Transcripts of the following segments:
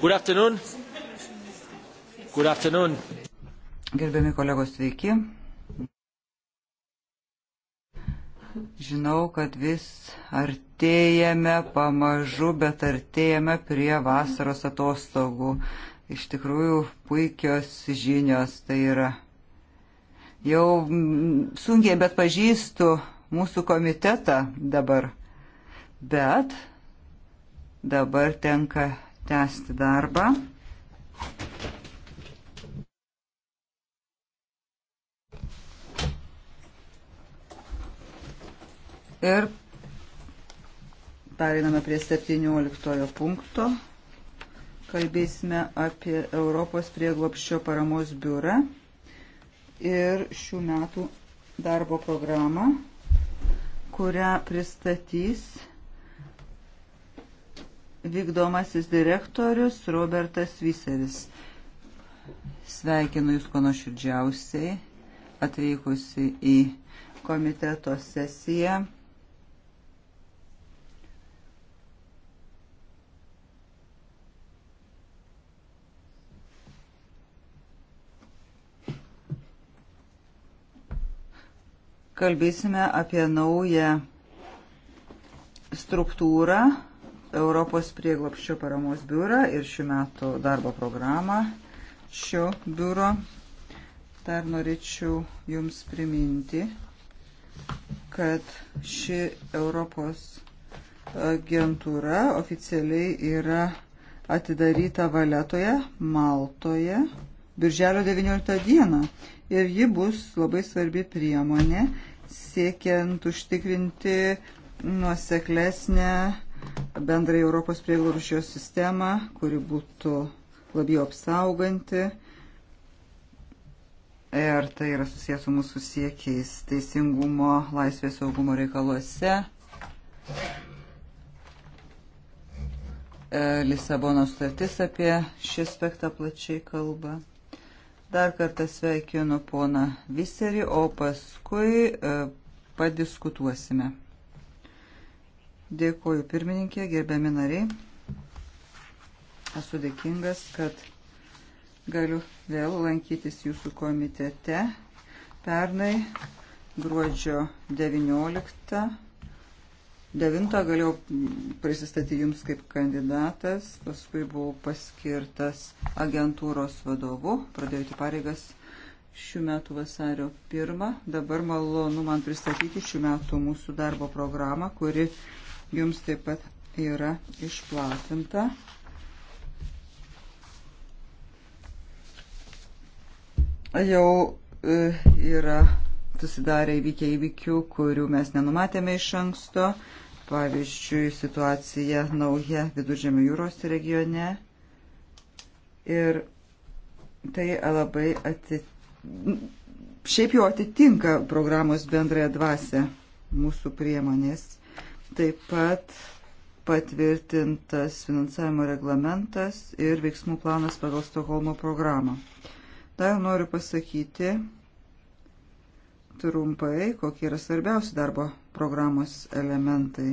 Good afternoon. Good afternoon. Gerbiami kolegos, sveiki. Žinau, kad vis artėjame pamažu, bet artėjame prie vasaros atostogų. Iš tikrųjų, puikios žinios tai yra. Jau sunkiai, bet pažįstu mūsų komitetą dabar. Bet dabar tenka tęsti darbą. Ir pereiname prie 17 punkto. Kalbėsime apie Europos prieglopščio paramos biurą ir šių metų darbo programą, kurią pristatys vykdomasis direktorius Robertas Viseris. Sveikinu Jūs ko nuoširdžiausiai atvykusi į komiteto sesiją. Kalbėsime apie naują struktūrą Europos prieglopščio paramos biurą ir šių metų darbo programą šio biuro. Dar norėčiau Jums priminti, kad ši Europos agentūra oficialiai yra atidaryta Valetoje, Maltoje, birželio 19 dieną. Ir ji bus labai svarbi priemonė siekiant užtikrinti nuoseklesnę bendrai Europos prieglobščio sistemą, kuri būtų labiau apsauganti. Ir tai yra susijęs su mūsų siekiais teisingumo, laisvės saugumo reikaluose. E, Lisabono sutartis apie šį aspektą plačiai kalba. Dar kartą sveikinu poną Viserį, o paskui e, padiskutuosime. Dėkuoju pirmininkė, gerbiami nariai. Esu dėkingas, kad galiu vėl lankytis jūsų komitete. Pernai gruodžio 19. 9 galėjau prisistatyti jums kaip kandidatas, paskui buvau paskirtas agentūros vadovu, pradėjote pareigas šių metų vasario 1. Dabar malonu man pristatyti šių metų mūsų darbo programą, kuri jums taip pat yra išplatinta. Jau e, yra susidarę įvykę įvykių, kurių mes nenumatėme iš anksto. Pavyzdžiui, situacija nauja Viduržėmio jūros regione. Ir tai labai atitinka šiaip jau atitinka programos bendrąją dvasę mūsų priemonės. Taip pat patvirtintas finansavimo reglamentas ir veiksmų planas pagal Stokholmo programą. Dar noriu pasakyti trumpai, kokie yra svarbiausi darbo programos elementai.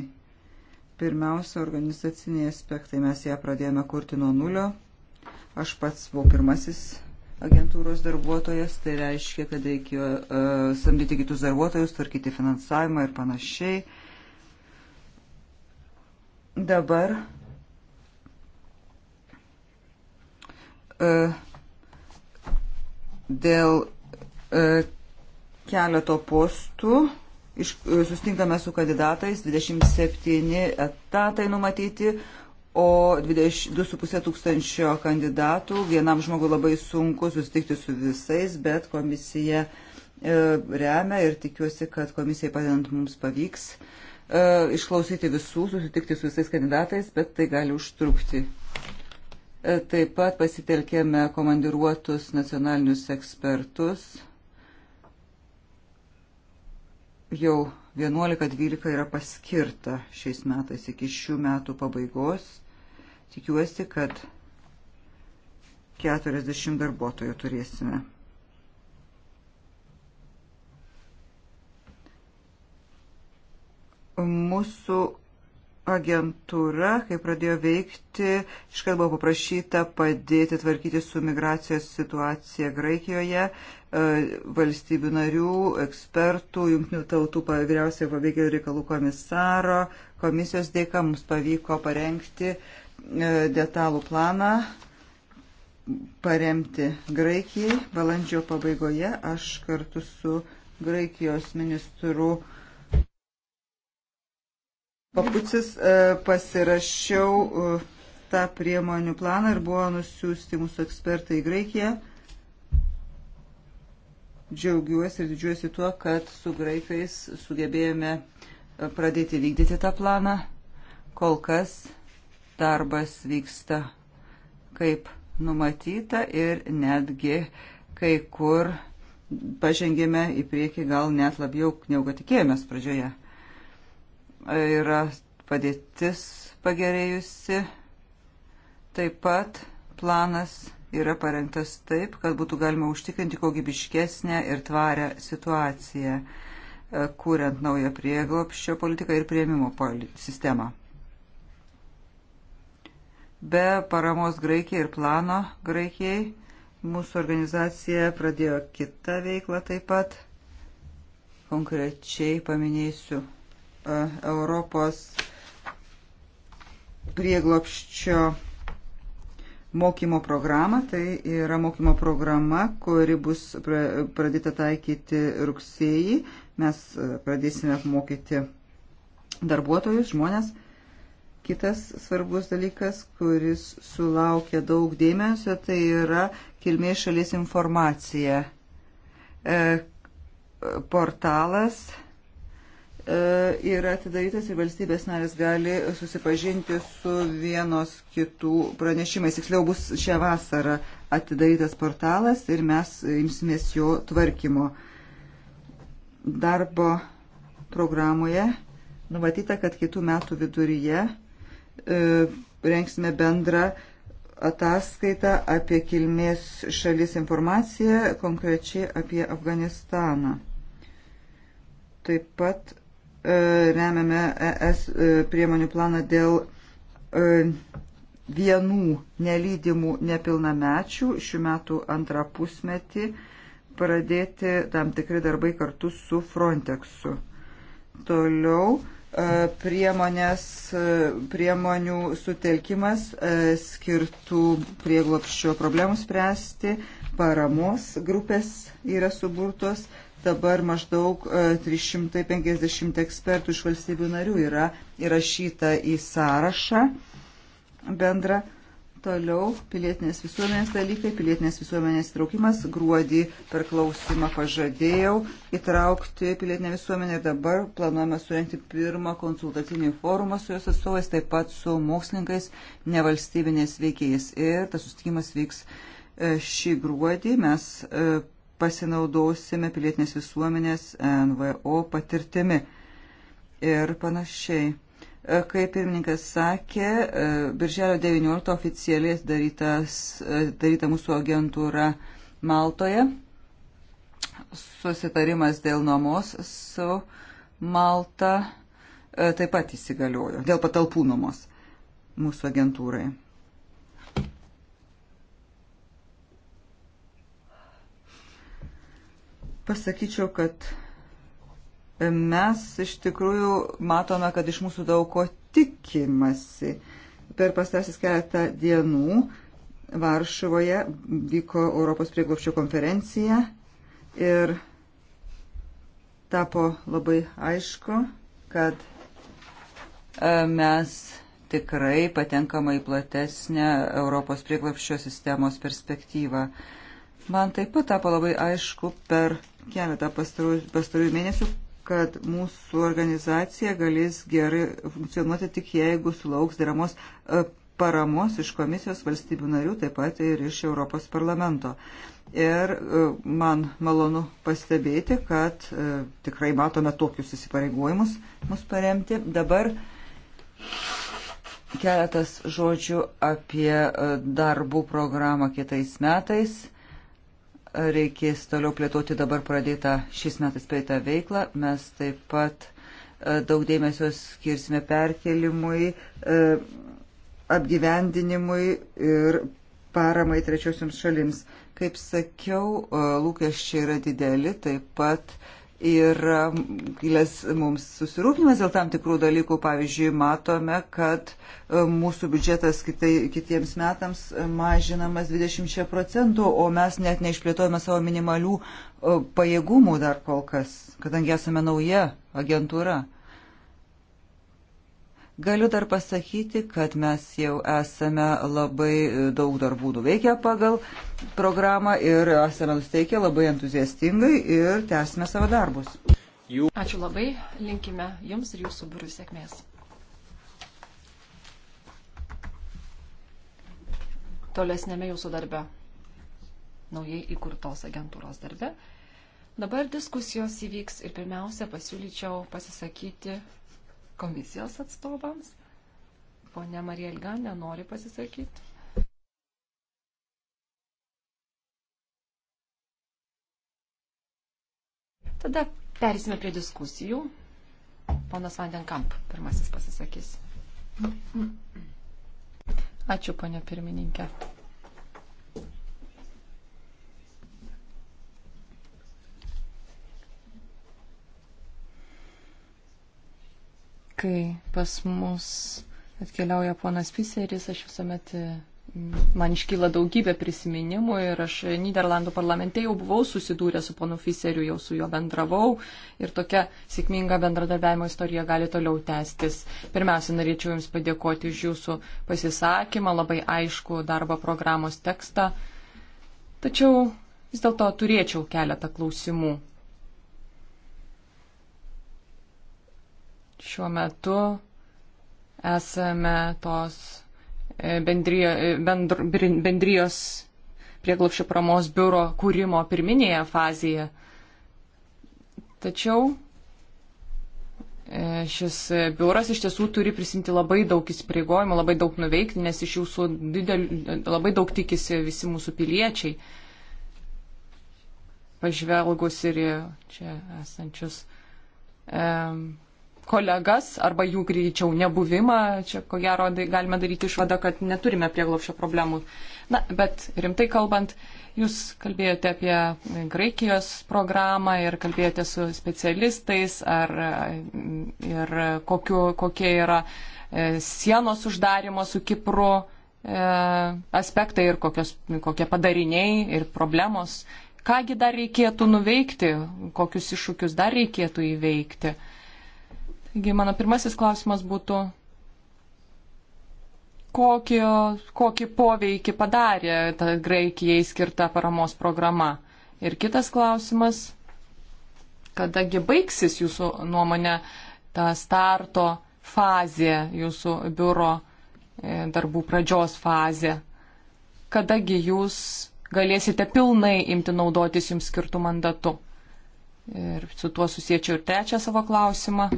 Pirmiausia, organizaciniai aspektai. Mes ją pradėjome kurti nuo nulio. Aš pats buvau pirmasis agentūros darbuotojas, tai reiškia, kad reikėjo uh, samdyti kitus darbuotojus, tvarkyti finansavimą ir panašiai. Uh, Dabar e, dėl e, keleto postų. Iš, e, sustinkame su kandidatais, 27 etatai numatyti, o 2,5 tūkstančio kandidatų. Vienam žmogui labai sunku susitikti su visais, bet komisija remia ir tikiuosi, kad komisijai padedant mums pavyks uh, E, išklausyti visų, susitikti su visais kandidatais, bet tai gali užtrukti. E, taip pat pasitelkėme komandiruotus nacionalinius ekspertus. Jau 11-12 yra paskirta šiais metais iki šių metų pabaigos. Tikiuosi, kad 40 darbuotojų turėsime. Mūsų agentūra, kai pradėjo veikti, iškart buvo paprašyta padėti tvarkyti su migracijos situacija Graikijoje, e, valstybių narių, ekspertų, jungtinių tautų vyriausiojo pabėgėlių reikalų komisaro, komisijos dėka mums pavyko parengti e, detalų planą paremti Graikijai. Balandžio pabaigoje aš kartu su Graikijos ministru uh, papucis e, pasirašiau e, tą priemonių planą ir buvo nusiųsti mūsų ekspertai į Graikiją. Džiaugiuosi ir didžiuosi tuo, kad su graikais sugebėjome e, pradėti vykdyti tą planą. Kol kas darbas vyksta kaip numatyta ir netgi kai kur pažengėme į priekį gal net labiau, negu tikėjomės pradžioje yra padėtis pagerėjusi. Taip pat planas yra parengtas taip, kad būtų galima užtikrinti kokybiškesnę ir tvarę situaciją, e, kuriant naują prieglopščio politiką ir prieimimo sistemą. Be paramos Graikijai ir plano Graikijai mūsų organizacija pradėjo kitą veiklą taip pat. Konkrečiai paminėsiu E, Europos prieglopščio mokymo programą. Tai yra mokymo programa, kuri bus pradėta taikyti rugsėjį. Mes e, pradėsime apmokyti darbuotojus, žmonės. Kitas svarbus dalykas, kuris sulaukia daug dėmesio, tai yra kilmės šalies informacija. E, portalas e, E, yra atidarytas ir valstybės narės gali susipažinti su vienos kitų pranešimais. Tiksliau bus šią vasarą atidarytas portalas ir mes imsimės jo tvarkymo. Darbo programoje numatyta, kad kitų metų viduryje e, rengsime bendrą ataskaitą apie kilmės šalis informaciją, konkrečiai apie Afganistaną. Taip pat E, remiame ES e, priemonių planą dėl e, vienų nelydimų nepilnamečių šių metų antrą pusmetį pradėti tam tikri darbai kartu su Frontexu. Toliau priemonės, priemonių sutelkimas skirtų prieglopščio problemų spręsti, paramos grupės yra suburtos, dabar maždaug 350 e, ekspertų iš valstybių narių yra įrašyta į sąrašą bendrą. Toliau pilietinės visuomenės dalykai, pilietinės visuomenės įtraukimas. Gruodį per klausimą pažadėjau įtraukti pilietinę visuomenę ir dabar planuojame surenkti pirmą konsultacinį forumą su jos atstovais, taip pat su mokslininkais, nevalstybinės veikėjais. Ir tas sustikimas vyks e, šį gruodį. Mes e, pasinaudosime pilietinės visuomenės NVO patirtimi ir panašiai. E, kaip pirmininkas sakė, e, birželio 19 oficialiai e, daryta mūsų agentūra Maltoje. Susitarimas dėl nuomos su Malta taip pat įsigaliojo, dėl patalpų nuomos mūsų agentūrai. pasakyčiau, kad mes iš tikrųjų matome, kad iš mūsų daug ko tikimasi. Per pastasis keletą dienų Varšuvoje vyko Europos prieglopščio konferencija ir tapo labai aišku, kad e, mes tikrai patenkama į platesnę Europos prieglopščio sistemos perspektyvą. Man taip pat tapo labai aišku per keletą pastarųjų mėnesių, kad mūsų organizacija galės gerai funkcionuoti tik jeigu sulauks deramos e, paramos iš komisijos valstybių narių, taip pat ir iš Europos parlamento. Ir e, man malonu pastebėti, kad e, tikrai matome tokius įsipareigojimus mus paremti. Dabar keletas žodžių apie darbų programą kitais metais reikės toliau plėtoti dabar pradėtą šis metais praeitą veiklą. Mes taip pat e, daug dėmesio skirsime perkelimui, e, apgyvendinimui ir paramai trečiosiams šalims. Kaip sakiau, e, lūkesčiai yra dideli, taip pat yra um, kilęs mums susirūpinimas dėl tam tikrų dalykų. Pavyzdžiui, matome, kad um, mūsų biudžetas kitai, kitiems metams um, mažinamas 20 procentų, o mes net neišplėtojame savo minimalių uh, pajėgumų dar kol kas, kadangi esame nauja agentūra. Galiu dar pasakyti, kad mes jau esame labai e, daug darbų nuveikę pagal programą ir esame nusteikę labai entuziastingai ir tęsime savo darbus. Ačiū labai, linkime Jums ir Jūsų biurų sėkmės. Tolesnėme Jūsų darbe, naujai įkurtos agentūros darbe. Dabar diskusijos įvyks ir pirmiausia pasiūlyčiau pasisakyti komisijos atstovams. Pone Marija Ilga nenori pasisakyti. Tada perėsime prie diskusijų. Ponas Vandenkamp pirmasis pasisakys. Ačiū, ponė pirmininkė. Kai pas mus atkeliauja ponas Piseris, aš visuomet man iškyla daugybė prisiminimų ir aš Niderlandų parlamente jau buvau susidūrę su ponu Fiseriu, jau su juo bendravau ir tokia sėkminga bendradarbiavimo istorija gali toliau tęstis. Pirmiausia, norėčiau Jums padėkoti už Jūsų pasisakymą, labai aišku darbo programos tekstą. Tačiau vis dėlto turėčiau keletą klausimų. Šiuo metu esame tos e, bendrijo, e, bendr, bendrijos prieglopščio promos biuro kūrimo pirminėje fazėje. Tačiau e, šis biuras iš tiesų turi prisimti labai daug įsipareigojimų, labai daug nuveikti, nes iš jūsų didel, labai daug tikisi visi mūsų piliečiai. Pažvelgus ir čia esančius um, kolegas arba jų greičiau nebuvimą. Čia ko gero tai galime daryti išvadą, kad neturime prieglopšio problemų. Na, bet rimtai kalbant, jūs kalbėjote apie Graikijos programą ir kalbėjote su specialistais ar, ir kokiu, kokie yra e, sienos uždarimo su Kipru e, aspektai ir kokios, kokie padariniai ir problemos. Kągi dar reikėtų nuveikti, kokius iššūkius dar reikėtų įveikti. Taigi mano pirmasis klausimas būtų, kokio, kokį poveikį padarė ta Graikijai skirta paramos programa. Ir kitas klausimas, kadangi baigsis jūsų nuomonė ta starto fazė, jūsų biuro e, darbų pradžios fazė, kadangi jūs galėsite pilnai imti naudotis jums skirtų mandatų. Ir su tuo susiečiau ir trečią savo klausimą.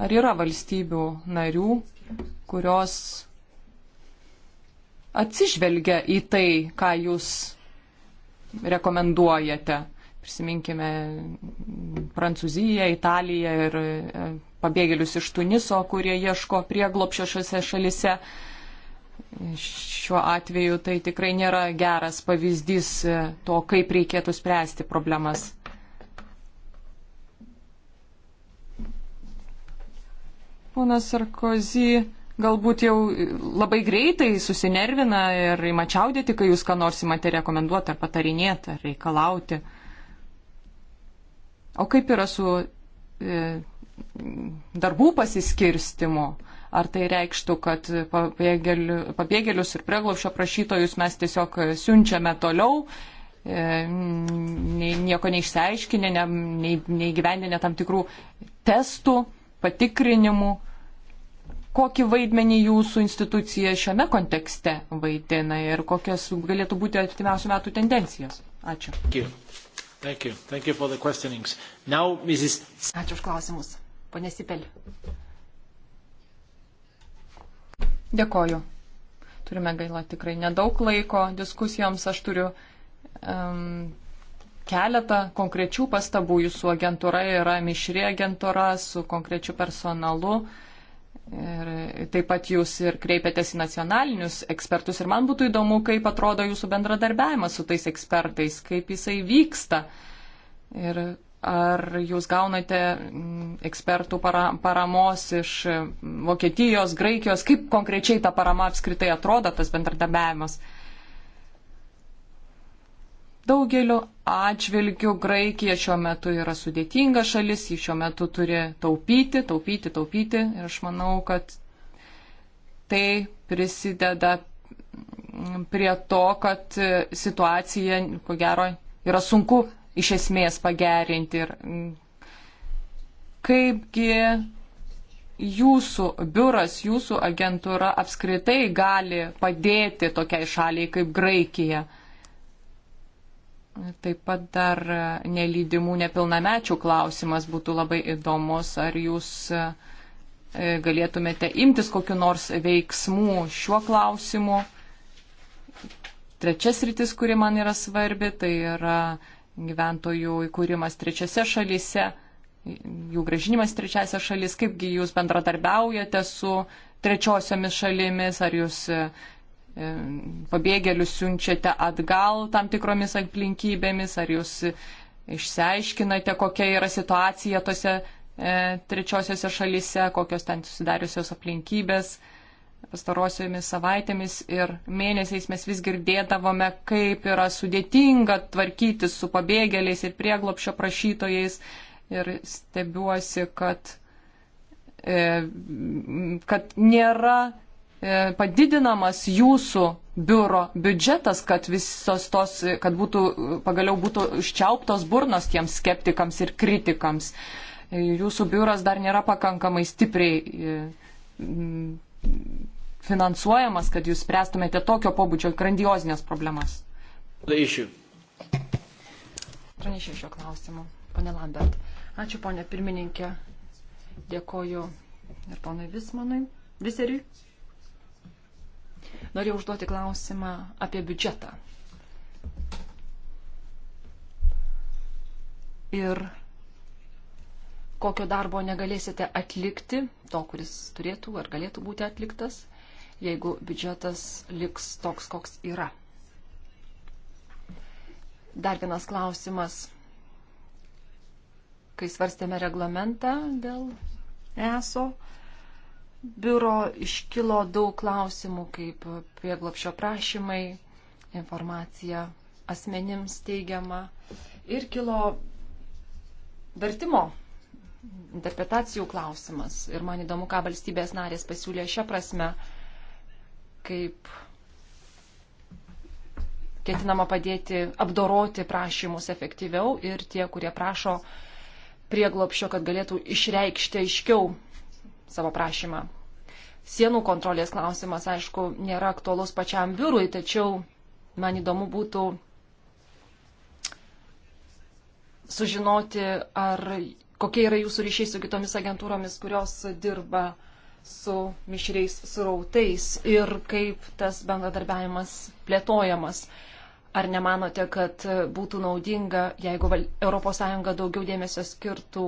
Ar yra valstybių narių, kurios atsižvelgia į tai, ką jūs rekomenduojate? Prisiminkime Prancūziją, Italiją ir e, pabėgėlius iš Tuniso, kurie ieško prieglopšio šiose šalise. Šiuo atveju tai tikrai nėra geras pavyzdys e, to, kaip reikėtų spręsti problemas. Ponas Sarkozy galbūt jau labai greitai susinervina ir ima čiaudėti, kai jūs ką nors imate rekomenduoti ar patarinėti ar reikalauti. O kaip yra su e, darbų pasiskirstimo? Ar tai reikštų, kad pabėgėlių, pabėgėlius ir preglaušio prašytojus mes tiesiog siunčiame toliau, e, nieko neišsiaiškinę, neįgyvendinę tam tikrų testų? patikrinimų. Kokį vaidmenį jūsų institucija šiame kontekste vaidina ir kokios galėtų būti artimiausių metų tendencijos? Ačiū. Thank you. Thank you Now, Mrs... Ačiū už klausimus. Pane Sipel. Dėkoju. Turime gaila tikrai nedaug laiko diskusijoms. Aš turiu um, keletą konkrečių pastabų. Jūsų agentūra yra mišri agentūra su konkrečiu personalu. Ir taip pat jūs ir kreipiatės į nacionalinius ekspertus ir man būtų įdomu, kaip atrodo jūsų bendradarbiavimas su tais ekspertais, kaip jisai vyksta ir ar jūs gaunate mm, ekspertų para, paramos iš mm, Vokietijos, Graikijos, kaip konkrečiai ta parama apskritai atrodo, tas bendradarbiavimas. Daugeliu atžvilgių Graikija šiuo metu yra sudėtinga šalis, ji šiuo metu turi taupyti, taupyti, taupyti ir aš manau, kad tai prisideda prie to, kad situacija, ko gero, yra sunku iš esmės pagerinti. Ir mm, kaipgi jūsų biuras, jūsų agentūra apskritai gali padėti tokiai šaliai kaip Graikija? Taip pat dar nelydimų nepilnamečių klausimas būtų labai įdomus. Ar jūs e, galėtumėte imtis kokiu nors veiksmų šiuo klausimu? Trečias rytis, kuri man yra svarbi, tai yra gyventojų įkūrimas trečiose šalyse, jų gražinimas trečiose šalis. Kaipgi jūs bendradarbiaujate su trečiosiomis šalimis, ar jūs e, E, pabėgėlius siunčiate atgal tam tikromis aplinkybėmis, ar jūs išsiaiškinate, kokia yra situacija tose e, trečiosiose šalise, kokios ten susidariusios aplinkybės. Pastarosiomis savaitėmis ir mėnesiais mes vis girdėdavome, kaip yra sudėtinga tvarkytis su pabėgėliais ir prieglopšio prašytojais. Ir stebiuosi, kad, e, kad nėra E, padidinamas jūsų biuro biudžetas, kad visos tos, kad būtų, pagaliau būtų užčiauptos burnos tiems skeptikams ir kritikams. E, jūsų biuras dar nėra pakankamai stipriai e, finansuojamas, kad jūs spręstumėte tokio pobūdžio grandiozinės problemas. Pranešė šio klausimu. Pone Lambert. Ačiū, ponė pirmininkė. Dėkoju ir ponui Vismanui. Viseriui Norėjau užduoti klausimą apie biudžetą. Ir kokio darbo negalėsite atlikti, to, kuris turėtų ar galėtų būti atliktas, jeigu biudžetas liks toks, koks yra. Dar vienas klausimas. Kai svarstėme reglamentą dėl ESO, biuro iškilo daug klausimų, kaip prieglopšio prašymai, informacija asmenims teigiama ir kilo vertimo interpretacijų klausimas. Ir man įdomu, ką valstybės narės pasiūlė šią prasme, kaip ketinama padėti apdoroti prašymus efektyviau ir tie, kurie prašo prieglopšio, kad galėtų išreikšti aiškiau savo prašymą. Sienų kontrolės klausimas, aišku, nėra aktuolus pačiam biurui, tačiau man įdomu būtų sužinoti, ar kokie yra jūsų ryšiai su kitomis agentūromis, kurios dirba su mišriais surautais ir kaip tas bendradarbiavimas plėtojamas. Ar nemanote, kad būtų naudinga, jeigu ES daugiau dėmesio skirtų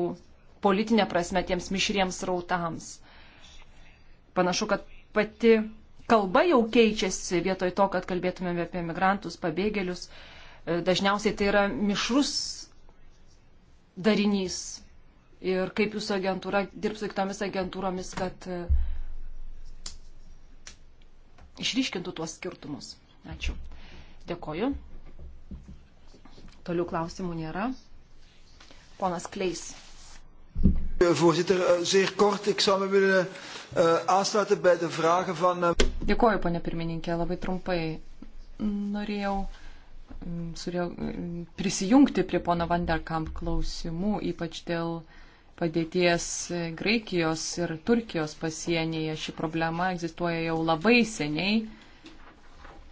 politinė prasme tiems mišriems rautams. Panašu, kad pati kalba jau keičiasi vietoj to, kad kalbėtumėm apie migrantus, pabėgėlius. E, dažniausiai tai yra mišrus darinys. Ir kaip jūsų agentūra dirbs su kitomis agentūromis, kad e, išryškintų tuos skirtumus. Ačiū. Dėkoju. Toliau klausimų nėra. Ponas Kleis. Eh, voorzitter, eh, zeer kort, ik zou me willen eh, aansluiten bij de vragen van. Dėkuoju, ponė pirmininkė, labai trumpai. Norėjau mm, surėjau, mm, prisijungti prie pono Vanderkamp klausimų, ypač dėl padėties e, Graikijos ir Turkijos pasienyje. Ši problema egzistuoja jau labai seniai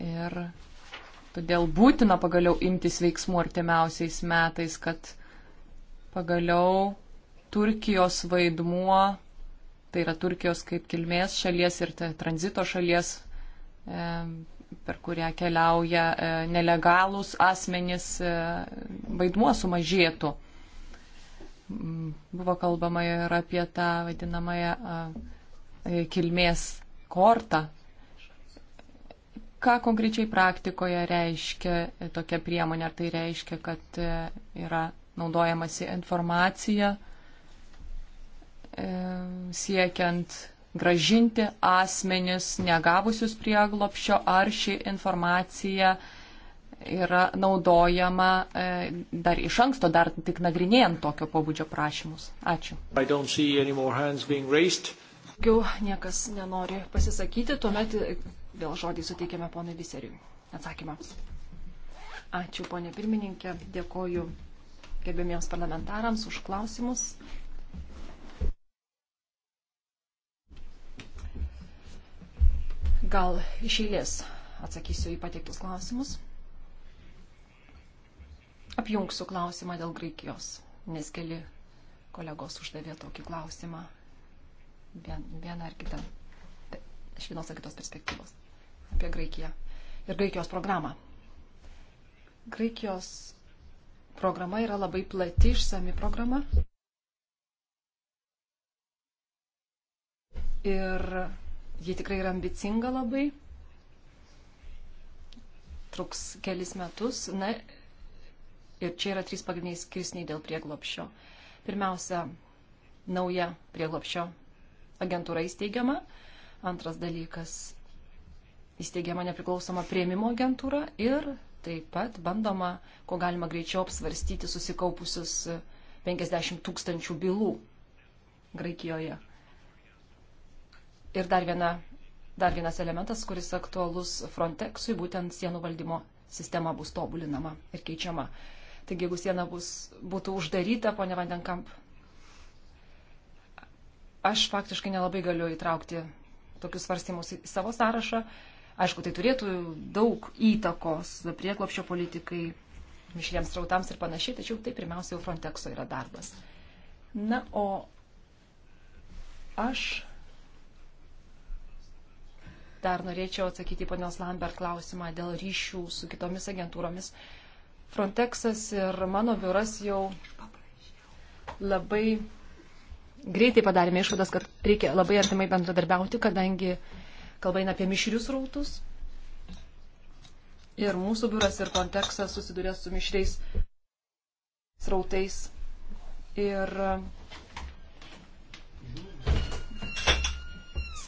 ir todėl būtina pagaliau imtis veiksmų artimiausiais metais, kad pagaliau Turkijos vaidmuo, tai yra Turkijos kaip kilmės šalies ir tranzito šalies, e, per kurią keliauja e, nelegalūs asmenys, e, vaidmuo sumažėtų. Mm, buvo kalbama ir apie tą vadinamąją kilmės kortą, ką konkrečiai praktikoje reiškia tokia priemonė? Ar tai reiškia, kad yra naudojamasi informacija E, siekiant gražinti asmenis negavusius prieglopščio, ar ši informacija yra naudojama e, dar iš anksto, dar tik nagrinėjant tokio pobūdžio prašymus. Ačiū. Daugiau niekas nenori pasisakyti, tuomet vėl žodį suteikėme ponui Viseriui. Atsakymams. Ačiū, ponė pirmininkė, dėkoju gerbėmiems parlamentarams už klausimus Gal iš eilės atsakysiu į pateiktus klausimus. Apjungsiu klausimą dėl Graikijos, nes keli kolegos uždavė tokį klausimą vieną ar kitą, iš vienos ar kitos perspektyvos apie Graikiją ir Graikijos programą. Graikijos programa yra labai plati išsami programa. Ir Ji tikrai yra ambicinga labai. Truks kelis metus. Na, ir čia yra trys pagrindiniai skirsniai dėl prieglopščio. Pirmiausia, nauja prieglopščio agentūra įsteigiama. Antras dalykas - įsteigiama nepriklausoma prieimimo agentūra ir taip pat bandoma, kuo galima greičiau apsvarstyti susikaupusius 50 tūkstančių bylų Graikijoje. Ir dar, viena, dar vienas elementas, kuris aktualus Frontexui, būtent sienų valdymo sistema bus tobulinama ir keičiama. Taigi, jeigu siena bus, būtų uždaryta, ponia Vandenkamp, aš faktiškai nelabai galiu įtraukti tokius svarstymus į savo sąrašą. Aišku, tai turėtų daug įtakos prieklopščio politikai, mišriems trautams ir panašiai, tačiau tai pirmiausia jau Frontexo yra darbas. Na, o aš Dar norėčiau atsakyti ponios Lambert klausimą dėl ryšių su kitomis agentūromis. Frontexas ir mano biuras jau labai greitai padarėme išvadas, kad reikia labai artimai bendradarbiauti, kadangi kalba eina apie mišrius rautus. Ir mūsų biuras ir Frontexas susidurė su mišriais srautais. Ir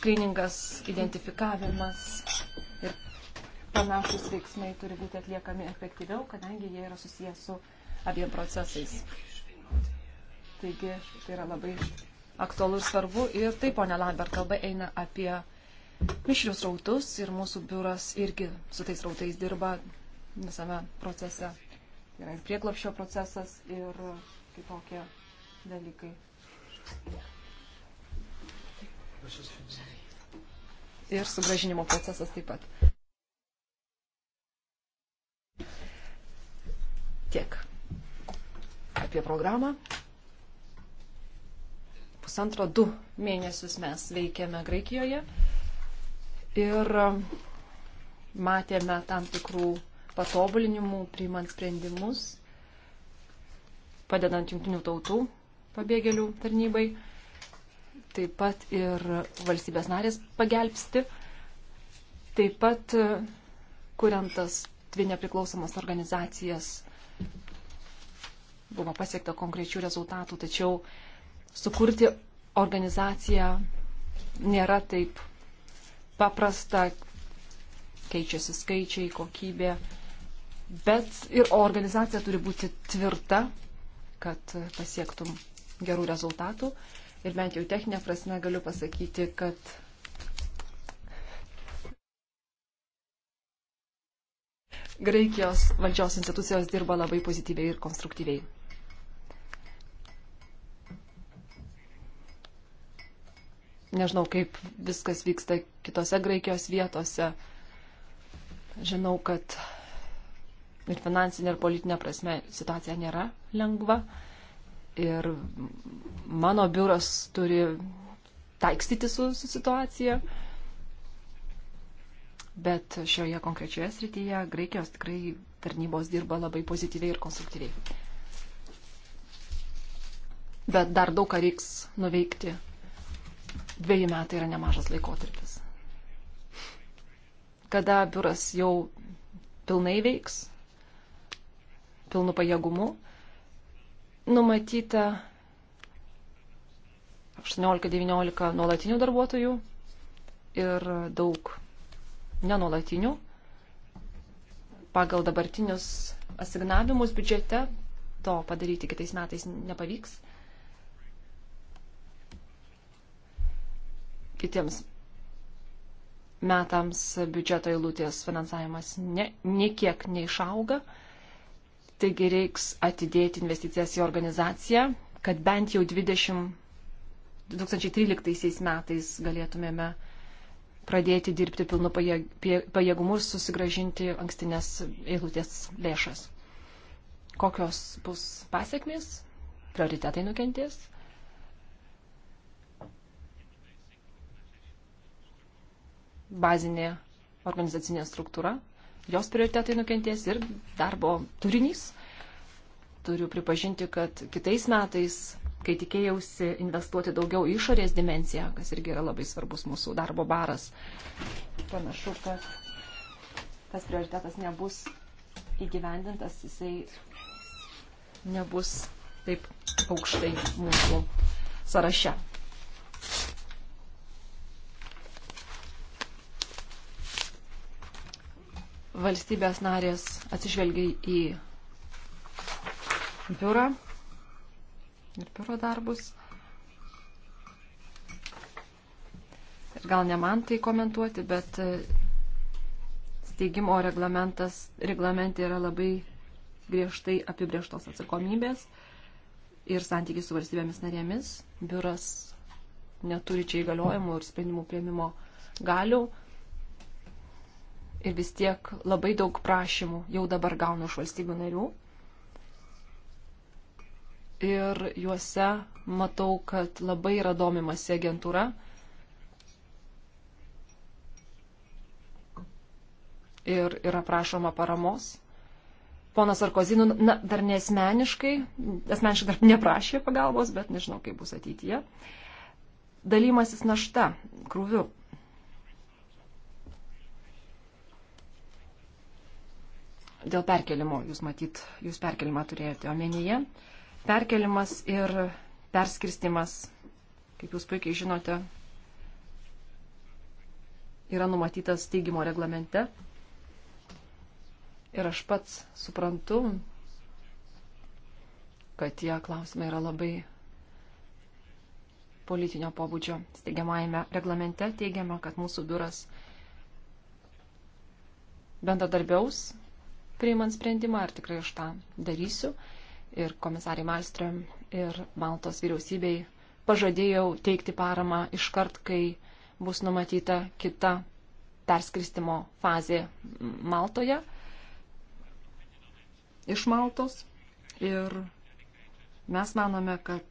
skriningas, identifikavimas ir panašus veiksmai turi būti atliekami efektyviau, kadangi jie yra susijęs su abiem procesais. Taigi tai yra labai aktualu ir svarbu. Ir taip, ponia Lambert, kalba eina apie mišrius rautus ir mūsų biuras irgi su tais rautais dirba visame procese. Tai yra ir prieglapšio procesas ir kitokie dalykai. Yeah. Ir sugražinimo procesas taip pat. Tiek apie programą. Pusantro du mėnesius mes veikėme Graikijoje ir um, matėme tam tikrų patobulinimų, priimant sprendimus, padedant jungtinių tautų pabėgėlių tarnybai taip pat ir valstybės narės pagelbsti, taip pat e, kuriantas dvi nepriklausomas organizacijas buvo pasiekta konkrečių rezultatų, tačiau sukurti organizaciją nėra taip paprasta, keičiasi skaičiai, kokybė, bet ir organizacija turi būti tvirta, kad pasiektum gerų rezultatų ir bent jau techninė prasme galiu pasakyti, kad Graikijos valdžios institucijos dirba labai pozityviai ir konstruktyviai. Nežinau, kaip viskas vyksta kitose Graikijos vietose. Žinau, kad ir finansinė, ir politinė prasme situacija nėra lengva ir mano biuras turi taikstyti su, su situacija. Bet šioje konkrečioje srityje Graikijos tikrai tarnybos dirba labai pozityviai ir konstruktyviai. Bet dar daug ką reiks nuveikti. Dviejų metai yra nemažas laikotarpis. Kada biuras jau pilnai veiks, pilnu pajėgumu, numatyta 18-19 nuolatinių darbuotojų ir daug nenolatinių. Pagal dabartinius asignavimus biudžete to padaryti kitais metais nepavyks. Kitiems metams biudžeto eilutės finansavimas ne, niekiek neišauga. Ne Taigi reiks atidėti investicijas į organizaciją, kad bent jau 20, 2013 metais galėtumėme pradėti dirbti pilnu pajėgumu ir susigražinti ankstinės eilutės lėšas. Kokios bus pasiekmės? Prioritetai nukentės? Bazinė organizacinė struktūra jos prioritetai nukentės ir darbo turinys. Turiu pripažinti, kad kitais metais, kai tikėjausi investuoti daugiau į išorės dimenciją, kas irgi yra labai svarbus mūsų darbo baras, panašu, kad tas prioritetas nebus įgyvendintas, jisai nebus taip aukštai mūsų sąraše. valstybės narės atsižvelgia į biurą ir biuro darbus. Ir gal ne man tai komentuoti, bet e, steigimo reglamentas, reglamentai yra labai griežtai apibrieštos atsakomybės ir santykiai su valstybėmis narėmis. Biuras neturi čia įgaliojimų ir sprendimų prieimimo galių ir vis tiek labai daug prašymų jau dabar gaunu iš valstybių narių. Ir juose matau, kad labai yra domimasi agentūra. Ir yra prašoma paramos. Ponas Sarkozinų, nu, na, dar nesmeniškai, asmeniškai dar neprašė pagalbos, bet nežinau, kaip bus ateityje. Dalymasis našta, krūviu. dėl perkelimo, jūs matyt, jūs perkelimą turėjote omenyje. Perkelimas ir perskirstimas, kaip jūs puikiai žinote, yra numatytas teigimo reglamente. Ir aš pats suprantu, kad tie klausimai yra labai politinio pobūdžio steigiamajame reglamente teigiama, kad mūsų biuras bendradarbiaus priimant sprendimą, ar tikrai aš tą darysiu. Ir komisariai Malstrom ir Maltos vyriausybei pažadėjau teikti paramą iškart, kai bus numatyta kita perskristimo fazė Maltoje, iš Maltos. Ir mes manome, kad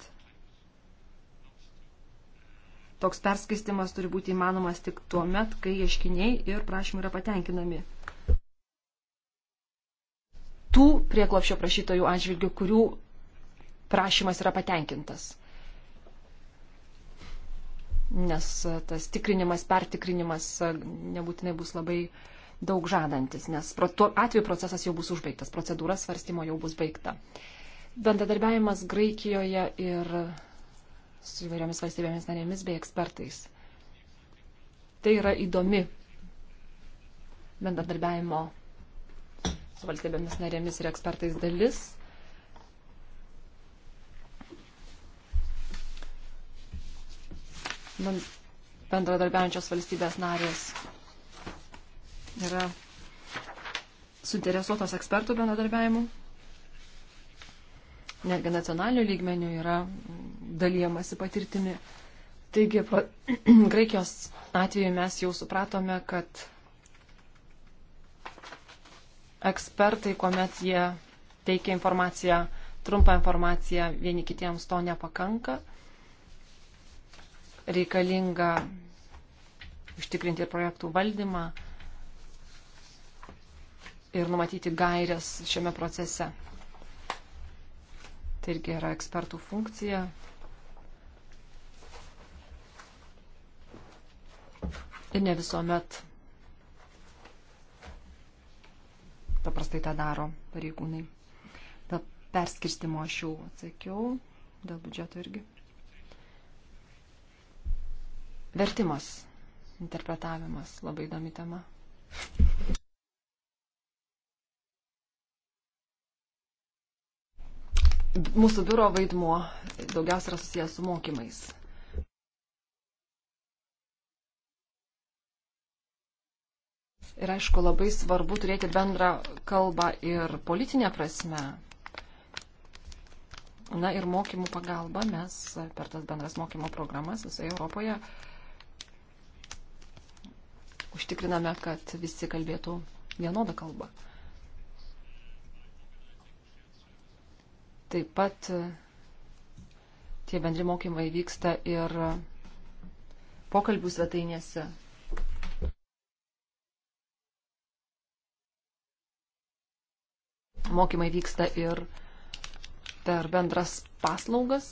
toks perskristimas turi būti įmanomas tik tuo met, kai ieškiniai ir prašymai yra patenkinami tų prieglopšio prašytojų atžvilgių, kurių prašymas yra patenkintas. Nes tas tikrinimas, pertikrinimas nebūtinai bus labai daug žadantis, nes tuo atveju procesas jau bus užbaigtas, procedūra svarstymo jau bus baigta. Bendradarbiavimas Graikijoje ir su įvairiomis valstybėmis narėmis bei ekspertais. Tai yra įdomi bendradarbiavimo su valstybėmis narėmis ir ekspertais dalis. Bendradarbiaujančios valstybės narės yra suinteresuotos ekspertų bendradarbiavimu. Netgi nacionalinių lygmenių yra dalyjamasi patirtimi. Taigi, Graikijos atveju mes jau supratome, kad ekspertai, kuomet jie teikia informaciją, trumpą informaciją, vieni kitiems to nepakanka. Reikalinga užtikrinti ir projektų valdymą ir numatyti gairias šiame procese. Tai irgi yra ekspertų funkcija. Ir ne visuomet paprastai tą daro pareigūnai. Dėl perskirstimo aš jau atsakiau, dėl biudžeto irgi. Vertimas, interpretavimas, labai įdomi tema. Mūsų biuro vaidmuo daugiausia yra susijęs su mokymais. Ir aišku, labai svarbu turėti bendrą kalbą ir politinę prasme. Na ir mokymų pagalba mes per tas bendras mokymo programas visoje Europoje užtikriname, kad visi kalbėtų vienodą kalbą. Taip pat tie bendri mokymai vyksta ir pokalbių svetainėse Mokymai vyksta ir per bendras paslaugas.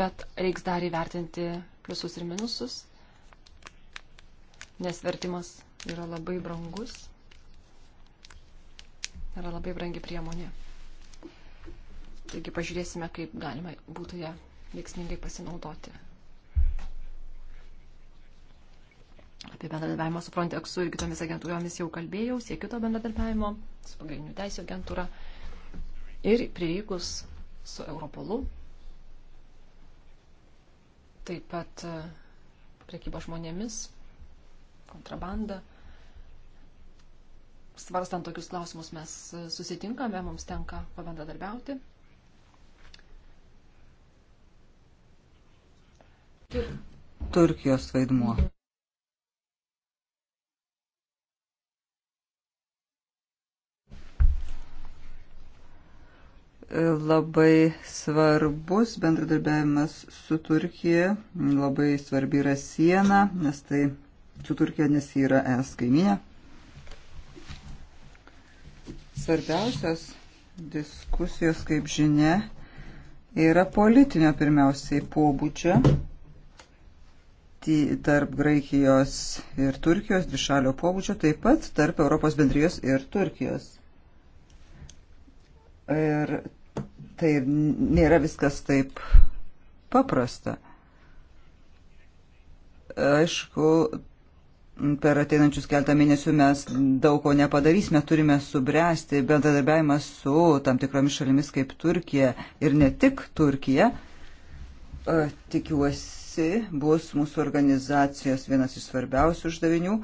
Bet reiks dar įvertinti pliusus ir minusus, nes vertimas yra labai brangus. Yra labai brangi priemonė. Taigi pažiūrėsime, kaip galima būtų ją veiksmingai pasinaudoti. Apie bendradarbiavimą su Frontexu ir kitomis agentūromis jau kalbėjau, siekiu to bendradarbiavimo su pagrindinių teisų agentūra ir prireikus su Europolu. Taip pat e, priekyba žmonėmis, kontrabanda. Svarstant tokius klausimus mes e, susitinkame, mums tenka pabendradarbiauti. Turkijos vaidmuo. labai svarbus bendradarbiavimas su Turkija, labai svarbi yra siena, nes tai su Turkija nes yra es kaiminė. Svarbiausios diskusijos, kaip žinia, yra politinio pirmiausiai pobūdžio tarp Graikijos ir Turkijos, dvišalio pobūdžio, taip pat tarp Europos bendrijos ir Turkijos. Ir tai nėra viskas taip paprasta. Aišku, per ateinančius keltą mėnesių mes daug ko nepadarysime, turime subręsti bendradarbiavimą su tam tikromis šalimis kaip Turkija ir ne tik Turkija. Tikiuosi, bus mūsų organizacijos vienas iš svarbiausių uždavinių,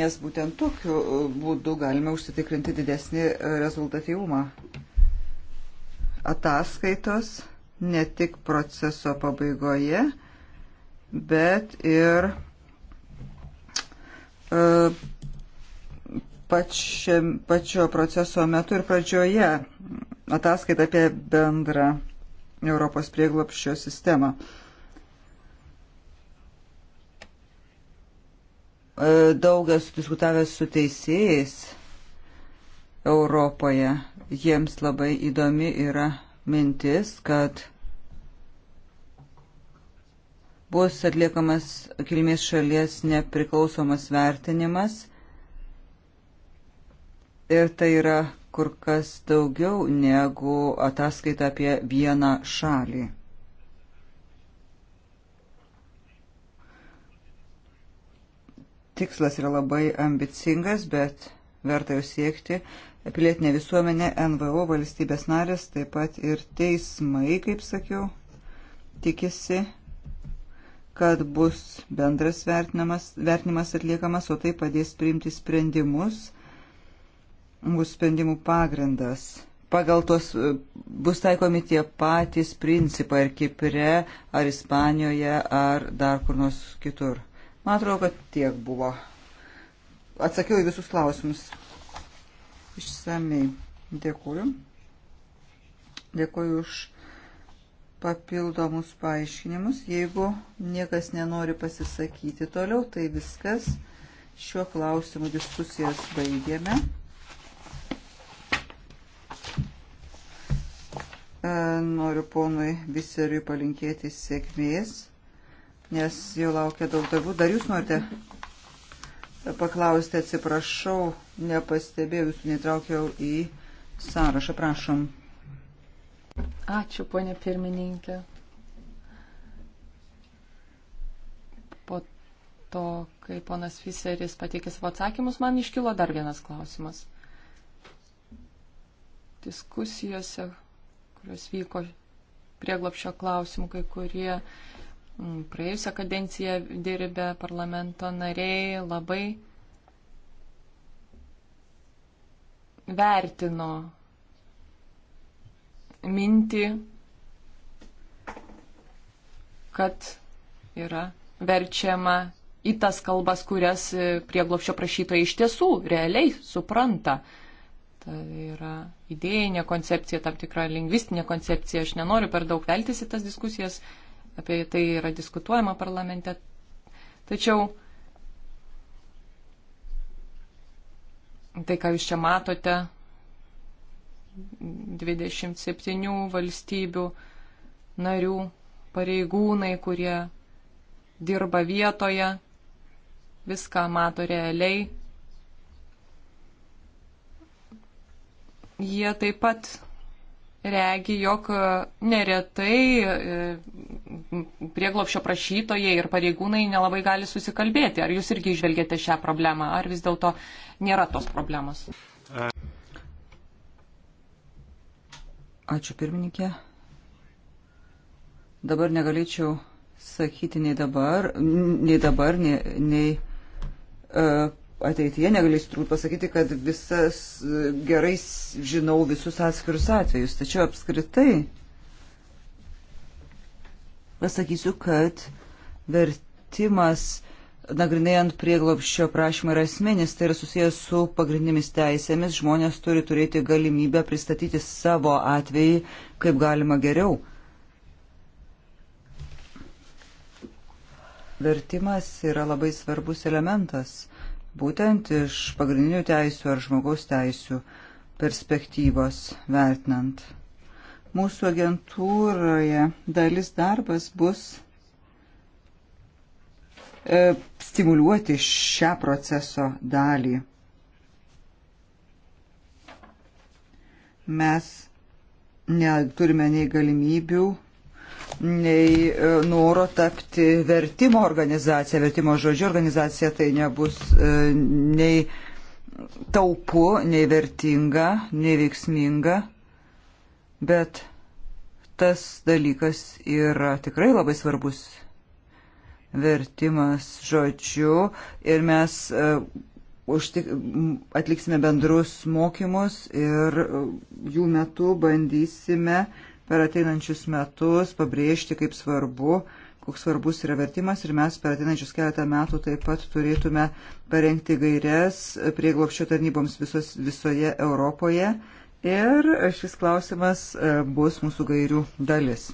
nes būtent tokiu būdu galime užsitikrinti didesnį rezultatyvumą ataskaitos ne tik proceso pabaigoje, bet ir e, pačio, pačio proceso metu ir pradžioje ataskaita apie bendrą Europos prieglopščio sistemą. E, Daugas diskutavęs su teisėjais Europoje. Jiems labai įdomi yra mintis, kad bus atliekamas kilmės šalies nepriklausomas vertinimas ir tai yra kur kas daugiau negu ataskaita apie vieną šalį. Tikslas yra labai ambicingas, bet verta jau siekti pilietinė visuomenė, NVO valstybės narės, taip pat ir teismai, kaip sakiau, tikisi, kad bus bendras vertinimas, vertinimas atliekamas, o tai padės priimti sprendimus, bus sprendimų pagrindas. Pagal tos bus taikomi tie patys principai ar Kipre, ar Ispanijoje, ar dar kur nors kitur. Man atrodo, kad tiek buvo. Atsakiau į visus klausimus išsamei. Dėkuoju. Dėkuoju už papildomus paaiškinimus. Jeigu niekas nenori pasisakyti toliau, tai viskas. Šiuo klausimu diskusijas baigėme. E, noriu ponui Viseriui palinkėti sėkmės, nes jau laukia daug darbų. Dar jūs norite paklausti, atsiprašau, nepastebėjau, jūsų netraukiau į sąrašą. Prašom. Ačiū, ponė pirmininkė. Po to, kai ponas Fiseris pateikė savo atsakymus, man iškilo dar vienas klausimas. Diskusijose, kurios vyko prieglapšio klausimų, kai kurie mm, praėjusią kadenciją dirbę parlamento nariai labai vertino mintį, kad yra verčiama į tas kalbas, kurias prieglopščio prašytojai iš tiesų realiai supranta. Tai yra idėjinė koncepcija, tam tikra lingvistinė koncepcija. Aš nenoriu per daug veltis į tas diskusijas, apie tai yra diskutuojama parlamente. Tačiau Tai, ką jūs čia matote, 27 valstybių narių pareigūnai, kurie dirba vietoje, viską mato realiai. Jie taip pat regi, jog e, neretai e, prieglopšio prašytojai ir pareigūnai nelabai gali susikalbėti. Ar jūs irgi išvelgėte šią problemą, ar vis dėlto nėra tos problemos? Ačiū pirmininkė. Dabar negalėčiau sakyti nei dabar, nei, dabar, nei, nei uh, ateityje negalėsiu turbūt pasakyti, kad visas gerai žinau visus atskirus atvejus, tačiau apskritai pasakysiu, kad vertimas nagrinėjant prieglopščio prašymą yra esminis, tai yra susijęs su pagrindinėmis teisėmis, žmonės turi turėti galimybę pristatyti savo atvejį kaip galima geriau. Vertimas yra labai svarbus elementas būtent iš pagrindinių teisų ar žmogaus teisų perspektyvos vertinant. Mūsų agentūroje dalis darbas bus e, stimuliuoti šią proceso dalį. Mes neturime nei galimybių nei e, noro tapti vertimo organizacija, vertimo žodžio organizacija, tai nebus e, nei taupu, nei vertinga, nei veiksminga, bet tas dalykas yra tikrai labai svarbus vertimas žodžiu ir mes e, užtik, atliksime bendrus mokymus ir jų metu bandysime uh, per ateinančius metus, pabrėžti, kaip svarbu, koks svarbus yra vertimas ir mes per ateinančius keletą metų taip pat turėtume parengti gairias prieglopščio tarnyboms visos, visoje Europoje ir šis klausimas e, bus mūsų gairių dalis.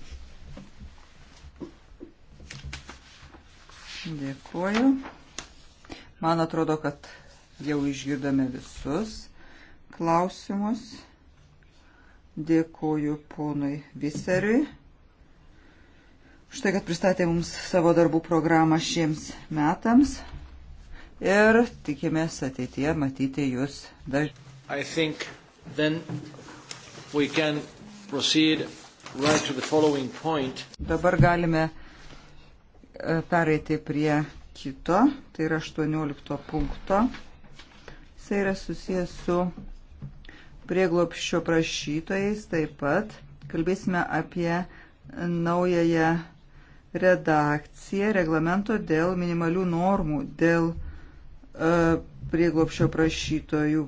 Dėkuoju. Man atrodo, kad jau išgirdome visus klausimus. Dėkoju ponui Viseriui. Štai, kad pristatė mums savo darbų programą šiems metams. Ir tikimės ateityje matyti jūs dar. Right Dabar galime e, pereiti prie kito, tai yra 18 punkto. Jisai yra susijęs su prieglopščio prašytojais taip pat. Kalbėsime apie naująją redakciją reglamento dėl minimalių normų, dėl e, prieglopščio prašytojų.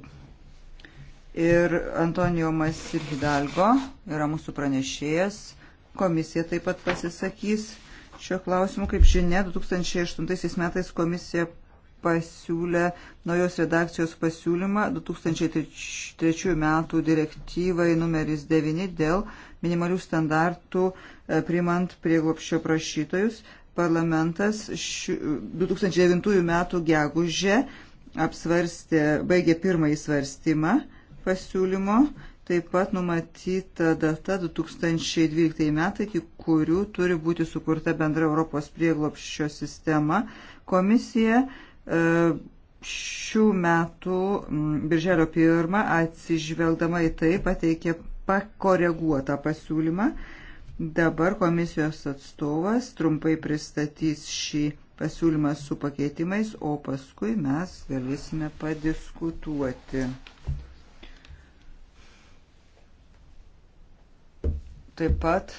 Ir Antonijo Masir Hidalgo yra mūsų pranešėjas. Komisija taip pat pasisakys šiuo klausimu. Kaip žinia, 2008 metais komisija pasiūlė naujos redakcijos pasiūlymą 2003 metų direktyvai numeris 9 dėl minimalių standartų e, primant prieglopščio prašytojus. Parlamentas 2009 metų gegužė apsvarstė, baigė pirmąjį svarstymą pasiūlymo Taip pat numatyta data 2012 metai, iki kurių turi būti sukurta bendra Europos prieglopščio sistema. Komisija E, šių metų birželio pirmą atsižvelgdama į tai pateikė pakoreguotą pasiūlymą. Dabar komisijos atstovas trumpai pristatys šį pasiūlymą su pakeitimais, o paskui mes galėsime padiskutuoti. Taip pat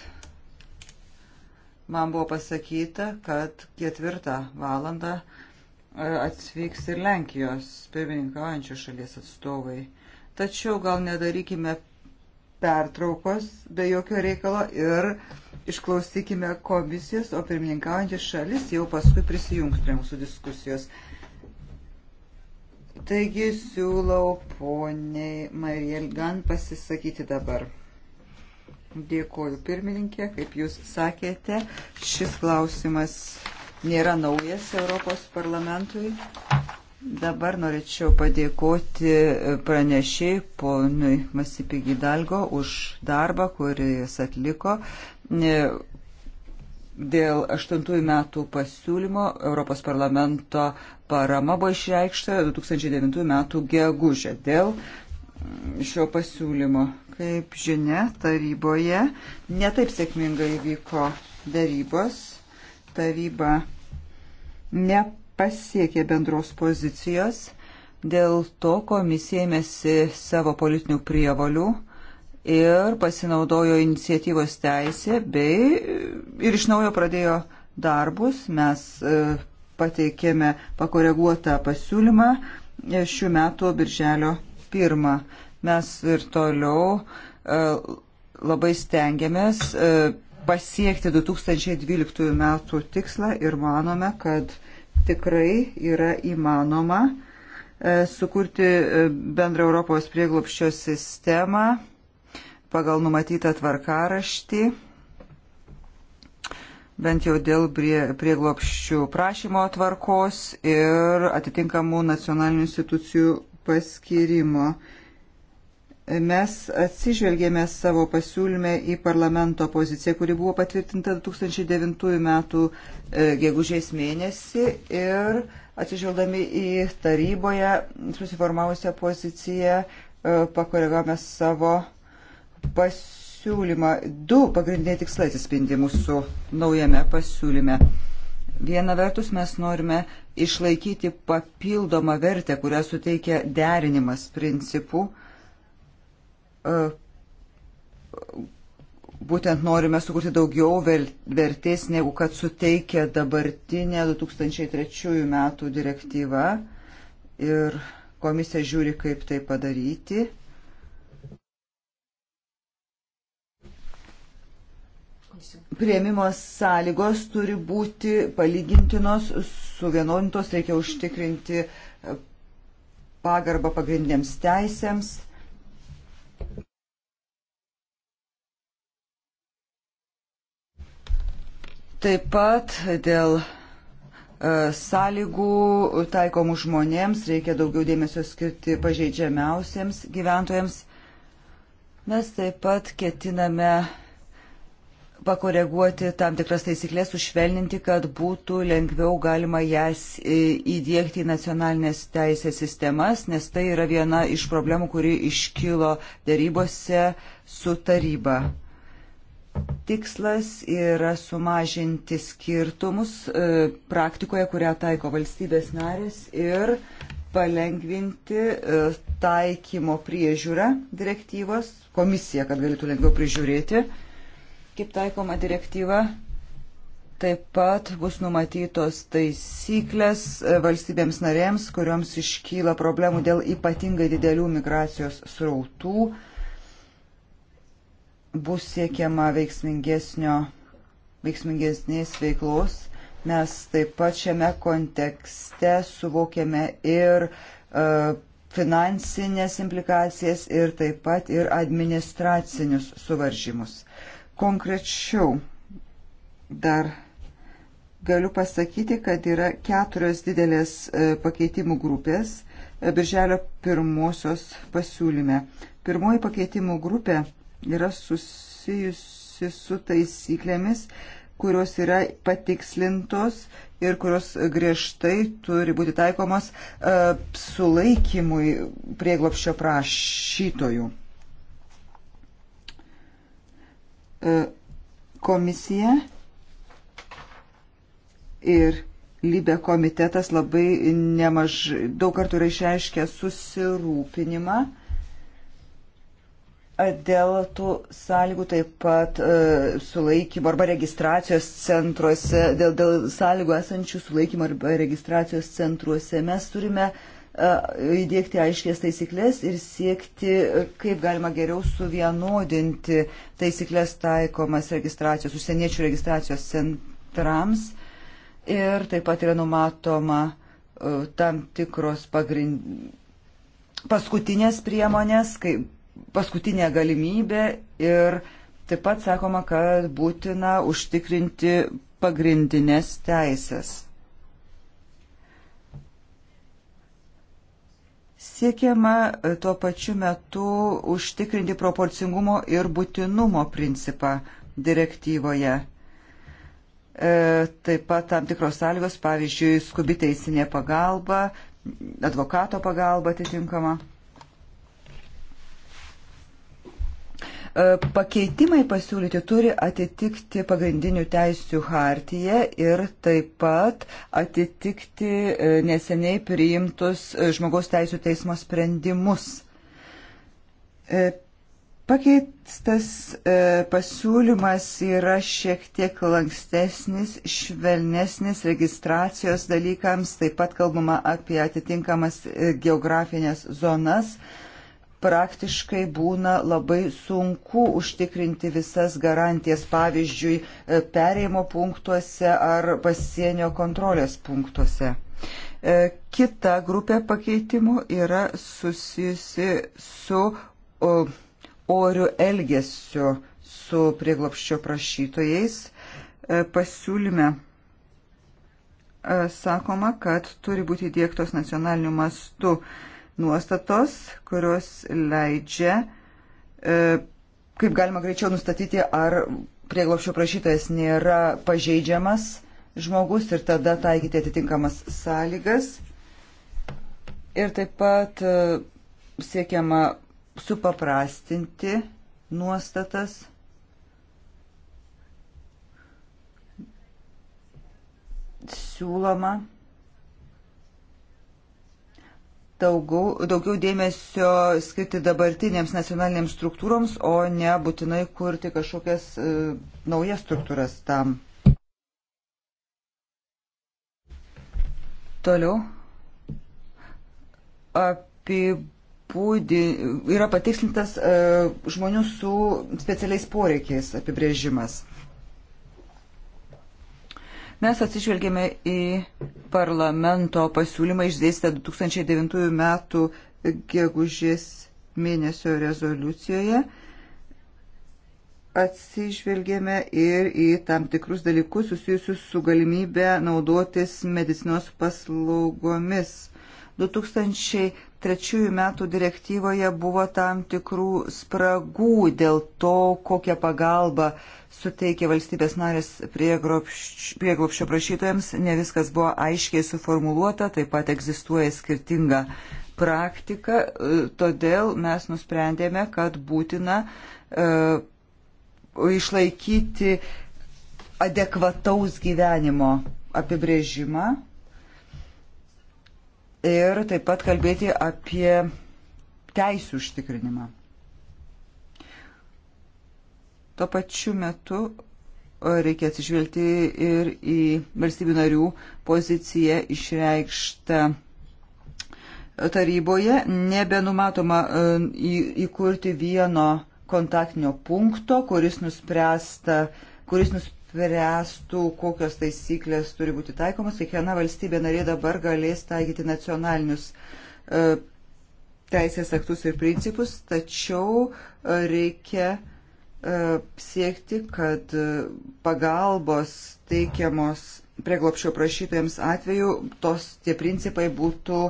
man buvo pasakyta, kad ketvirtą valandą uh, atvyks ir Lenkijos pirmininkaujančios šalies atstovai. Tačiau gal nedarykime pertraukos be jokio reikalo ir išklausykime komisijos, o pirmininkaujantis šalis jau paskui prisijungs prie mūsų diskusijos. Taigi siūlau poniai Marijel Gan pasisakyti dabar. Dėkoju pirmininkė, kaip jūs sakėte, šis klausimas nėra naujas Europos parlamentui. Dabar norėčiau padėkoti pranešiai ponui Masipigidalgo už darbą, kurį jis atliko. E, dėl aštuntųjų metų pasiūlymo Europos parlamento parama buvo išreikšta 2009 metų gegužę. Dėl šio pasiūlymo, kaip žinia, taryboje netaip sėkmingai vyko darybos. Taryba nepasiekė bendros pozicijos, dėl to komisija ėmėsi savo politinių prievalių ir pasinaudojo iniciatyvos teisė bei ir iš naujo pradėjo darbus. Mes e, pateikėme pakoreguotą pasiūlymą e, šių metų birželio pirmą. Mes ir toliau e, labai stengiamės pasiekti 2012 metų tikslą ir manome, kad tikrai yra įmanoma e, sukurti e, bendrą Europos prieglopščio sistemą pagal numatytą tvarkaraštį, bent jau dėl prieglopščių prašymo tvarkos ir atitinkamų nacionalinių institucijų paskirimo. Mes atsižvelgėme savo pasiūlymę į parlamento poziciją, kuri buvo patvirtinta 2009 metų e, gegužės mėnesį ir atsižvelgdami į taryboje susiformavusią poziciją e, pakoregavome savo pasiūlymą. Du pagrindiniai tikslai atsispindi mūsų naujame pasiūlyme. Viena vertus mes norime išlaikyti papildomą vertę, kurią suteikia derinimas principų E, būtent norime sukurti daugiau vertės, negu kad suteikia dabartinė 2003 metų direktyva. Ir komisija žiūri, kaip tai padaryti. Prieimimo sąlygos turi būti palygintinos, suvienodintos, reikia užtikrinti pagarbą pagrindiniams teisėms. Taip pat dėl e, sąlygų taikomų žmonėms reikia daugiau dėmesio skirti pažeidžiamiausiems gyventojams. Mes taip pat ketiname pakoreguoti tam tikras taisyklės, sušvelninti, kad būtų lengviau galima jas įdėkti į nacionalinės teisės sistemas, nes tai yra viena iš problemų, kuri iškilo darybose su taryba tikslas yra sumažinti skirtumus e, praktikoje, kurią taiko valstybės narės ir palengvinti e, taikymo priežiūrą direktyvos, komisija, kad galėtų lengviau prižiūrėti, kaip taikoma direktyva. Taip pat bus numatytos taisyklės e, valstybėms narėms, kurioms iškyla problemų dėl ypatingai didelių migracijos srautų, bus siekiama veiksmingesnio, veiksmingesnės veiklos. Mes taip pat šiame kontekste suvokėme ir uh, finansinės implikacijas ir taip pat ir administracinius suvaržymus. Konkrečiau dar galiu pasakyti, kad yra keturios didelės e, pakeitimų grupės e, Birželio pirmosios pasiūlyme. Pirmoji pakeitimų grupė yra susijusi su taisyklėmis, kurios yra patikslintos ir kurios griežtai turi būti taikomos uh, sulaikymui prieglopščio prašytojų. Uh, komisija ir Lybė komitetas labai nemažai, daug kartų yra išreiškę susirūpinimą uh, Dėl tų sąlygų taip pat e, sulaikymo arba registracijos centruose, dėl, dėl sąlygų esančių sulaikymo arba registracijos centruose mes turime e, įdėkti aiškės taisyklės ir siekti, kaip galima geriau suvienodinti taisyklės taikomas registracijos, užsieniečių registracijos centrams. Ir taip pat yra numatoma e, tam tikros pagrindinės paskutinės priemonės, kaip paskutinė galimybė ir taip pat sakoma, kad būtina užtikrinti pagrindinės teisės. Siekiama e, tuo pačiu metu užtikrinti proporcingumo ir būtinumo principą direktyvoje. E, taip pat tam tikros sąlygos, pavyzdžiui, skubi teisinė pagalba, advokato pagalba atitinkama. E, pakeitimai pasiūlyti turi atitikti pagrindinių teisių hartiją ir taip pat atitikti e, neseniai priimtus e, žmogaus teisų teismo sprendimus. Pakeistas pasiūlymas yra šiek tiek lankstesnis, švelnesnis registracijos dalykams, taip pat kalbama apie atitinkamas geografinės zonas. E, praktiškai būna labai sunku užtikrinti visas garantijas, pavyzdžiui, e, pereimo punktuose ar pasienio kontrolės punktuose. E, kita grupė pakeitimų yra susijusi su oriu elgesiu su prieglopščio prašytojais. E, pasiūlyme sakoma, kad turi būti dėktos nacionaliniu mastu nuostatos, kurios leidžia e, kaip galima greičiau nustatyti, ar prieglopščio prašytojas nėra pažeidžiamas žmogus ir tada taikyti atitinkamas sąlygas. Ir taip pat e, siekiama supaprastinti nuostatas. Siūloma daugiau, daugiau dėmesio skirti dabartinėms nacionalinėms struktūroms, o ne būtinai kurti kažkokias e, naujas struktūras tam. Toliau. Apibūdi, yra patikslintas e, žmonių su specialiais poreikiais apibrėžimas. Mes atsižvelgėme į parlamento pasiūlymą išdėstę 2009 metų gegužės mėnesio rezoliucijoje atsižvelgėme ir į tam tikrus dalykus susijusius su galimybė naudotis medicinos paslaugomis. 2013 trečiųjų metų direktyvoje buvo tam tikrų spragų dėl to, kokią pagalbą suteikė valstybės narės prieglopščio prašytojams. Ne viskas buvo aiškiai suformuoluota, taip pat egzistuoja skirtinga praktika, e, todėl mes nusprendėme, kad būtina e, išlaikyti adekvataus gyvenimo apibrėžimą ir taip pat kalbėti apie teisų užtikrinimą. Tuo pačiu metu reikia atsižvelgti ir į valstybių narių poziciją išreikštą taryboje. Nebenumatoma e, įkurti vieno kontaktinio punkto, kuris nuspręsta, kuris nuspręsta spręstų, kokios taisyklės turi būti taikomas. Kiekviena valstybė narė dabar galės taikyti nacionalinius e, teisės aktus ir principus, tačiau e, reikia e, siekti, kad e, pagalbos teikiamos prieglopšio prašytojams atveju tos tie principai būtų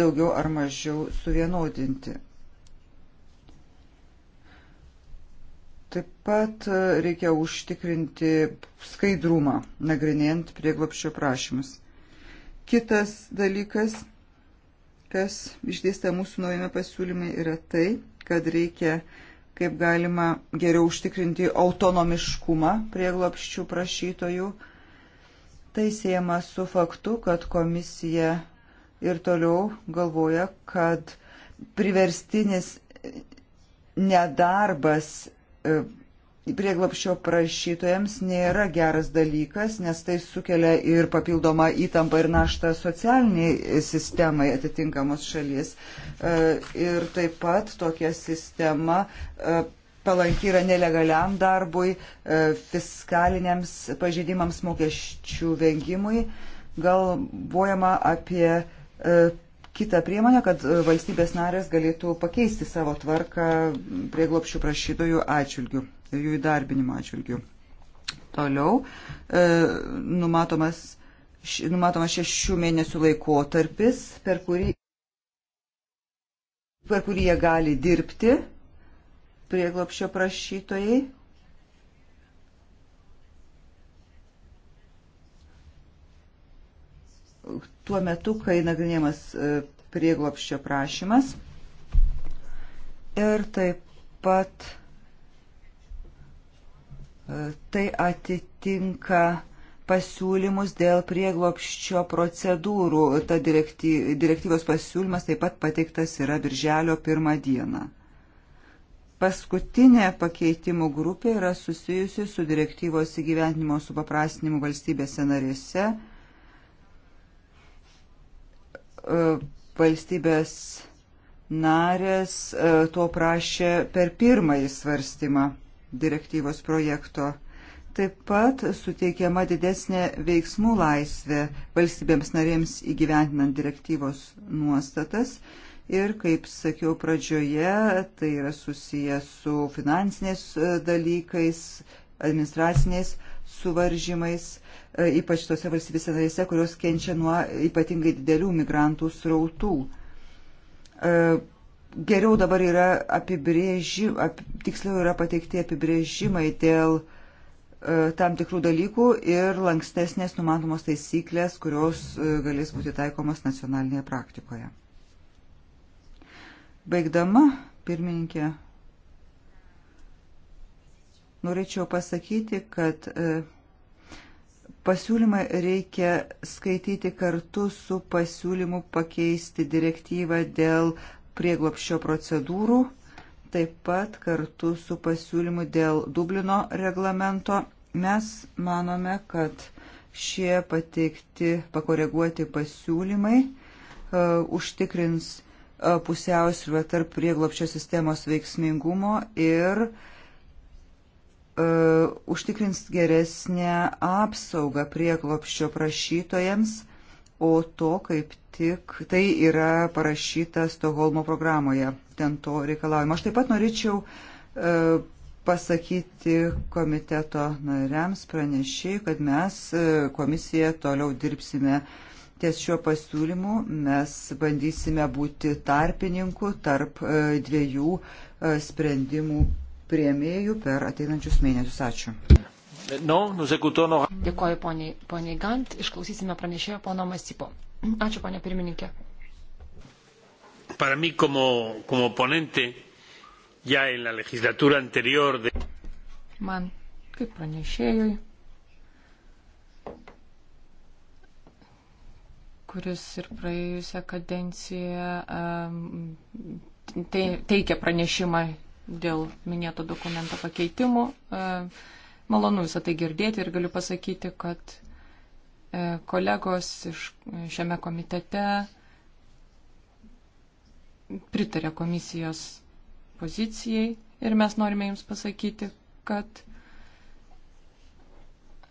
daugiau ar mažiau suvienodinti. Taip pat e, reikia užtikrinti skaidrumą, nagrinėjant prieglopščio prašymus. Kitas dalykas, kas išdėsta mūsų naujame pasiūlyme, yra tai, kad reikia kaip galima geriau užtikrinti autonomiškumą prieglopščių prašytojų. Tai siejama su faktu, kad komisija ir toliau galvoja, kad priverstinis nedarbas E, prieglapščio prašytojams nėra geras dalykas, nes tai sukelia ir papildomą įtampą ir naštą socialiniai sistemai atitinkamos šalies. E, ir taip pat tokia sistema e, palanki yra nelegaliam darbui, fiskaliniams pažeidimams mokesčių vengimui. Galvojama apie kitą priemonę, kad e, valstybės narės galėtų pakeisti savo tvarką prieglopšių prašytojų atžvilgių ir jų įdarbinimo atžvilgių. Toliau e, numatomas, š, numatomas šešių mėnesių laikotarpis, per kurį, per kurį jie gali dirbti prieglopščio prašytojai tuo metu, kai nagrinėjamas e, prieglopščio prašymas. Ir taip pat e, tai atitinka pasiūlymus dėl prieglopščio procedūrų. Ta direkty, direktyvos pasiūlymas taip pat pateiktas yra birželio pirmą dieną. Paskutinė pakeitimų grupė yra susijusi su direktyvos įgyventinimo supaprastinimu valstybėse narėse E, valstybės narės e, to prašė per pirmąjį svarstymą direktyvos projekto. Taip pat suteikiama didesnė veiksmų laisvė valstybėms narėms įgyventinant direktyvos nuostatas. Ir, kaip sakiau pradžioje, tai yra susiję su finansiniais e, dalykais, administraciniais suvaržymais E, ypač tose valstybėse narėse, kurios kenčia nuo ypatingai didelių migrantų srautų. E, geriau dabar yra apibrėži, ap, tiksliau yra pateikti apibrėžimai dėl e, tam tikrų dalykų ir lankstesnės numatomos taisyklės, kurios galės būti taikomas nacionalinėje praktikoje. Baigdama, pirmininkė, norėčiau pasakyti, kad Pasiūlymą reikia skaityti kartu su pasiūlymu pakeisti direktyvą dėl prieglopščio procedūrų, taip pat kartu su pasiūlymu dėl Dublino reglamento. Mes manome, kad šie pateikti pakoreguoti pasiūlymai uh, užtikrins uh, pusiausvyrą tarp prieglopščio sistemos veiksmingumo ir uh, E, užtikrins geresnę apsaugą prieklopščio prašytojams, o to kaip tik tai yra parašyta Stoholmo programoje, ten to reikalavimo. Aš taip pat norėčiau e, pasakyti komiteto nariams pranešiai, kad mes e, komisija toliau dirbsime ties šiuo pasiūlymu. Mes bandysime būti tarpininku tarp dviejų sprendimų prieimėjų per ateinančius mėnesius. Ačiū. Dėkoju poniai, poniai Gant. Išklausysime pranešėjo pono Masipo. Ačiū, ponė pirmininkė. Para mí, como, como ponente, ya en la legislatura anterior de... Man, kaip pranešėjui, kuris ir praėjusią kadenciją um, te, teikė pranešimą dėl minėto dokumento pakeitimų. E, malonu visą tai girdėti ir galiu pasakyti, kad e, kolegos iš šiame komitete pritarė komisijos pozicijai ir mes norime jums pasakyti, kad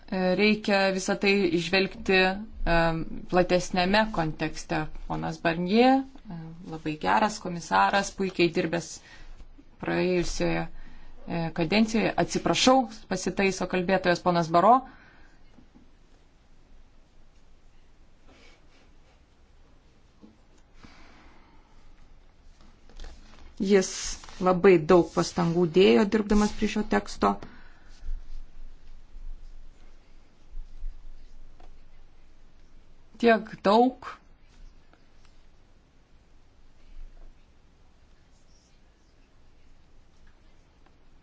e, reikia visą tai išvelgti platesnėme kontekste. Ponas Barnie, labai geras komisaras, puikiai dirbęs praėjusioje e, kadencijoje, atsiprašau, pasitaiso kalbėtojas ponas Baro. Jis labai daug pastangų dėjo dirbdamas prie šio teksto. Tiek daug,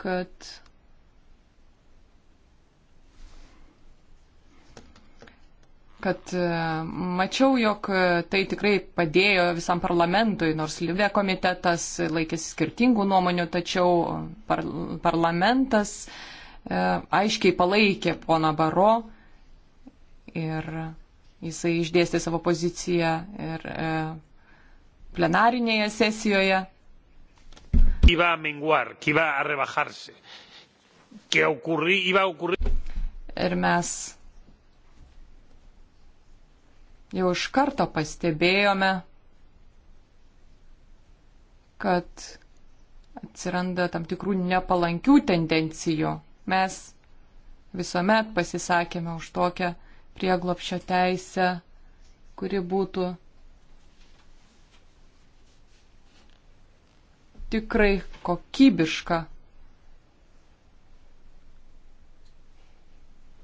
kad kad e, mačiau, jog tai tikrai padėjo visam parlamentui, nors Livė komitetas laikėsi skirtingų nuomonių, tačiau par, parlamentas e, aiškiai palaikė poną Baro ir jisai išdėstė savo poziciją ir e, plenarinėje sesijoje que iba a menguar, que iba a rebajarse, que ocurri, iba a ocurrir. Ir mes jau iš karto pastebėjome, kad atsiranda tam tikrų nepalankių tendencijų. Mes visuomet pasisakėme už tokią prieglopšio teisę, kuri būtų tikrai kokybiška.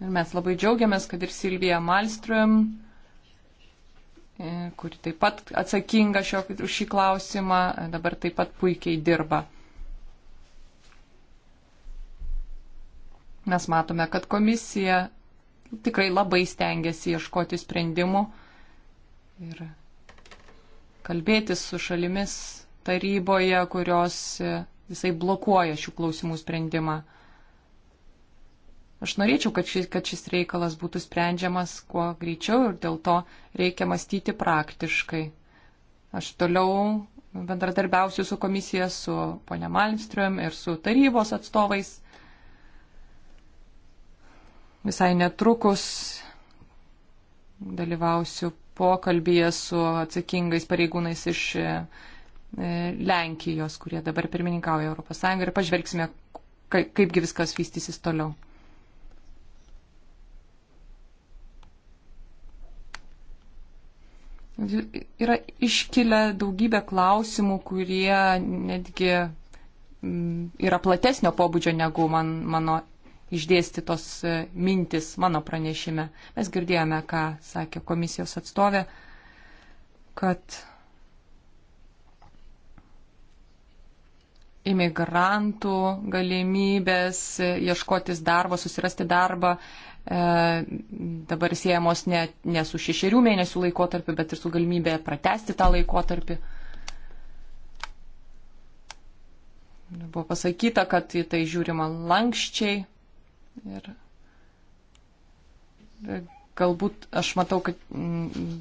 Ir mes labai džiaugiamės, kad ir Silvija Malström, e, kuri taip pat atsakinga šio, už šį klausimą, e, dabar taip pat puikiai dirba. Mes matome, kad komisija tikrai labai stengiasi ieškoti sprendimų ir kalbėtis su šalimis taryboje, kurios visai e, blokuoja šių klausimų sprendimą. Aš norėčiau, kad šis, kad šis reikalas būtų sprendžiamas kuo greičiau ir dėl to reikia mąstyti praktiškai. Aš toliau bendradarbiausiu su komisija, su ponia Malmström ir su tarybos atstovais. Visai netrukus dalyvausiu pokalbėje su atsakingais pareigūnais iš E, Lenkijos, kurie dabar pirmininkauja Europos Sąjungą ir pažvelgsime, kaipgi viskas vystysis toliau. Yra iškilę daugybė klausimų, kurie netgi mm, yra platesnio pobūdžio negu man, mano išdėstytos e, mintis mano pranešime. Mes girdėjome, ką sakė komisijos atstovė, kad imigrantų galimybės ieškotis darbo, susirasti darbą e, dabar siejamos ne, ne su šešerių mėnesių laikotarpiu, bet ir su galimybė pratesti tą laikotarpį. Buvo pasakyta, kad į tai žiūrima lankščiai ir galbūt aš matau, kad mm,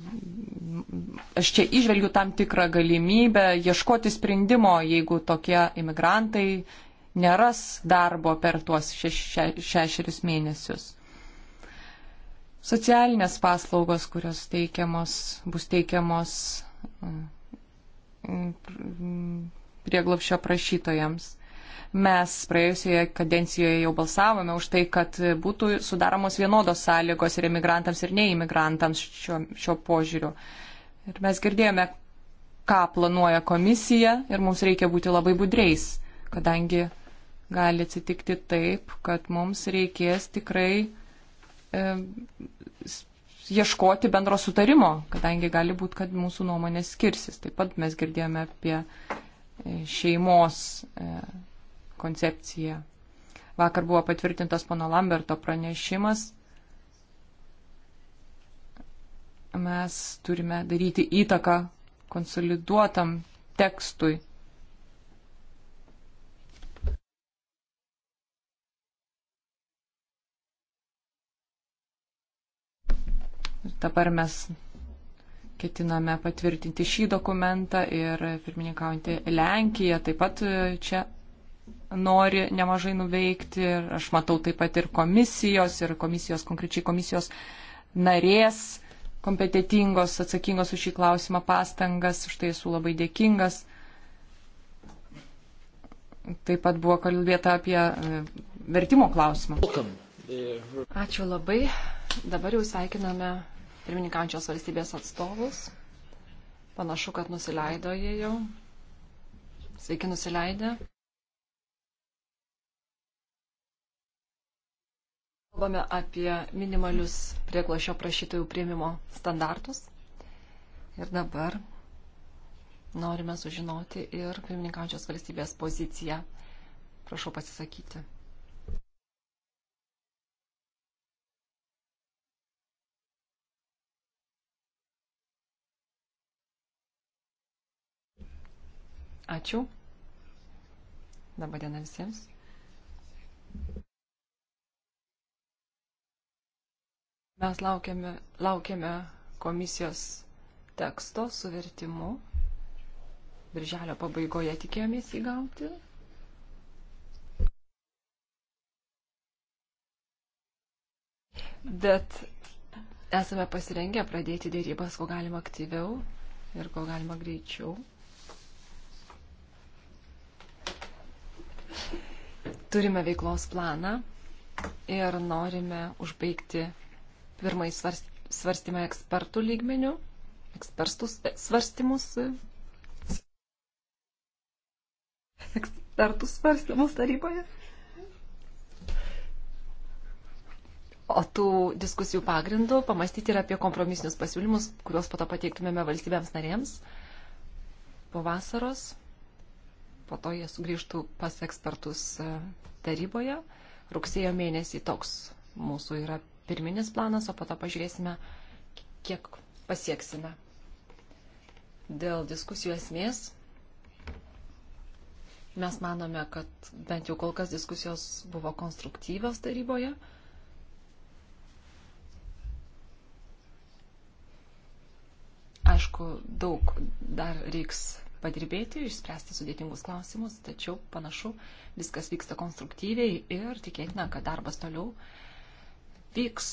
aš čia išvelgiu tam tikrą galimybę ieškoti sprendimo, jeigu tokie imigrantai neras darbo per tuos šeš, še, šešerius mėnesius. Socialinės paslaugos, kurios teikiamos, bus teikiamos mm, mm, prieglapšio prašytojams. Mes praėjusioje kadencijoje jau balsavome už tai, kad būtų sudaromos vienodos sąlygos ir imigrantams, ir neimigrantams šio, šio požiūriu. Ir mes girdėjome, ką planuoja komisija ir mums reikia būti labai budreis, kadangi gali atsitikti taip, kad mums reikės tikrai e, ieškoti bendro sutarimo, kadangi gali būti, kad mūsų nuomonės skirsis. Taip pat mes girdėjome apie e, šeimos e, koncepciją. Vakar buvo patvirtintas pono Lamberto pranešimas. Mes turime daryti įtaką konsoliduotam tekstui. Ir dabar mes ketiname patvirtinti šį dokumentą ir pirmininkaujantį Lenkiją taip pat čia nori nemažai nuveikti ir aš matau taip pat ir komisijos, ir komisijos, konkrečiai komisijos narės kompetitingos, atsakingos už šį klausimą pastangas, už tai esu labai dėkingas. Taip pat buvo kalbėta apie e, vertimo klausimą. Ačiū labai. Dabar jau sveikiname pirmininkančios valstybės atstovus. Panašu, kad nusileido jie jau. Sveiki nusileidę. Kalbame apie minimalius prieglošio prašytojų prieimimo standartus. Ir dabar norime sužinoti ir pirmininkaujančios valstybės poziciją. Prašau pasisakyti. Ačiū. Labą dieną visiems. Mes laukiame, laukiame komisijos teksto su vertimu. Birželio pabaigoje tikėjomės įgauti. Bet esame pasirengę pradėti dėrybas, ko galima aktyviau ir ko galima greičiau. Turime veiklos planą ir norime užbaigti Pirmąjį svarstymą ekspertų lygmenių, ekspertų e, svarstymus, e, ekspertų svarstymus taryboje. O tų diskusijų pagrindų pamastyti ir apie kompromisinius pasiūlymus, kuriuos po to pateiktumėme valstybėms narėms po vasaros. Po to jie sugrįžtų pas ekspertus e, taryboje. Rugsėjo mėnesį toks mūsų yra pirminis planas, o po to pažiūrėsime, kiek pasieksime. Dėl diskusijų esmės mes manome, kad bent jau kol kas diskusijos buvo konstruktyvios taryboje. Aišku, daug dar reiks padirbėti, išspręsti sudėtingus klausimus, tačiau panašu, viskas vyksta konstruktyviai ir tikėtina, kad darbas toliau uh, vyks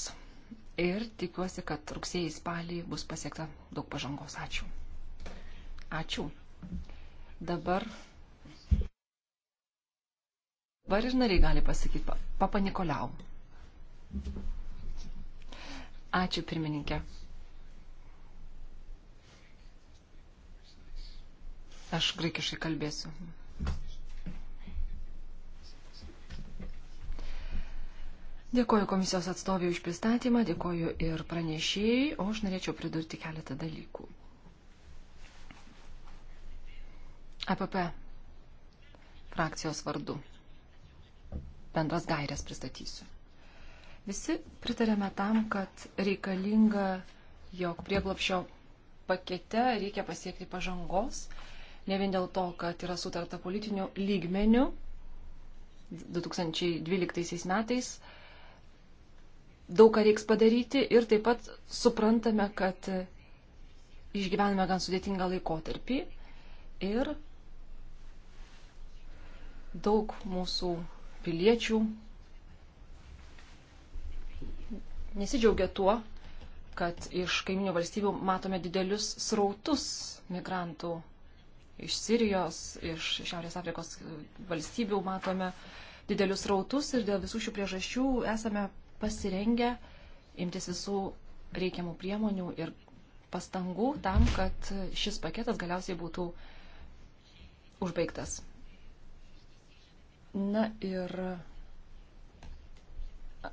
ir tikiuosi, kad rugsėjai spalį bus pasiekta daug pažangos. Ačiū. Ačiū. Dabar. Dabar ir nariai gali pasakyti, papa Nikolau. Ačiū pirmininkė. Aš graikiškai kalbėsiu. Dėkoju komisijos atstovė už pristatymą, dėkoju ir pranešėjai, o aš norėčiau pridurti keletą dalykų. APP frakcijos vardu. Bendras gairias pristatysiu. Visi pritarėme tam, kad reikalinga, jog prieglopšio pakete reikia pasiekti pažangos, ne vien dėl to, kad yra sutarta politinių lygmenių 2012 metais daug ką reiks padaryti ir taip pat suprantame, kad išgyvename gan sudėtingą laikotarpį ir daug mūsų piliečių nesidžiaugia tuo, kad iš kaiminių valstybių matome didelius srautus migrantų iš Sirijos, iš Šiaurės Afrikos valstybių matome didelius rautus ir dėl visų šių priežasčių esame pasirengę imtis visų reikiamų priemonių ir pastangų tam, kad šis paketas galiausiai būtų užbaigtas. Na ir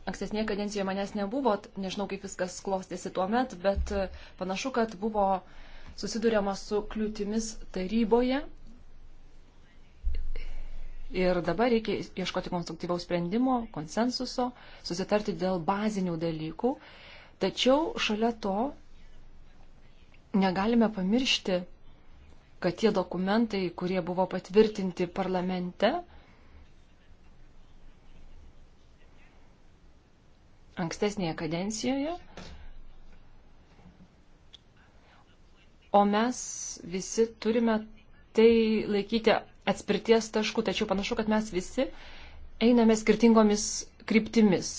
ankstesnėje kadencijoje manęs nebuvo, nežinau, kaip viskas klostėsi tuo met, bet panašu, kad buvo susidurėma su kliūtimis taryboje Ir dabar reikia ieškoti konstruktyvaus sprendimo, konsensuso, susitarti dėl bazinių dalykų. Tačiau šalia to negalime pamiršti, kad tie dokumentai, kurie buvo patvirtinti parlamente, ankstesnėje kadencijoje, o mes visi turime tai laikyti atspirties taškų, tačiau panašu, kad mes visi einame skirtingomis kryptimis.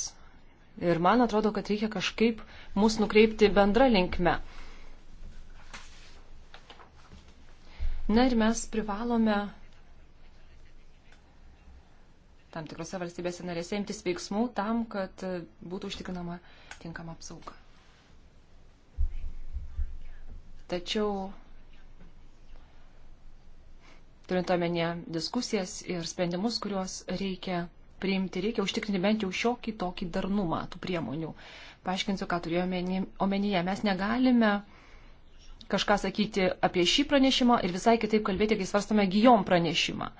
Ir man atrodo, kad reikia kažkaip mus nukreipti bendrą linkmę. Na ir mes privalome tam tikrose valstybėse narėse imtis veiksmų tam, kad būtų užtikrinama tinkama apsauga. Tačiau turint omenyje diskusijas ir sprendimus, kuriuos reikia priimti, reikia užtikrinti bent jau šiokį tokį darnumą tų priemonių. Paaiškinsiu, ką turėjome omenyje. Mes negalime kažką sakyti apie šį pranešimą ir visai kitaip kalbėti, kai svarstame gyjom pranešimą.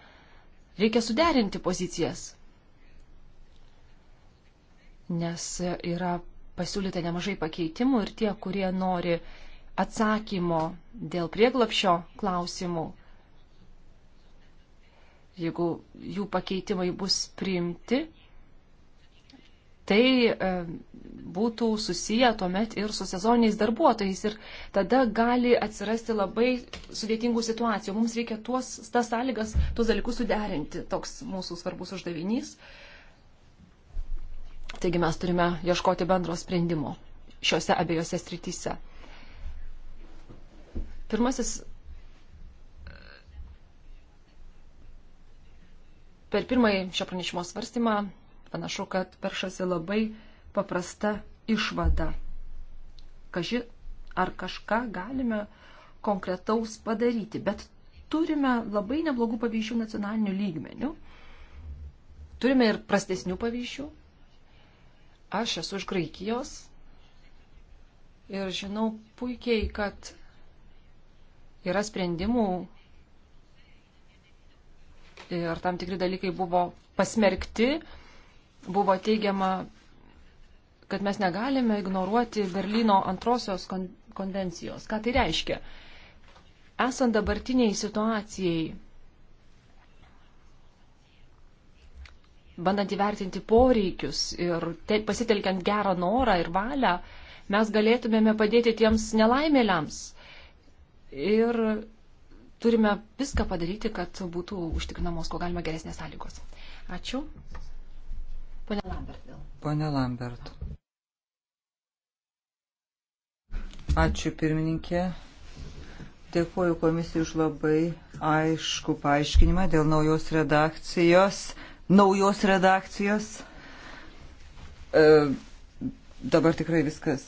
Reikia suderinti pozicijas, nes yra pasiūlyta nemažai pakeitimų ir tie, kurie nori atsakymo dėl prieglapšio klausimų, jeigu jų pakeitimai bus priimti, tai e, būtų susiję tuomet ir su sezoniniais darbuotojais ir tada gali atsirasti labai sudėtingų situacijų. Mums reikia tuos, tas sąlygas, tuos dalykus suderinti. Toks mūsų svarbus uždavinys. Taigi mes turime ieškoti bendro sprendimo šiuose abiejose strityse. Pirmasis per pirmąjį šio pranešimo svarstymą panašu, kad peršasi labai paprasta išvada. Kaži, ar kažką galime konkretaus padaryti, bet turime labai neblogų pavyzdžių nacionalinių lygmenių. Turime ir prastesnių pavyzdžių. Aš esu iš Graikijos ir žinau puikiai, kad yra sprendimų, ir tam tikri dalykai buvo pasmerkti, buvo teigiama, kad mes negalime ignoruoti Berlyno antrosios kon konvencijos. Ką tai reiškia? Esant dabartiniai situacijai, bandant įvertinti poreikius ir pasitelkiant gerą norą ir valią, mes galėtumėme padėti tiems nelaimėliams ir turime viską padaryti, kad būtų užtikrinamos, ko galima geresnės sąlygos. Ačiū. Pone Lambert vėl. Pone Lambert. Ačiū pirmininkė. Dėkuoju komisijai už labai aišku paaiškinimą dėl naujos redakcijos. Naujos redakcijos. E, dabar tikrai viskas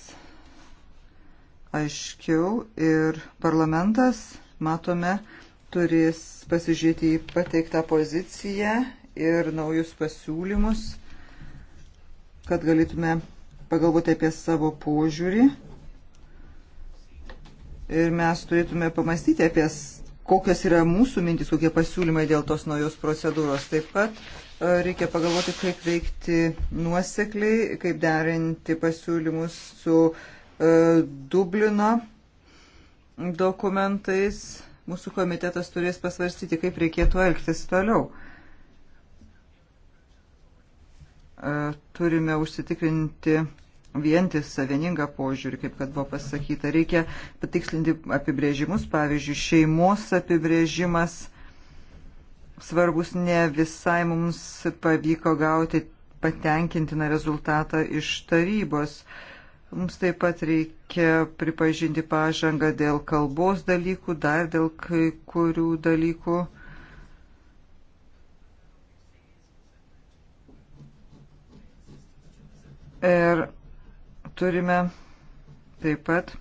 aiškiau ir parlamentas matome, turės pasižiūrėti į pateiktą poziciją ir naujus pasiūlymus, kad galėtume pagalvoti apie savo požiūrį. Ir mes turėtume pamastyti apie kokios yra mūsų mintis, kokie pasiūlymai dėl tos naujos procedūros. Taip pat e, reikia pagalvoti, kaip veikti nuosekliai, kaip derinti pasiūlymus su e, Dublino dokumentais mūsų komitetas turės pasvarstyti, kaip reikėtų elgtis toliau. E, turime užsitikrinti vientisą, vieningą požiūrį, kaip kad buvo pasakyta. Reikia patikslinti apibrėžimus, pavyzdžiui, šeimos apibrėžimas svarbus ne visai mums pavyko gauti patenkintiną rezultatą iš tarybos. Uh, Mums taip pat reikia pripažinti pažangą dėl kalbos dalykų, dar dėl kai kurių dalykų. Ir turime taip pat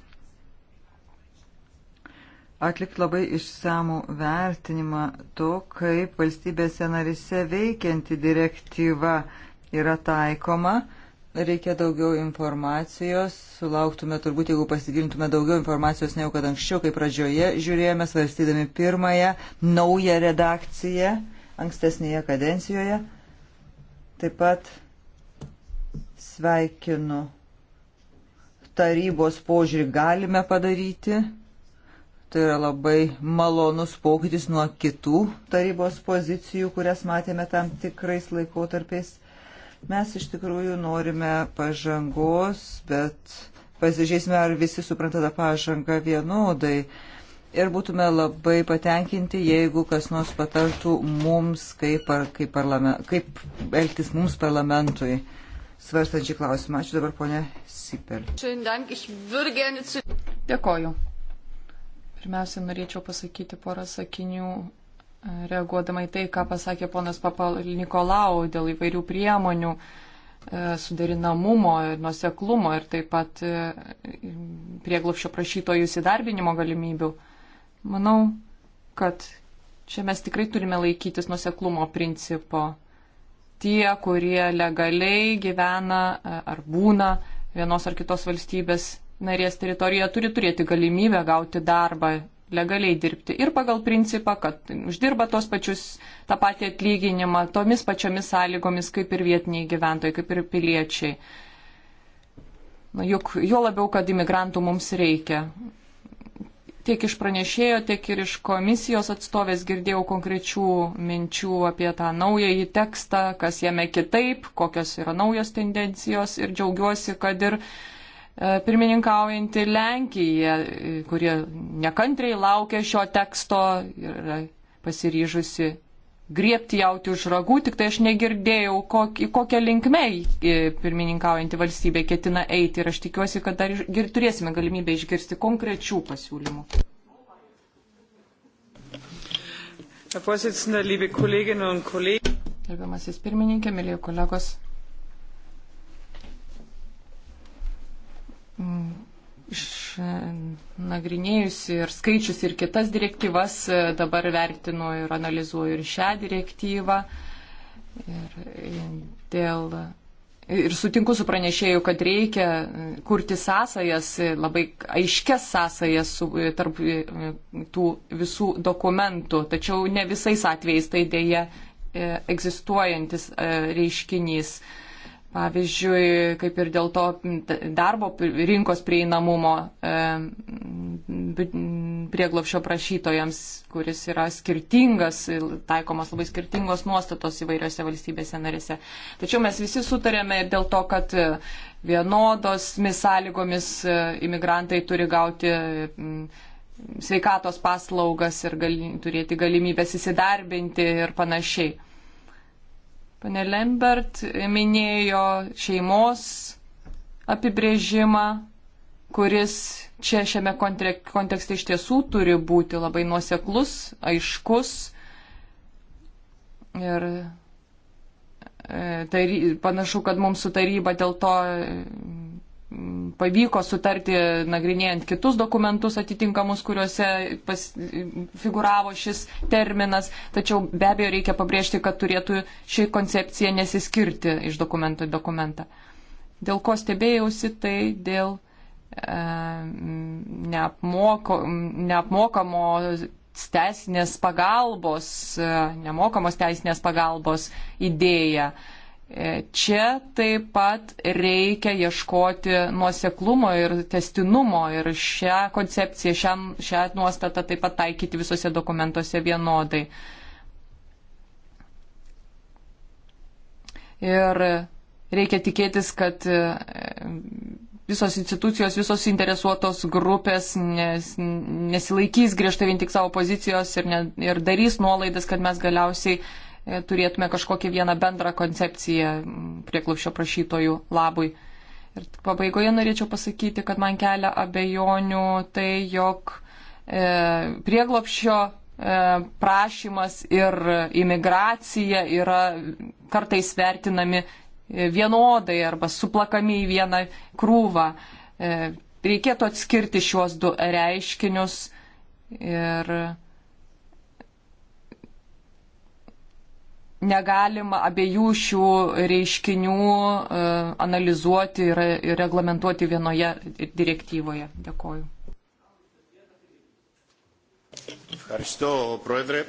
atlikti labai išsamų vertinimą to, kaip valstybėse narise veikianti direktyva yra taikoma reikia daugiau informacijos, sulauktume turbūt, jeigu pasigilintume daugiau informacijos, ne jau kad anksčiau, kai pradžioje žiūrėjome, svarstydami pirmąją naują redakciją ankstesnėje kadencijoje. Taip pat sveikinu tarybos požiūrį galime padaryti. Tai yra labai malonus pokytis nuo kitų tarybos pozicijų, kurias matėme tam tikrais laikotarpiais Mes iš tikrųjų norime pažangos, bet pasižiūrėsime, ar visi supranta tą pažangą vienodai. Ir būtume labai patenkinti, jeigu kas nors patartų mums, kaip, ar, kaip, parlame, kaip elgtis mums parlamentui. Svarstančiai klausimą. Ačiū dabar, ponė Sipel. Dėkoju. Pirmiausia, norėčiau pasakyti porą sakinių Reaguodama į tai, ką pasakė ponas Papal Nikolau dėl įvairių priemonių, e, suderinamumo ir nuseklumo ir taip pat e, prieglopščio prašytojų įsidarbinimo galimybių, manau, kad čia mes tikrai turime laikytis nuseklumo principo. Tie, kurie legaliai gyvena e, ar būna vienos ar kitos valstybės narės teritorijoje, turi turėti galimybę gauti darbą legaliai dirbti ir pagal principą, kad uždirba tos pačius tą patį atlyginimą, tomis pačiomis sąlygomis kaip ir vietiniai gyventojai, kaip ir piliečiai. Nu, juk jo labiau, kad imigrantų mums reikia. Tiek iš pranešėjo, tiek ir iš komisijos atstovės girdėjau konkrečių minčių apie tą naująjį tekstą, kas jame kitaip, kokios yra naujos tendencijos ir džiaugiuosi, kad ir uh, E, pirmininkaujantį Lenkiją, e, kurie nekantriai laukia šio teksto ir pasiryžusi griepti jauti už ragų, tik tai aš negirdėjau, kokią linkmę e, pirmininkaujantį valstybę ketina eiti ir aš tikiuosi, kad dar ir turėsime galimybę išgirsti konkrečių pasiūlymų. Gerbiamasis pirmininkė, mėlyje kolegos, Mm, išnagrinėjusi ir skaičius ir kitas direktyvas, e, dabar vertinu ir analizuoju ir šią direktyvą. Ir, dėl, ir sutinku su pranešėju, kad reikia e, kurti sąsajas, e, labai aiškes sąsajas su, tarp tų visų dokumentų, tačiau ne visais atvejais tai dėja egzistuojantis reiškinys. E, Pavyzdžiui, kaip ir dėl to darbo rinkos prieinamumo e, prieglopšio prašytojams, kuris yra skirtingas, taikomas labai skirtingos nuostatos įvairiose valstybėse narėse. Tačiau mes visi sutarėme ir dėl to, kad vienodosmis sąlygomis e, imigrantai turi gauti sveikatos paslaugas ir gali, turėti galimybės įsidarbinti ir panašiai. Pane Lembert minėjo šeimos apibrėžimą, kuris čia šiame kontekste iš tiesų turi būti labai nuoseklus, aiškus. Ir e, tary, panašu, kad mums su taryba dėl to pavyko sutarti nagrinėjant kitus dokumentus atitinkamus, kuriuose pas, figuravo šis terminas, tačiau be abejo reikia pabrėžti, kad turėtų ši koncepcija nesiskirti iš dokumento į dokumentą. Dėl ko stebėjausi, tai dėl e, neapmoko, neapmokamo teisinės pagalbos, e, nemokamos teisinės pagalbos idėja. E, E, čia taip pat reikia ieškoti nuoseklumo ir testinumo ir šią koncepciją, šią, šią nuostatą taip pat taikyti visose dokumentuose vienodai. Ir reikia tikėtis, kad e, visos institucijos, visos interesuotos grupės nes, nesilaikys griežtai vien tik savo pozicijos ir, ne, ir darys nuolaidas, kad mes galiausiai E, turėtume kažkokią vieną bendrą koncepciją prieklupščio prašytojų labui. Ir pabaigoje norėčiau pasakyti, kad man kelia abejonių tai, jog e, prieglopščio e, prašymas ir imigracija yra kartais vertinami e, vienodai arba suplakami į vieną krūvą. E, reikėtų atskirti šiuos du reiškinius ir e, negalima abiejų šių reiškinių e, analizuoti ir reglamentuoti vienoje direktyvoje. Dėkoju. Ευχαριστώ, Πρόεδρε.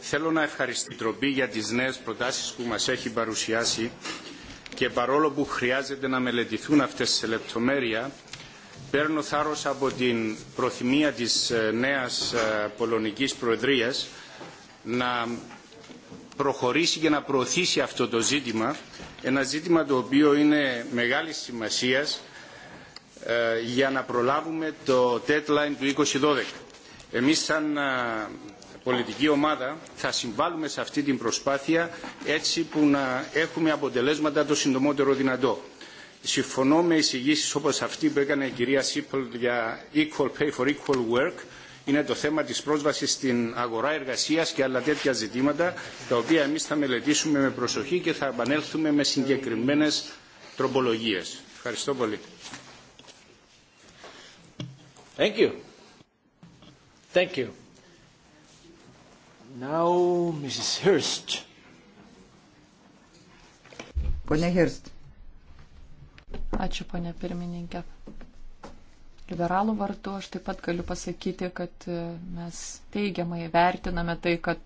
Θέλω να ευχαριστήσω την Τροπή για τις νέες προτάσεις που μας έχει παρουσιάσει και παρόλο που χρειάζεται να μελετηθούν αυτές σε λεπτομέρεια, παίρνω θάρρος από την προθυμία της νέας πολωνικής προεδρίας να προχωρήσει για να προωθήσει αυτό το ζήτημα, ένα ζήτημα το οποίο είναι μεγάλης σημασίας ε, για να προλάβουμε το deadline του 2012. Εμείς σαν ε, πολιτική ομάδα θα συμβάλλουμε σε αυτή την προσπάθεια έτσι που να έχουμε αποτελέσματα το συντομότερο δυνατό. Συμφωνώ με εισηγήσεις όπως αυτή που έκανε η κυρία Σίπολ για equal pay for equal work, είναι το θέμα της πρόσβασης στην αγορά εργασίας και άλλα τέτοια ζητήματα, τα οποία εμείς θα μελετήσουμε με προσοχή και θα επανέλθουμε με συγκεκριμένες τροπολογίες. Ευχαριστώ πολύ. Thank you. Thank you. Now, Mrs. Hurst. Ponia Hirst. Ačiū, ponia pirmininkė liberalų vartų aš taip pat galiu pasakyti, kad e, mes teigiamai vertiname tai, kad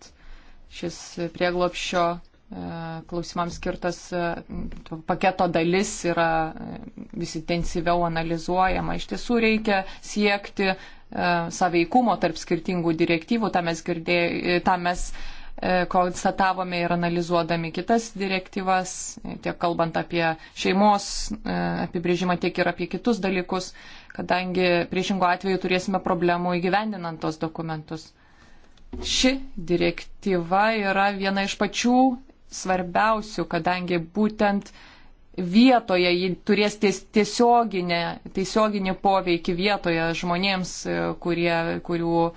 šis prieglopščio e, klausimams skirtas e, paketo dalis yra vis intensyviau analizuojama. Iš tiesų reikia siekti saveikumo tarp skirtingų direktyvų, tą mes, girdė, tą mes konstatavome ir analizuodami kitas direktyvas, tiek kalbant apie šeimos apibrėžimą, tiek ir apie kitus dalykus kadangi priešingo atveju turėsime problemų įgyvendinant tos dokumentus. Ši direktyva yra viena iš pačių svarbiausių, kadangi būtent vietoje ji turės tiesioginę, tiesioginį poveikį vietoje žmonėms, e, kurie, kurių e,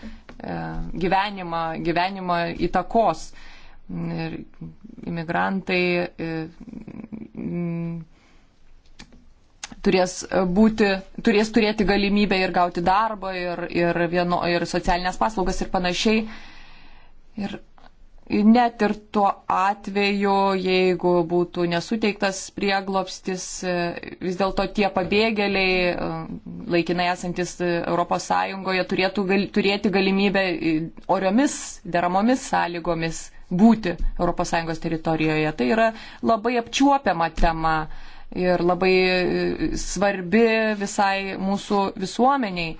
gyvenimą, gyvenimą įtakos. Ir imigrantai e, turės, e, būti, turės turėti galimybę ir gauti darbą, ir, ir, vieno, ir socialinės paslaugas ir panašiai. Ir net ir tuo atveju, jeigu būtų nesuteiktas prieglopstis, e, vis dėlto tie pabėgėliai, e, laikinai esantis ES, turėtų gal, turėti galimybę oriomis, deramomis sąlygomis būti ES teritorijoje. Tai yra labai apčiuopiama tema ir labai e, svarbi visai mūsų visuomeniai.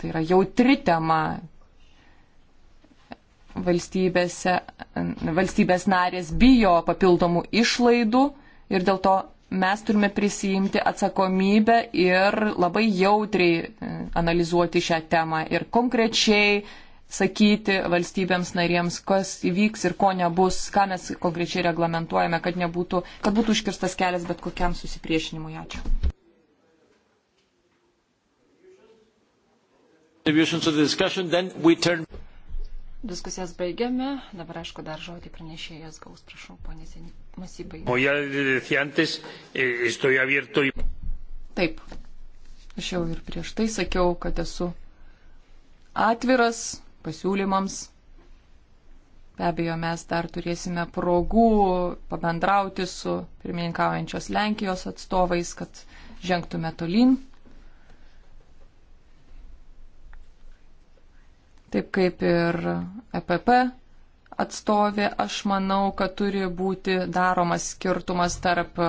Tai yra jautri tema. Valstybės narės bijo papildomų išlaidų ir dėl to mes turime prisijimti atsakomybę ir labai jautriai e, analizuoti šią temą ir konkrečiai sakyti valstybėms narėms, kas įvyks ir ko nebus, ką mes konkrečiai reglamentuojame, kad, nebūtų, kad būtų užkirstas kelias bet kokiam susipriešinimui. Ačiū. Diskusijas baigiame. Dabar, aišku, dar žodį pranešėjas gaus, prašau, ponė Masybai. Eh, Taip. Aš jau ir prieš tai sakiau, kad esu atviras pasiūlymams. Be abejo, mes dar turėsime progų pabendrauti su pirmininkaujančios Lenkijos atstovais, kad žengtume tolin. Taip kaip ir EPP atstovė, aš manau, kad turi būti daromas skirtumas tarp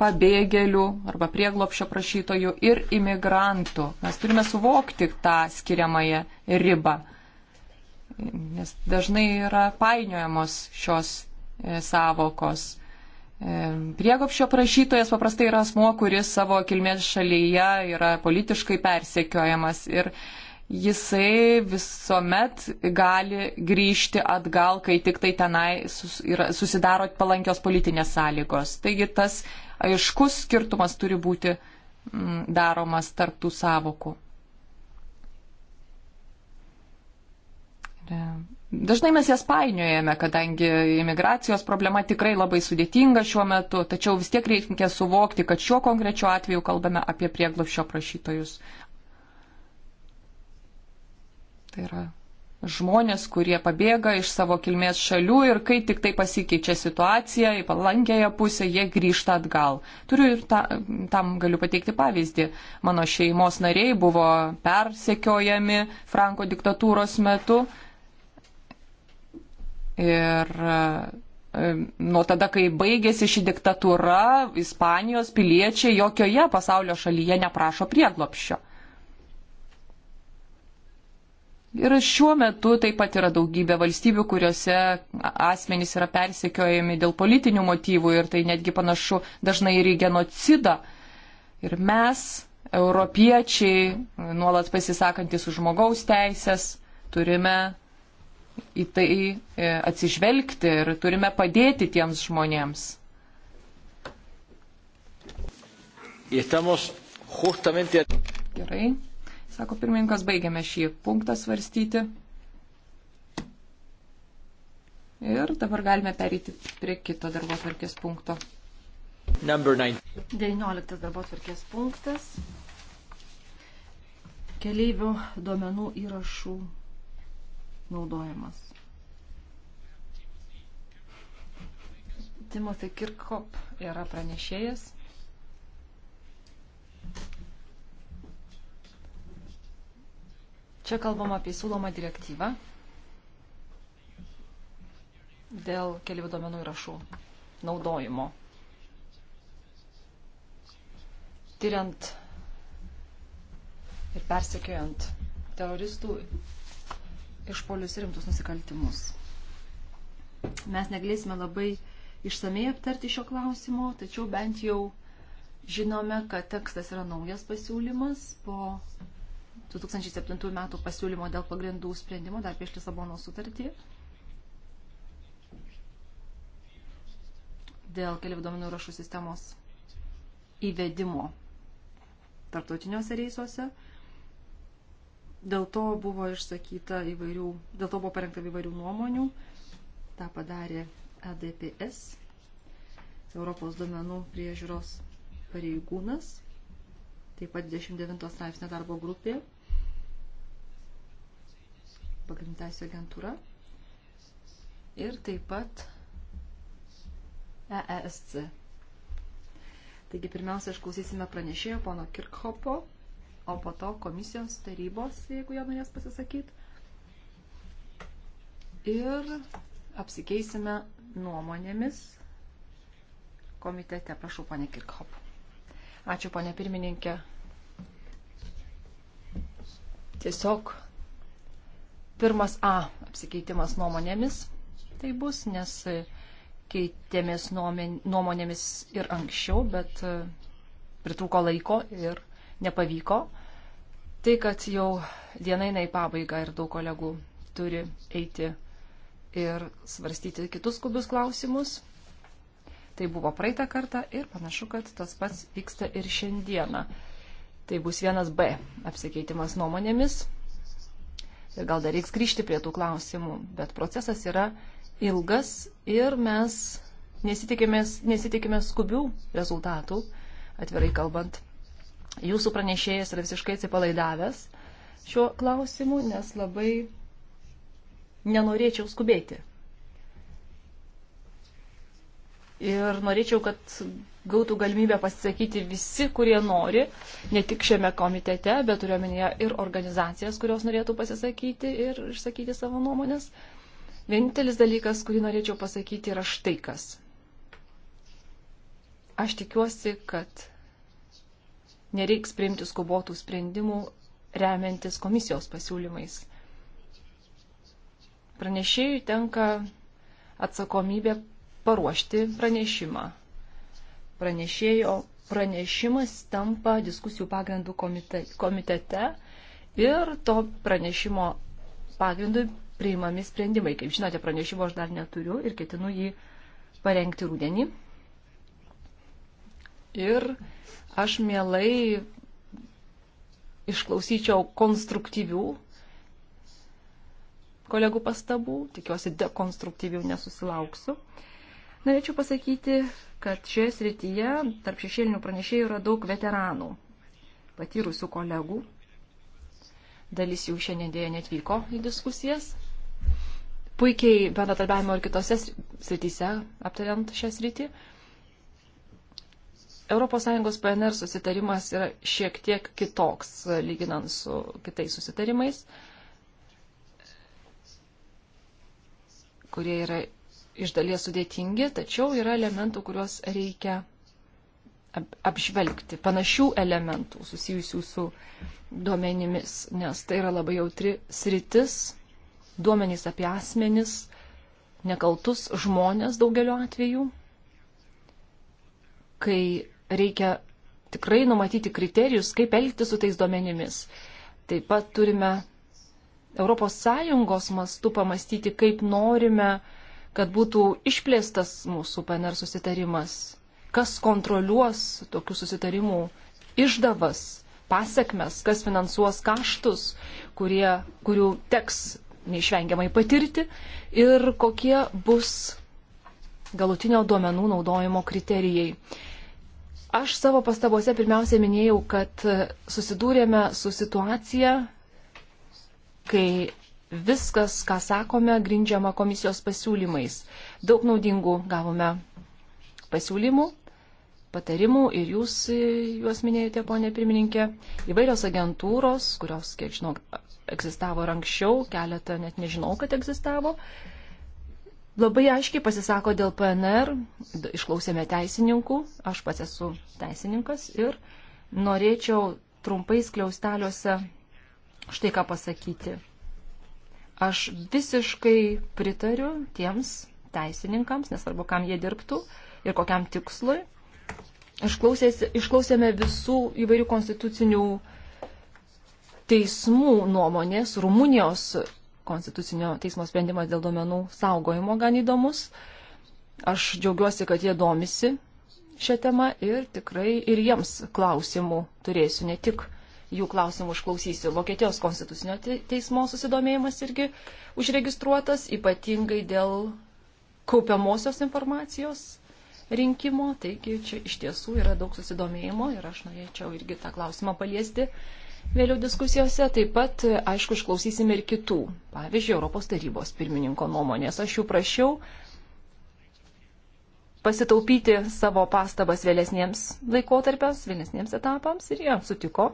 pabėgėlių arba prieglopšio prašytojų ir imigrantų. Mes turime suvokti tą skiriamąją ribą nes dažnai yra painiojamos šios e, savokos. E, priegopščio prašytojas paprastai yra asmo, kuris savo kilmės šalyje yra politiškai persekiojamas ir jisai visuomet gali grįžti atgal, kai tik tai tenai susidaro palankios politinės sąlygos. Taigi tas aiškus skirtumas turi būti mm, daromas tarptų savokų. E, dažnai mes jas painiojame, kadangi imigracijos problema tikrai labai sudėtinga šiuo metu, tačiau vis tiek reikia suvokti, kad šiuo konkrečiu atveju kalbame apie prieglopšio prašytojus. Tai yra žmonės, kurie pabėga iš savo kilmės šalių ir kai tik tai pasikeičia situacija į palankėją pusę, jie grįžta atgal. Turiu ir ta, tam galiu pateikti pavyzdį. Mano šeimos nariai buvo persekiojami Franko diktatūros metu Ir e, nuo tada, kai baigėsi ši diktatūra, Ispanijos piliečiai jokioje pasaulio šalyje neprašo prieglopščio. Ir šiuo metu taip pat yra daugybė valstybių, kuriuose asmenys yra persekiojami dėl politinių motyvų ir tai netgi panašu dažnai ir į genocidą. Ir mes, europiečiai, nuolat pasisakantis už žmogaus teisės, turime į tai e, atsižvelgti ir turime padėti tiems žmonėms. Gerai, sako pirmininkas, baigiame šį punktą svarstyti. Ir dabar galime perėti prie kito darbo tvarkės punkto. 19 darbo tvarkės punktas. Keleivių duomenų įrašų naudojamas. Timothy Kirkhop yra pranešėjas. Čia kalbama apie siūlomą direktyvą dėl kelių duomenų įrašų naudojimo. Tyriant ir persekiojant teroristų išpolius ir rimtus nusikaltimus. Mes negalėsime labai išsamei aptarti šio klausimo, tačiau bent jau žinome, kad tekstas yra naujas pasiūlymas po 2007 metų pasiūlymo dėl pagrindų sprendimo dar prieš Lisabono sutartį. Dėl kelių duomenų rašų sistemos įvedimo tarptautiniuose reisuose. Dėl to buvo išsakyta įvairių, dėl to buvo parengta įvairių nuomonių. Ta padarė EDPS, Europos duomenų priežiūros pareigūnas, taip pat 29 straipsnė darbo grupė, pagrindinėsio agentūra ir taip pat EESC. Taigi pirmiausia, išklausysime pranešėjo pono Kirkhopo o po to komisijos tarybos, jeigu jie norės pasisakyti. Ir apsikeisime nuomonėmis komitete. Prašau, ponė Kirkhop. Ačiū, ponė pirmininkė. Tiesiog pirmas A apsikeitimas nuomonėmis tai bus, nes keitėmės nuomonėmis ir anksčiau, bet e, pritruko laiko ir nepavyko. Tai, kad jau diena eina į pabaigą ir daug kolegų turi eiti ir svarstyti kitus skubius klausimus. Tai buvo praeitą kartą ir panašu, kad tas pats vyksta ir šiandieną. Tai bus vienas B apsikeitimas nuomonėmis. Ir gal dar reiks grįžti prie tų klausimų, bet procesas yra ilgas ir mes nesitikime skubių rezultatų, atvirai kalbant. Jūsų pranešėjas yra visiškai atsipalaidavęs šiuo klausimu, nes labai nenorėčiau skubėti. Ir norėčiau, kad gautų galimybę pasisakyti visi, kurie nori, ne tik šiame komitete, bet turiuomenėje ir organizacijas, kurios norėtų pasisakyti ir išsakyti savo nuomonės. Vienintelis dalykas, kurį norėčiau pasakyti, yra štai kas. Aš tikiuosi, kad nereiks priimti skubotų sprendimų remiantis komisijos pasiūlymais. Pranešėjui tenka atsakomybė paruošti pranešimą. Pranešėjo pranešimas tampa diskusijų pagrindų komite, komitete ir to pranešimo pagrindu priimami sprendimai. Kaip žinote, pranešimo aš dar neturiu ir ketinu jį parengti rūdienį ir aš mielai išklausyčiau konstruktyvių kolegų pastabų, tikiuosi dekonstruktyvių nesusilauksiu. Norėčiau pasakyti, kad šioje srityje tarp šešėlinių pranešėjų yra daug veteranų, patyrusių kolegų. Dalis jų šiandien dėja netvyko į diskusijas. Puikiai bendradarbiavimo ir kitose srityse aptariant šią srityje. ES PNR susitarimas yra šiek tiek kitoks, e, lyginant su kitais susitarimais, kurie yra iš dalies sudėtingi, tačiau yra elementų, kuriuos reikia apžvelgti, panašių elementų susijusių su duomenimis, nes tai yra labai jautri sritis, duomenys apie asmenis, nekaltus žmonės daugeliu atveju, kai reikia tikrai numatyti kriterijus, kaip elgtis su tais duomenimis. Taip pat turime ES mastu pamastyti, kaip norime, kad būtų išplėstas mūsų PNR susitarimas, kas kontroliuos tokių susitarimų išdavas, pasiekmes, kas finansuos kaštus, kurie, kurių teks neišvengiamai patirti ir kokie bus galutinio duomenų naudojimo kriterijai. Aš savo pastabose pirmiausia minėjau, kad susidūrėme su situacija, kai viskas, ką sakome, grindžiama komisijos pasiūlymais. Daug naudingų gavome pasiūlymų, patarimų ir jūs juos minėjote, ponė pirmininkė. Įvairios agentūros, kurios, kiek žinau, egzistavo ir anksčiau, keletą net nežinau, kad egzistavo, uh, labai aiškiai pasisako dėl PNR, išklausėme teisininkų, aš pats esu teisininkas ir norėčiau trumpais kliausteliuose štai ką pasakyti. Aš visiškai pritariu tiems teisininkams, nesvarbu, kam jie dirbtų ir kokiam tikslui. Išklausėme visų įvairių konstitucinių teismų nuomonės, Rumunijos konstitucinio teismo sprendimas dėl duomenų saugojimo gan įdomus. Aš džiaugiuosi, kad jie domisi šią temą ir tikrai ir jiems klausimų turėsiu, ne tik jų klausimų išklausysiu. Vokietijos konstitucinio teismo susidomėjimas irgi užregistruotas, ypatingai dėl kaupiamosios informacijos rinkimo, taigi čia iš tiesų yra daug susidomėjimo ir aš norėčiau irgi tą klausimą paliesti vėliau diskusijose. Taip pat, aišku, išklausysime ir kitų, pavyzdžiui, Europos tarybos pirmininko nuomonės. Aš jų prašiau pasitaupyti savo pastabas vėlesniems laikotarpiams, vėlesniems etapams ir jie sutiko.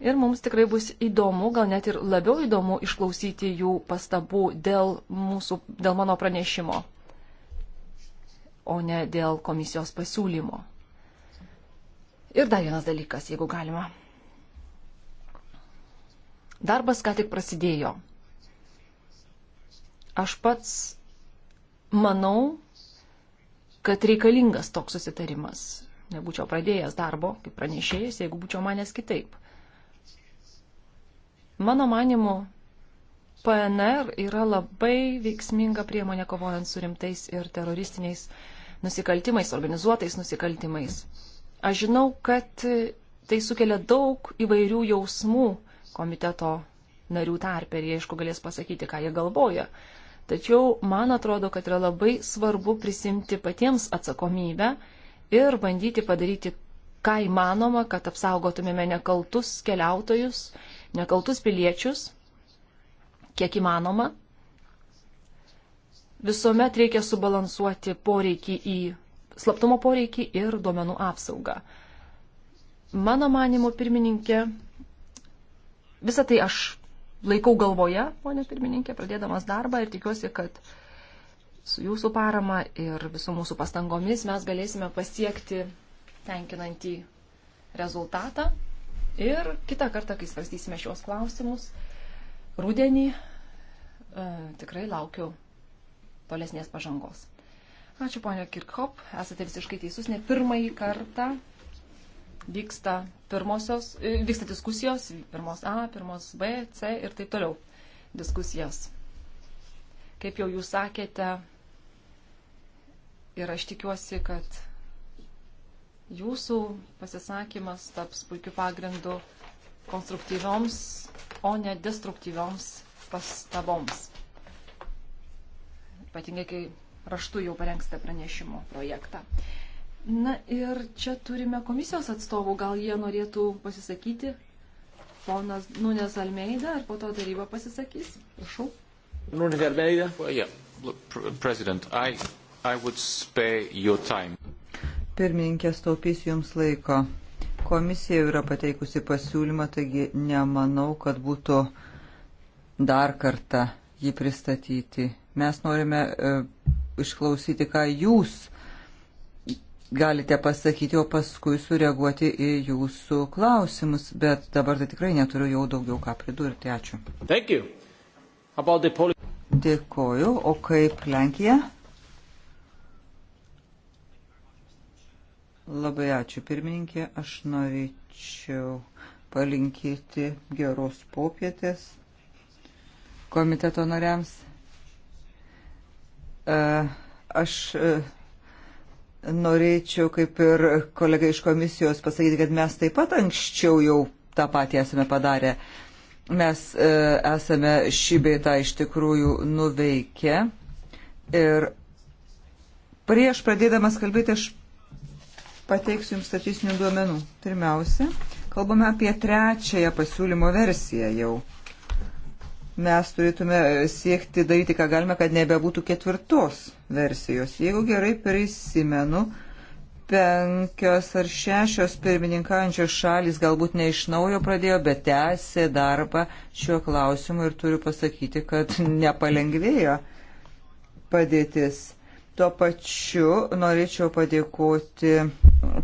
Ir mums tikrai bus įdomu, gal net ir labiau įdomu išklausyti jų pastabų dėl, mūsų, dėl mano pranešimo, o ne dėl komisijos pasiūlymo. Ir dar vienas dalykas, jeigu galima. Darbas ką tik prasidėjo. Aš pats manau, kad reikalingas toks susitarimas. Nebūčiau pradėjęs darbo, kaip pranešėjas, jeigu būčiau manęs kitaip. Mano manimu, PNR yra labai veiksminga priemonė kovojant su rimtais ir teroristiniais nusikaltimais, organizuotais nusikaltimais. Aš žinau, kad tai sukelia daug įvairių jausmų komiteto narių tarpę ir jie, aišku, galės pasakyti, ką jie galvoja. Tačiau man atrodo, kad yra labai svarbu prisimti patiems atsakomybę ir bandyti padaryti, ką įmanoma, kad apsaugotumėme nekaltus keliautojus, nekaltus piliečius, kiek įmanoma. Visuomet reikia subalansuoti poreikį į slaptumo poreikį ir duomenų apsaugą. Mano manimo pirmininkė, Visą tai aš laikau galvoje, ponė pirmininkė, pradėdamas darbą ir tikiuosi, kad su jūsų parama ir visų mūsų pastangomis mes galėsime pasiekti tenkinantį rezultatą. Ir kitą kartą, kai svarstysime šios klausimus, rudenį e, tikrai laukiu tolesnės pažangos. Ačiū, ponia Kirkhop, esate visiškai teisus, ne pirmąjį kartą vyksta, pirmosios, e, vyksta diskusijos, pirmos A, pirmos B, C ir taip toliau diskusijas. Kaip jau jūs sakėte, ir aš tikiuosi, kad jūsų pasisakymas taps puikiu pagrindu konstruktyvioms, o ne destruktyvioms pastaboms. Ypatingai, kai raštu jau parengsite pranešimo projektą. Na ir čia turime komisijos atstovų, gal jie norėtų pasisakyti. Ponas Nunes Almeida ir po to taryba pasisakys. Prašau. Nunes Almeida. Well, yeah. Look, President, I, I would spare your time. Pirmininkė staupys jums laiko. Komisija yra pateikusi pasiūlymą, taigi nemanau, kad būtų dar kartą jį pristatyti. Mes norime e, išklausyti, ką jūs e, galite pasakyti, o paskui sureaguoti į jūsų klausimus, bet dabar tai tikrai neturiu jau daugiau ką pridurti. Ačiū. The... Dėkoju. O kaip Lenkija? Labai ačiū pirmininkė. Aš norėčiau palinkėti geros popietės komiteto nariams. E, aš e, Norėčiau, kaip ir kolega iš komisijos, pasakyti, kad mes taip pat anksčiau jau tą patį esame padarę. Mes e, esame šį beitą iš tikrųjų nuveikę. Ir prieš pradėdamas kalbėti, aš pateiksiu Jums statistinių duomenų. Pirmiausia, kalbame apie trečiąją pasiūlymo versiją jau mes turėtume siekti daryti, ką galime, kad nebebūtų ketvirtos versijos. Jeigu gerai prisimenu, penkios ar šešios pirmininkaujančios šalis galbūt ne iš naujo pradėjo, bet tęsė darbą šiuo klausimu ir turiu pasakyti, kad nepalengvėjo padėtis. Tuo pačiu norėčiau padėkoti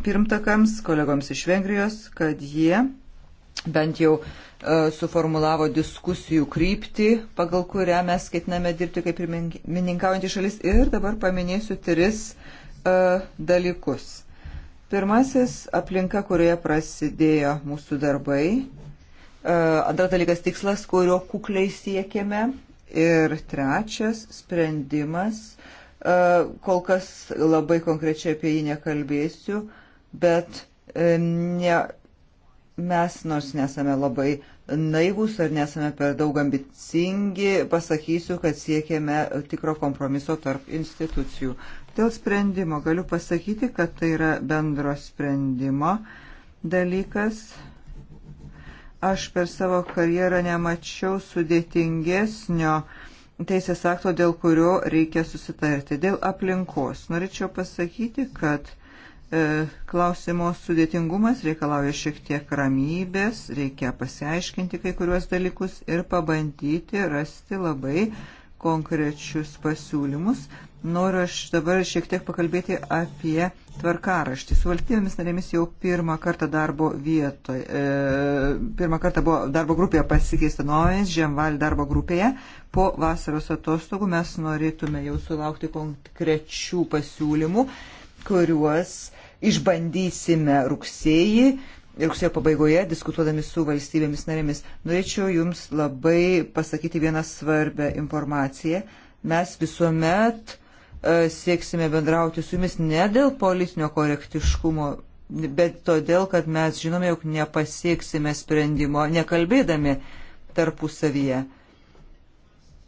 pirmtakams, kolegoms iš Vengrijos, kad jie bent jau e, suformulavo diskusijų kryptį, pagal kurią mes ketiname dirbti kaip ir mininkaujantį šalis. Ir dabar paminėsiu tris e, dalykus. Pirmasis - aplinka, kurioje prasidėjo mūsų darbai. E, antras dalykas - tikslas, kurio kukliai siekėme. Ir trečias - sprendimas. Kol kas labai konkrečiai apie jį nekalbėsiu, bet ne, mes, nors nesame labai naivūs ar nesame per daug ambicingi, pasakysiu, kad siekėme tikro kompromiso tarp institucijų. Dėl sprendimo galiu pasakyti, kad tai yra bendro sprendimo dalykas. Aš per savo karjerą nemačiau sudėtingesnio teisės akto, dėl kurio reikia susitarti. Dėl aplinkos. Norėčiau pasakyti, kad E, klausimo sudėtingumas reikalauja šiek tiek ramybės, reikia pasiaiškinti kai kuriuos dalykus ir pabandyti rasti labai konkrečius pasiūlymus. Noriu aš dabar šiek tiek pakalbėti apie tvarkaraštį. Su valstybėmis narėmis jau pirmą kartą darbo vietoje, e, pirmą kartą buvo darbo grupėje pasikeista nuomonės, Žemvalį darbo grupėje. Po vasaros atostogų mes norėtume jau sulaukti konkrečių pasiūlymų kuriuos išbandysime rugsėjį rugsėjo pabaigoje, diskutuodami su valstybėmis narėmis. Norėčiau Jums labai pasakyti vieną svarbę informaciją. Mes visuomet e, sieksime bendrauti su Jumis ne dėl politinio korektiškumo, bet todėl, kad mes žinome, jog nepasieksime sprendimo, nekalbėdami tarpusavyje.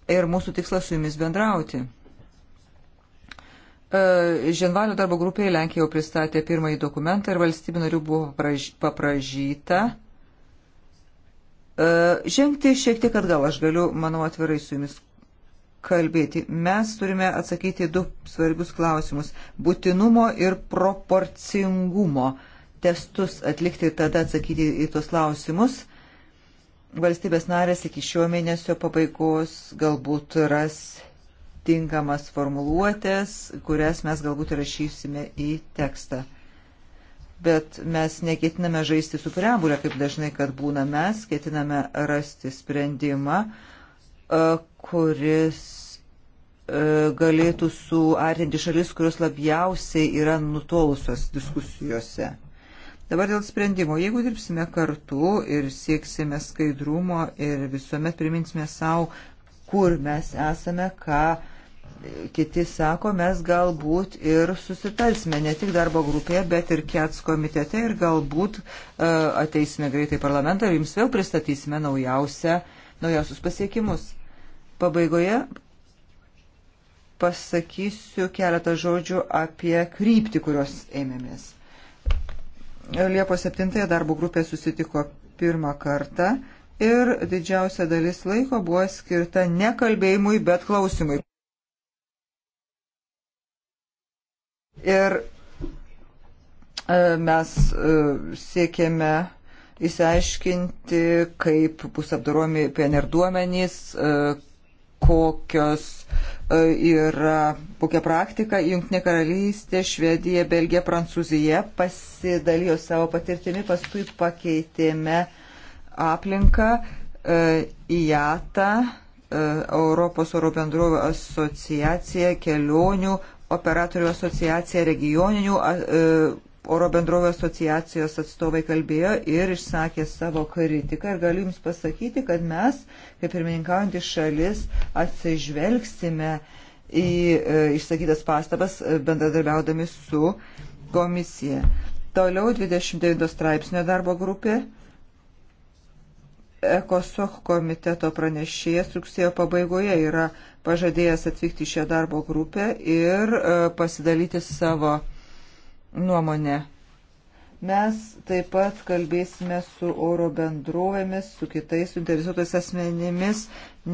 Ir mūsų tikslas su Jumis bendrauti. E, Ženvalio darbo grupėje Lenkija jau pristatė pirmąjį dokumentą ir valstybių narių buvo paprašyta e, žengti šiek tiek atgal. Aš galiu, manau, atvirai su jumis kalbėti. Mes turime atsakyti du svarbius klausimus - būtinumo ir proporcingumo testus atlikti ir tada atsakyti į tos klausimus valstybės narės iki šio mėnesio pabaigos galbūt ras tinkamas formuluotės, kurias mes galbūt rašysime į tekstą. Bet mes neketiname žaisti su preambulė, kaip dažnai, kad būna mes, ketiname rasti sprendimą, e, kuris e, galėtų suartinti šalis, kurios labiausiai yra nutolusios diskusijose. Dabar dėl sprendimo. Jeigu dirbsime kartu ir sieksime skaidrumo ir visuomet priminsime savo, kur mes esame, ką kiti sako, mes galbūt ir susitarsime ne tik darbo grupėje, bet ir KETS komitete ir galbūt e, ateisime greitai parlamentą ir jums vėl pristatysime naujausia, naujausius pasiekimus. Pabaigoje pasakysiu keletą žodžių apie kryptį, kurios ėmėmės. Liepos 7 darbo grupė susitiko pirmą kartą ir didžiausia dalis laiko buvo skirta ne kalbėjimui, bet klausimui. Ir e, mes e, siekėme įsiaiškinti, kaip bus apdaromi PNR duomenys, e, kokios yra, kokia praktika. Junktinė karalystė, Švedija, Belgija, Prancūzija pasidalijo savo patirtimi, paskui pakeitėme aplinką į JATA, Europos oro bendrovų asociacija, kelionių operatorių asociacija, regioninių e, oro bendrovio asociacijos atstovai kalbėjo ir išsakė savo kritiką. Ir galiu Jums pasakyti, kad mes, kaip pirmininkaujantis šalis, atsižvelgsime į e, išsakytas pastabas e, bendradarbiaudami su komisija. Toliau 29 straipsnio darbo grupė ECOSOC komiteto pranešėjas rugsėjo pabaigoje yra pažadėjęs atvykti į šią darbo grupę ir e, pasidalyti savo nuomonę. Mes taip pat kalbėsime su oro bendrovėmis, su kitais suinteresuotais asmenimis,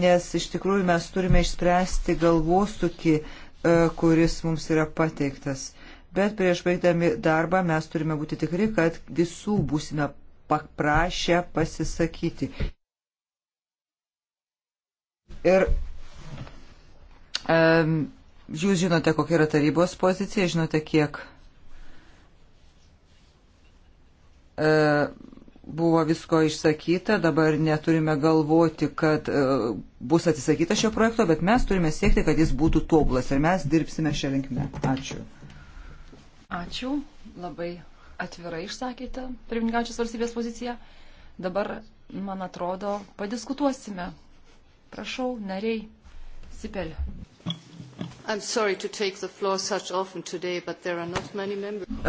nes iš tikrųjų mes turime išspręsti galvosūkį, e, kuris mums yra pateiktas. Bet prieš baigdami darbą mes turime būti tikri, kad visų būsime paprašė pasisakyti. Ir um, jūs žinote, kokia yra tarybos pozicija, žinote, kiek uh, buvo visko išsakyta, dabar neturime galvoti, kad uh, bus atsisakyta šio projekto, bet mes turime siekti, kad jis būtų tobulas ir mes dirbsime šią linkmę. Ačiū. Ačiū labai atvirai išsakėte pirmininkančios valstybės poziciją. Dabar, man atrodo, padiskutuosime. Prašau, nariai, Sipel. Today,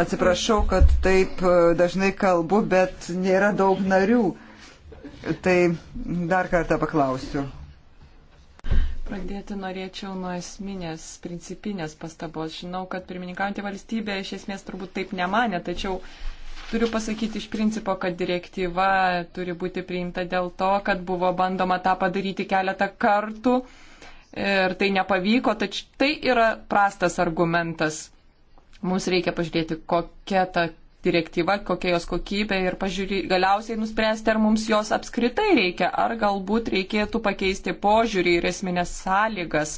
Atsiprašau, kad taip e, dažnai kalbu, bet nėra daug narių. Tai dar kartą paklausiu, Pradėti norėčiau nuo esminės, principinės pastabos. Žinau, kad pirmininkaujantį valstybę iš esmės turbūt taip nemanė, tačiau turiu pasakyti iš principo, kad direktyva turi būti priimta dėl to, kad buvo bandoma tą padaryti keletą kartų ir tai nepavyko, tačiau tai yra prastas argumentas. Mums reikia pažiūrėti, kokia ta direktyva, kokia jos kokybė ir pažiūrė, galiausiai nuspręsti, ar mums jos apskritai reikia, ar galbūt reikėtų pakeisti požiūrį ir esminės sąlygas.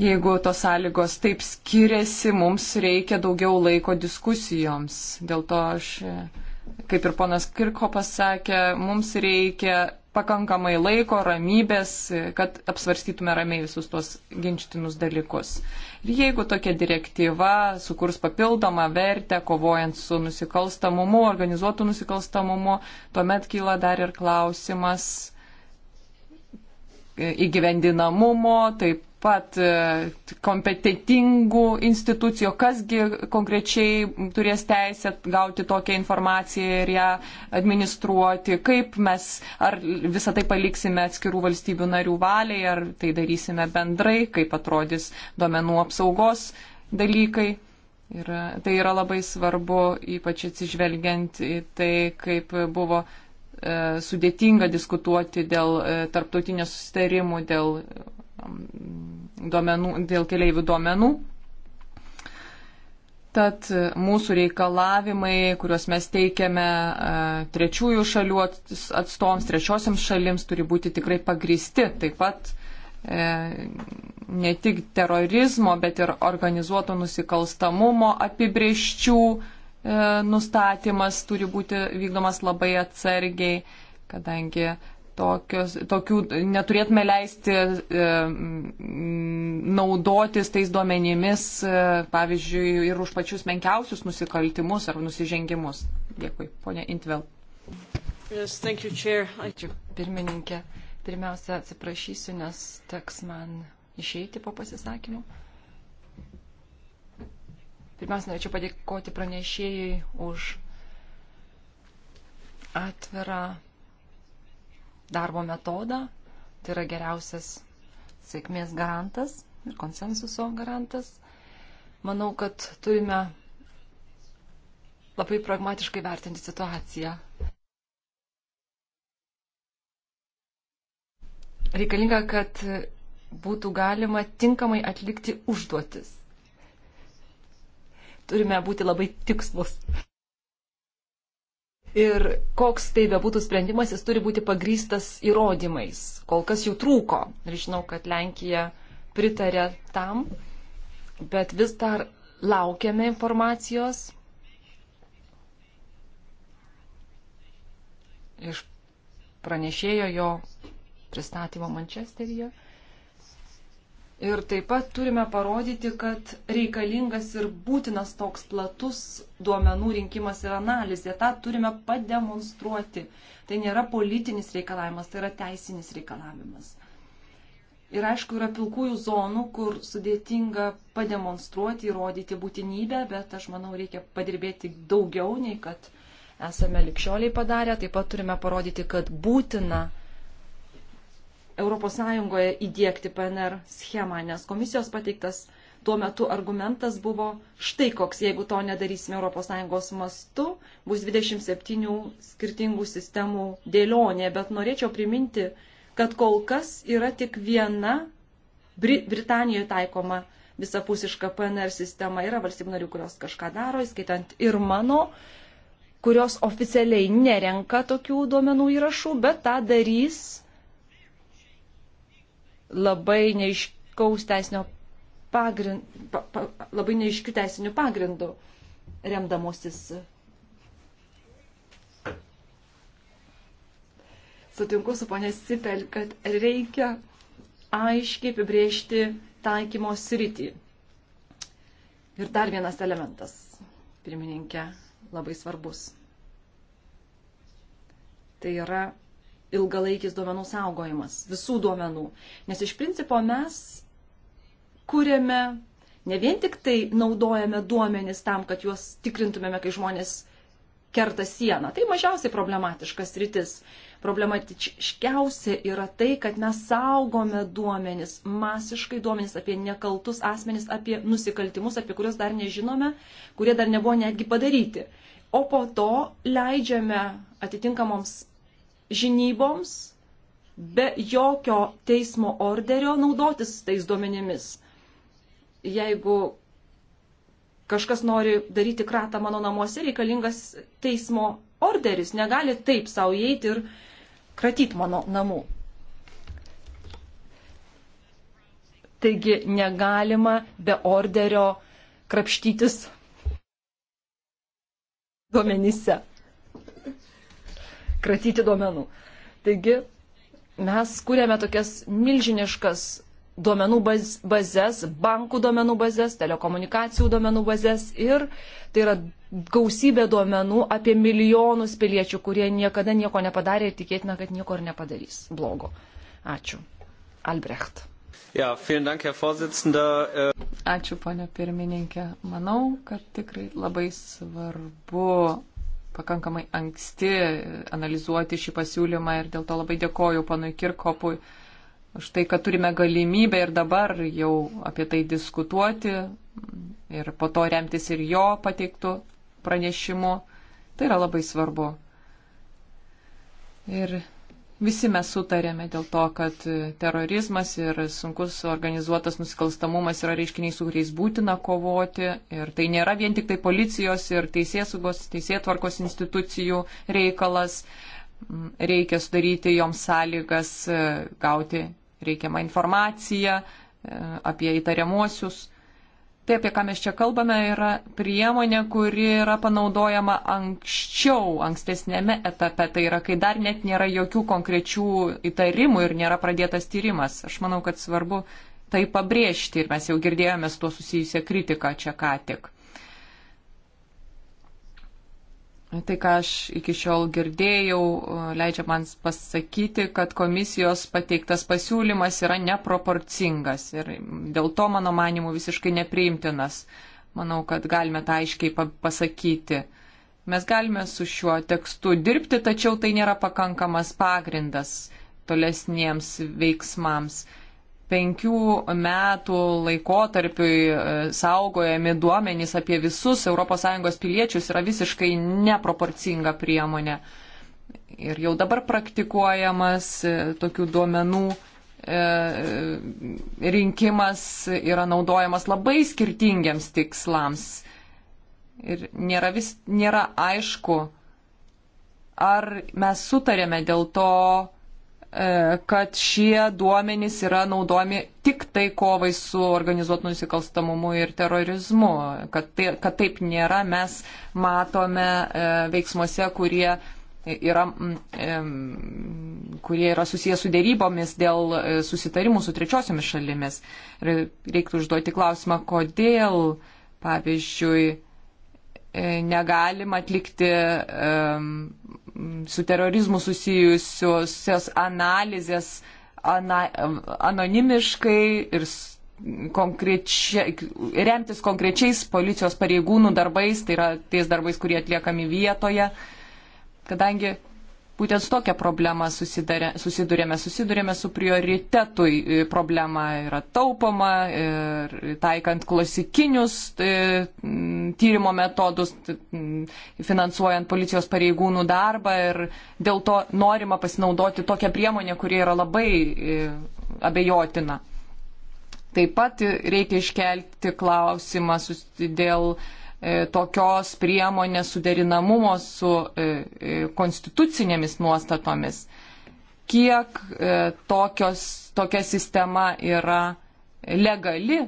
Jeigu tos sąlygos taip skiriasi, mums reikia daugiau laiko diskusijoms. Dėl to aš, kaip ir ponas Kirko pasakė, mums reikia pakankamai laiko, ramybės, kad apsvarstytume ramiai visus tuos ginčytinus dalykus. Ir jeigu tokia direktyva sukurs papildomą vertę, kovojant su nusikalstamumu, organizuotų nusikalstamumu, tuomet kyla dar ir klausimas įgyvendinamumo, taip pat e, kompetitingų institucijų, kasgi konkrečiai turės teisę gauti tokią informaciją ir ją administruoti, kaip mes ar visą tai paliksime atskirų valstybių narių valiai, ar tai darysime bendrai, kaip atrodys duomenų apsaugos dalykai. Ir e, tai yra labai svarbu, ypač atsižvelgiant į tai, kaip buvo e, sudėtinga diskutuoti dėl tarptautinio susitarimų, dėl Mm, duomenų, dėl keleivių duomenų. Tad e, mūsų reikalavimai, kuriuos mes teikiame e, trečiųjų šalių atstovams, trečiosiams šalims, turi būti tikrai pagristi. Taip pat e, ne tik terorizmo, bet ir organizuoto nusikalstamumo apibrieščių nustatymas turi būti vykdomas labai atsargiai, kadangi tokios, tokių neturėtume leisti e, naudotis tais duomenimis, e, pavyzdžiui, ir už pačius menkiausius nusikaltimus ar nusižengimus. Dėkui, ponė Intvel. Yes, thank you, chair. Ačiū, pirmininkė. Pirmiausia, atsiprašysiu, nes teks man išeiti po pasisakymų. Pirmiausia, norėčiau padėkoti pranešėjai už atvirą darbo metodą. Tai yra geriausias sėkmės garantas ir konsensuso garantas. Manau, kad turime labai pragmatiškai vertinti situaciją. Reikalinga, kad būtų galima tinkamai atlikti užduotis. Turime būti labai tikslus. Ir koks tai bebūtų sprendimas, jis turi būti pagrystas įrodymais. Kol kas jų trūko. Ir žinau, kad Lenkija pritarė tam, bet vis dar laukiame informacijos iš pranešėjo jo pristatymo Mančesteryje. Ir taip pat turime parodyti, kad reikalingas ir būtinas toks platus duomenų rinkimas ir analizė. Ta turime pademonstruoti. Tai nėra politinis reikalavimas, tai yra teisinis reikalavimas. Ir aišku, yra pilkųjų zonų, kur sudėtinga pademonstruoti, įrodyti būtinybę, bet aš manau, reikia padirbėti daugiau nei kad esame likščioliai padarę. Taip pat turime parodyti, kad būtina ES įdėkti PNR schemą, nes komisijos pateiktas tuo metu argumentas buvo štai koks, jeigu to nedarysime ES mastu, bus 27 skirtingų sistemų dėlionė, bet norėčiau priminti, kad kol kas yra tik viena Brit Britanijoje taikoma visapusiška PNR sistema, yra valstybių narių, kurios kažką daro, įskaitant ir mano, kurios oficialiai nerenka tokių duomenų įrašų, bet tą darys labai neiškaus teisinio pagrind, pa, pa, labai neiškių teisinių pagrindų remdamosis. Sutinku su ponė Sipel, kad reikia aiškiai apibriežti taikymo sritį. Ir dar vienas elementas, pirmininkė, labai svarbus. Tai yra ilgalaikis duomenų saugojimas, visų duomenų. Nes iš principo mes kūrėme, ne vien tik tai naudojame duomenis tam, kad juos tikrintumėme, kai žmonės kerta sieną. Tai mažiausiai problematiškas rytis. Problematiškiausia yra tai, kad mes saugome duomenis, masiškai duomenis apie nekaltus asmenis, apie nusikaltimus, apie kuriuos dar nežinome, kurie dar nebuvo netgi padaryti. O po to leidžiame atitinkamoms žinyboms be jokio teismo orderio naudotis tais duomenimis. Jeigu kažkas nori daryti kratą mano namuose, reikalingas teismo orderis, negali taip savo įeiti ir kratyti mano namų. Taigi negalima be orderio krapštytis duomenyse kratyti duomenų. Taigi mes kūrėme tokias milžiniškas duomenų bazės, bankų duomenų bazės, telekomunikacijų duomenų bazės ir tai yra gausybė duomenų apie milijonus piliečių, kurie niekada nieko nepadarė ir tikėtina, kad nieko ir nepadarys blogo. Ačiū. Albrecht. Ja, dank, äh, Ačiū, ponia pirmininkė. Manau, kad tikrai labai svarbu pakankamai anksti analizuoti šį pasiūlymą ir dėl to labai dėkoju panui Kirkopui už tai, kad turime galimybę ir dabar jau apie tai diskutuoti ir po to remtis ir jo pateiktų pranešimu. Tai yra labai svarbu. Ir Visi mes sutarėme dėl to, kad terorizmas ir sunkus organizuotas nusikalstamumas yra reiškiniai, su kuriais būtina kovoti. Ir tai nėra vien tik tai policijos ir teisėsaugos, teisėtvarkos institucijų reikalas. Reikia sudaryti joms sąlygas gauti reikiamą informaciją e, apie įtariamuosius tai, apie ką mes čia kalbame, yra priemonė, kuri yra panaudojama anksčiau, ankstesnėme etape. Tai yra, kai dar net nėra jokių konkrečių įtarimų ir nėra pradėtas tyrimas. Aš manau, kad svarbu tai pabrėžti ir mes jau girdėjome su tuo susijusią kritiką čia ką tik. Tai, ką aš iki šiol girdėjau, leidžia man pasakyti, kad komisijos pateiktas pasiūlymas yra neproporcingas ir dėl to, mano manimu, visiškai nepriimtinas. Manau, kad galime tą aiškiai pasakyti. Mes galime su šiuo tekstu dirbti, tačiau tai nėra pakankamas pagrindas tolesniems veiksmams penkių metų laikotarpiui e, saugojami duomenys apie visus ES piliečius yra visiškai neproporcinga priemonė. Ir jau dabar praktikuojamas e, tokių duomenų e, rinkimas yra naudojamas labai skirtingiems tikslams. Ir nėra, vis, nėra aišku, ar mes sutarėme dėl to, E, kad šie duomenys yra naudojami tik tai kovai su organizuotu nusikalstamumu ir terorizmu. Kad, tai, kad taip nėra, mes matome e, veiksmuose, kurie yra, e, kurie yra susijęs su dėrybomis dėl susitarimų su trečiosiomis šalimis. Ir reiktų užduoti klausimą, kodėl, pavyzdžiui, E, negalim atlikti su terorizmu susijusios analizės ana, anonimiškai ir konkrečia, remtis konkrečiais policijos pareigūnų darbais, tai yra tais darbais, kurie atliekami vietoje, kadangi būtent su tokia problema susidurėme. Susidurėme su prioritetui problema yra taupoma ir taikant klasikinius e, tyrimo metodus, finansuojant policijos pareigūnų darbą ir dėl to norima pasinaudoti tokią priemonę, kuri yra labai e, abejotina. Taip pat reikia iškelti klausimą dėl E, tokios priemonės suderinamumo su e, e, konstitucinėmis nuostatomis, kiek tokios, tokia sistema yra legali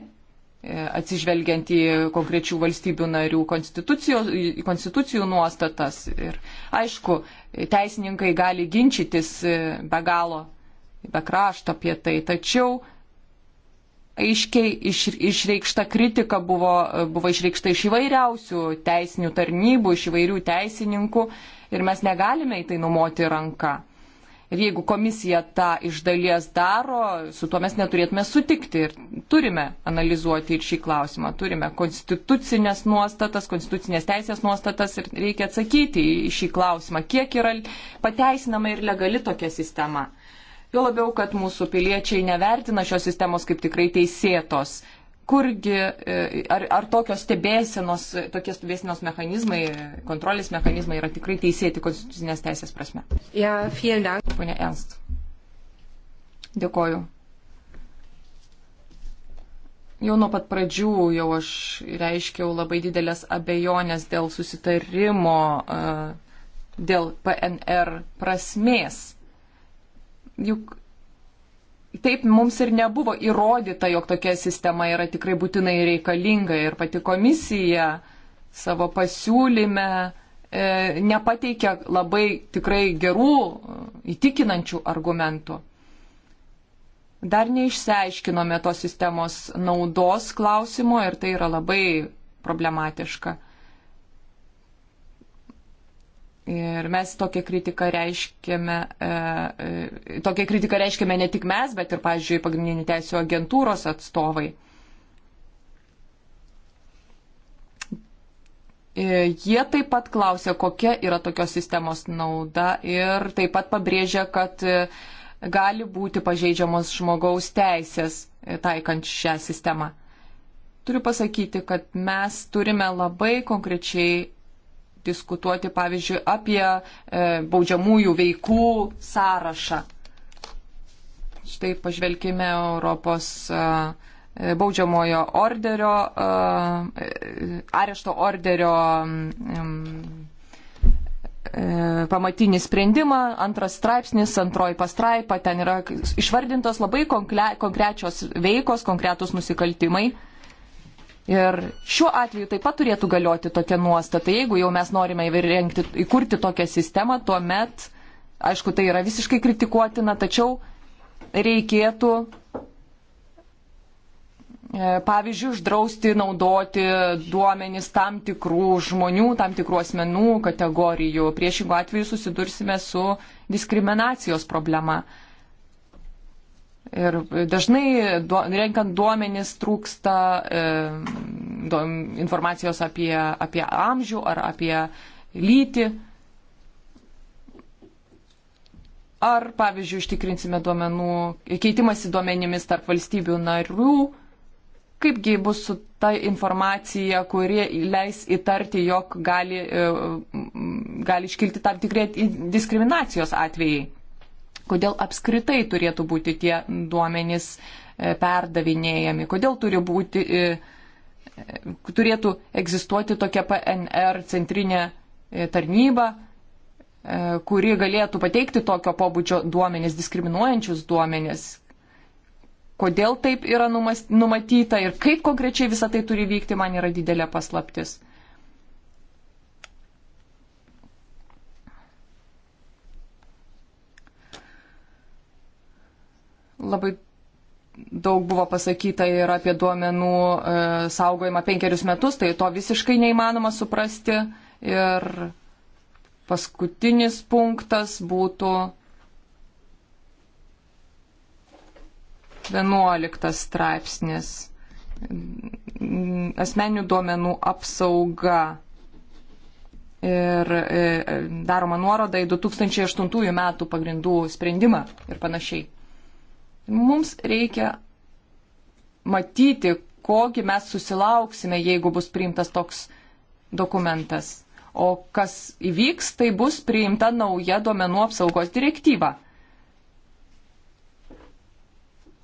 atsižvelgiant į konkrečių valstybių narių konstitucijų, konstitucijų nuostatas. Ir aišku, teisininkai gali ginčytis be galo, be krašto apie tai, tačiau aiškiai iš, išreikšta kritika buvo, buvo išreikšta iš įvairiausių teisinių tarnybų, iš įvairių teisininkų ir mes negalime į tai numoti ranką. Ir jeigu komisija tą iš dalies daro, su tuo mes neturėtume sutikti ir turime analizuoti ir šį klausimą. Turime konstitucinės nuostatas, konstitucinės teisės nuostatas ir reikia atsakyti į šį klausimą, kiek yra pateisinama ir legali tokia sistema. Jo labiau, kad mūsų piliečiai nevertina šios sistemos kaip tikrai teisėtos. Kurgi, e, ar, ar tokios stebėsenos, tokie stebėsenos mechanizmai, kontrolės mechanizmai yra tikrai teisėti konstitucinės teisės prasme? Ja, vielen Dank. Pone Ernst. Dėkoju. Jau nuo pat pradžių jau aš reiškiau labai didelės abejonės dėl susitarimo, e, dėl PNR prasmės juk taip mums ir nebuvo įrodyta, jog tokia sistema yra tikrai būtinai reikalinga ir pati komisija savo pasiūlyme e, nepateikia labai tikrai gerų, e, įtikinančių argumentų. Dar neišsiaiškinome tos sistemos naudos klausimo ir tai yra labai problematiška. Ir mes tokią kritiką reiškėme, e, e, tokią kritiką reiškėme ne tik mes, bet ir, pavyzdžiui, pagrindinių teisų agentūros atstovai. E, jie taip pat klausė, kokia yra tokios sistemos nauda ir taip pat pabrėžė, kad e, gali būti pažeidžiamos žmogaus teisės taikant šią sistemą. Turiu pasakyti, kad mes turime labai konkrečiai diskutuoti, pavyzdžiui, apie e, baudžiamųjų veikų sąrašą. Štai pažvelkime Europos e, e, baudžiamojo orderio, arešto orderio mm, mm, pamatinį sprendimą, antras straipsnis, antroji pastraipa, ten yra išvardintos labai konkrečios veikos, konkretus nusikaltimai. Ir šiuo atveju taip pat turėtų galioti tokia nuostata. Jeigu jau mes norime įrengti, įkurti tokią sistemą, tuomet, aišku, tai yra visiškai kritikuotina, tačiau reikėtų, e, pavyzdžiui, uždrausti naudoti duomenys tam tikrų žmonių, tam tikrų asmenų kategorijų. Priešingų atveju susidursime su diskriminacijos problema. Uh, Ir dažnai duo, renkant duomenis trūksta e, do, informacijos apie, apie amžių ar apie lytį. Ar, pavyzdžiui, ištikrinsime duomenų, keitimasi duomenimis tarp valstybių narių, kaipgi bus su ta informacija, kuri leis įtarti, jog gali, e, gali iškilti tam tikrai diskriminacijos atvejai kodėl apskritai turėtų būti tie duomenys e, perdavinėjami, kodėl turi būti, e, e, turėtų egzistuoti tokia PNR centrinė tarnyba, kuri galėtų pateikti tokio pobūdžio duomenys, diskriminuojančius duomenys, kodėl taip yra numatyta ir kaip konkrečiai visą tai turi vykti, man yra didelė paslaptis. Labai daug buvo pasakyta ir apie duomenų e, saugojimą penkerius metus, tai to visiškai neįmanoma suprasti. Ir paskutinis punktas būtų 11 straipsnis. Asmenių duomenų apsauga. Ir e, e, daroma nuoroda į 2008 metų pagrindų sprendimą ir panašiai. Mums reikia matyti, kogi mes susilauksime, jeigu bus priimtas toks dokumentas. O kas įvyks, tai bus priimta nauja duomenų apsaugos direktyva.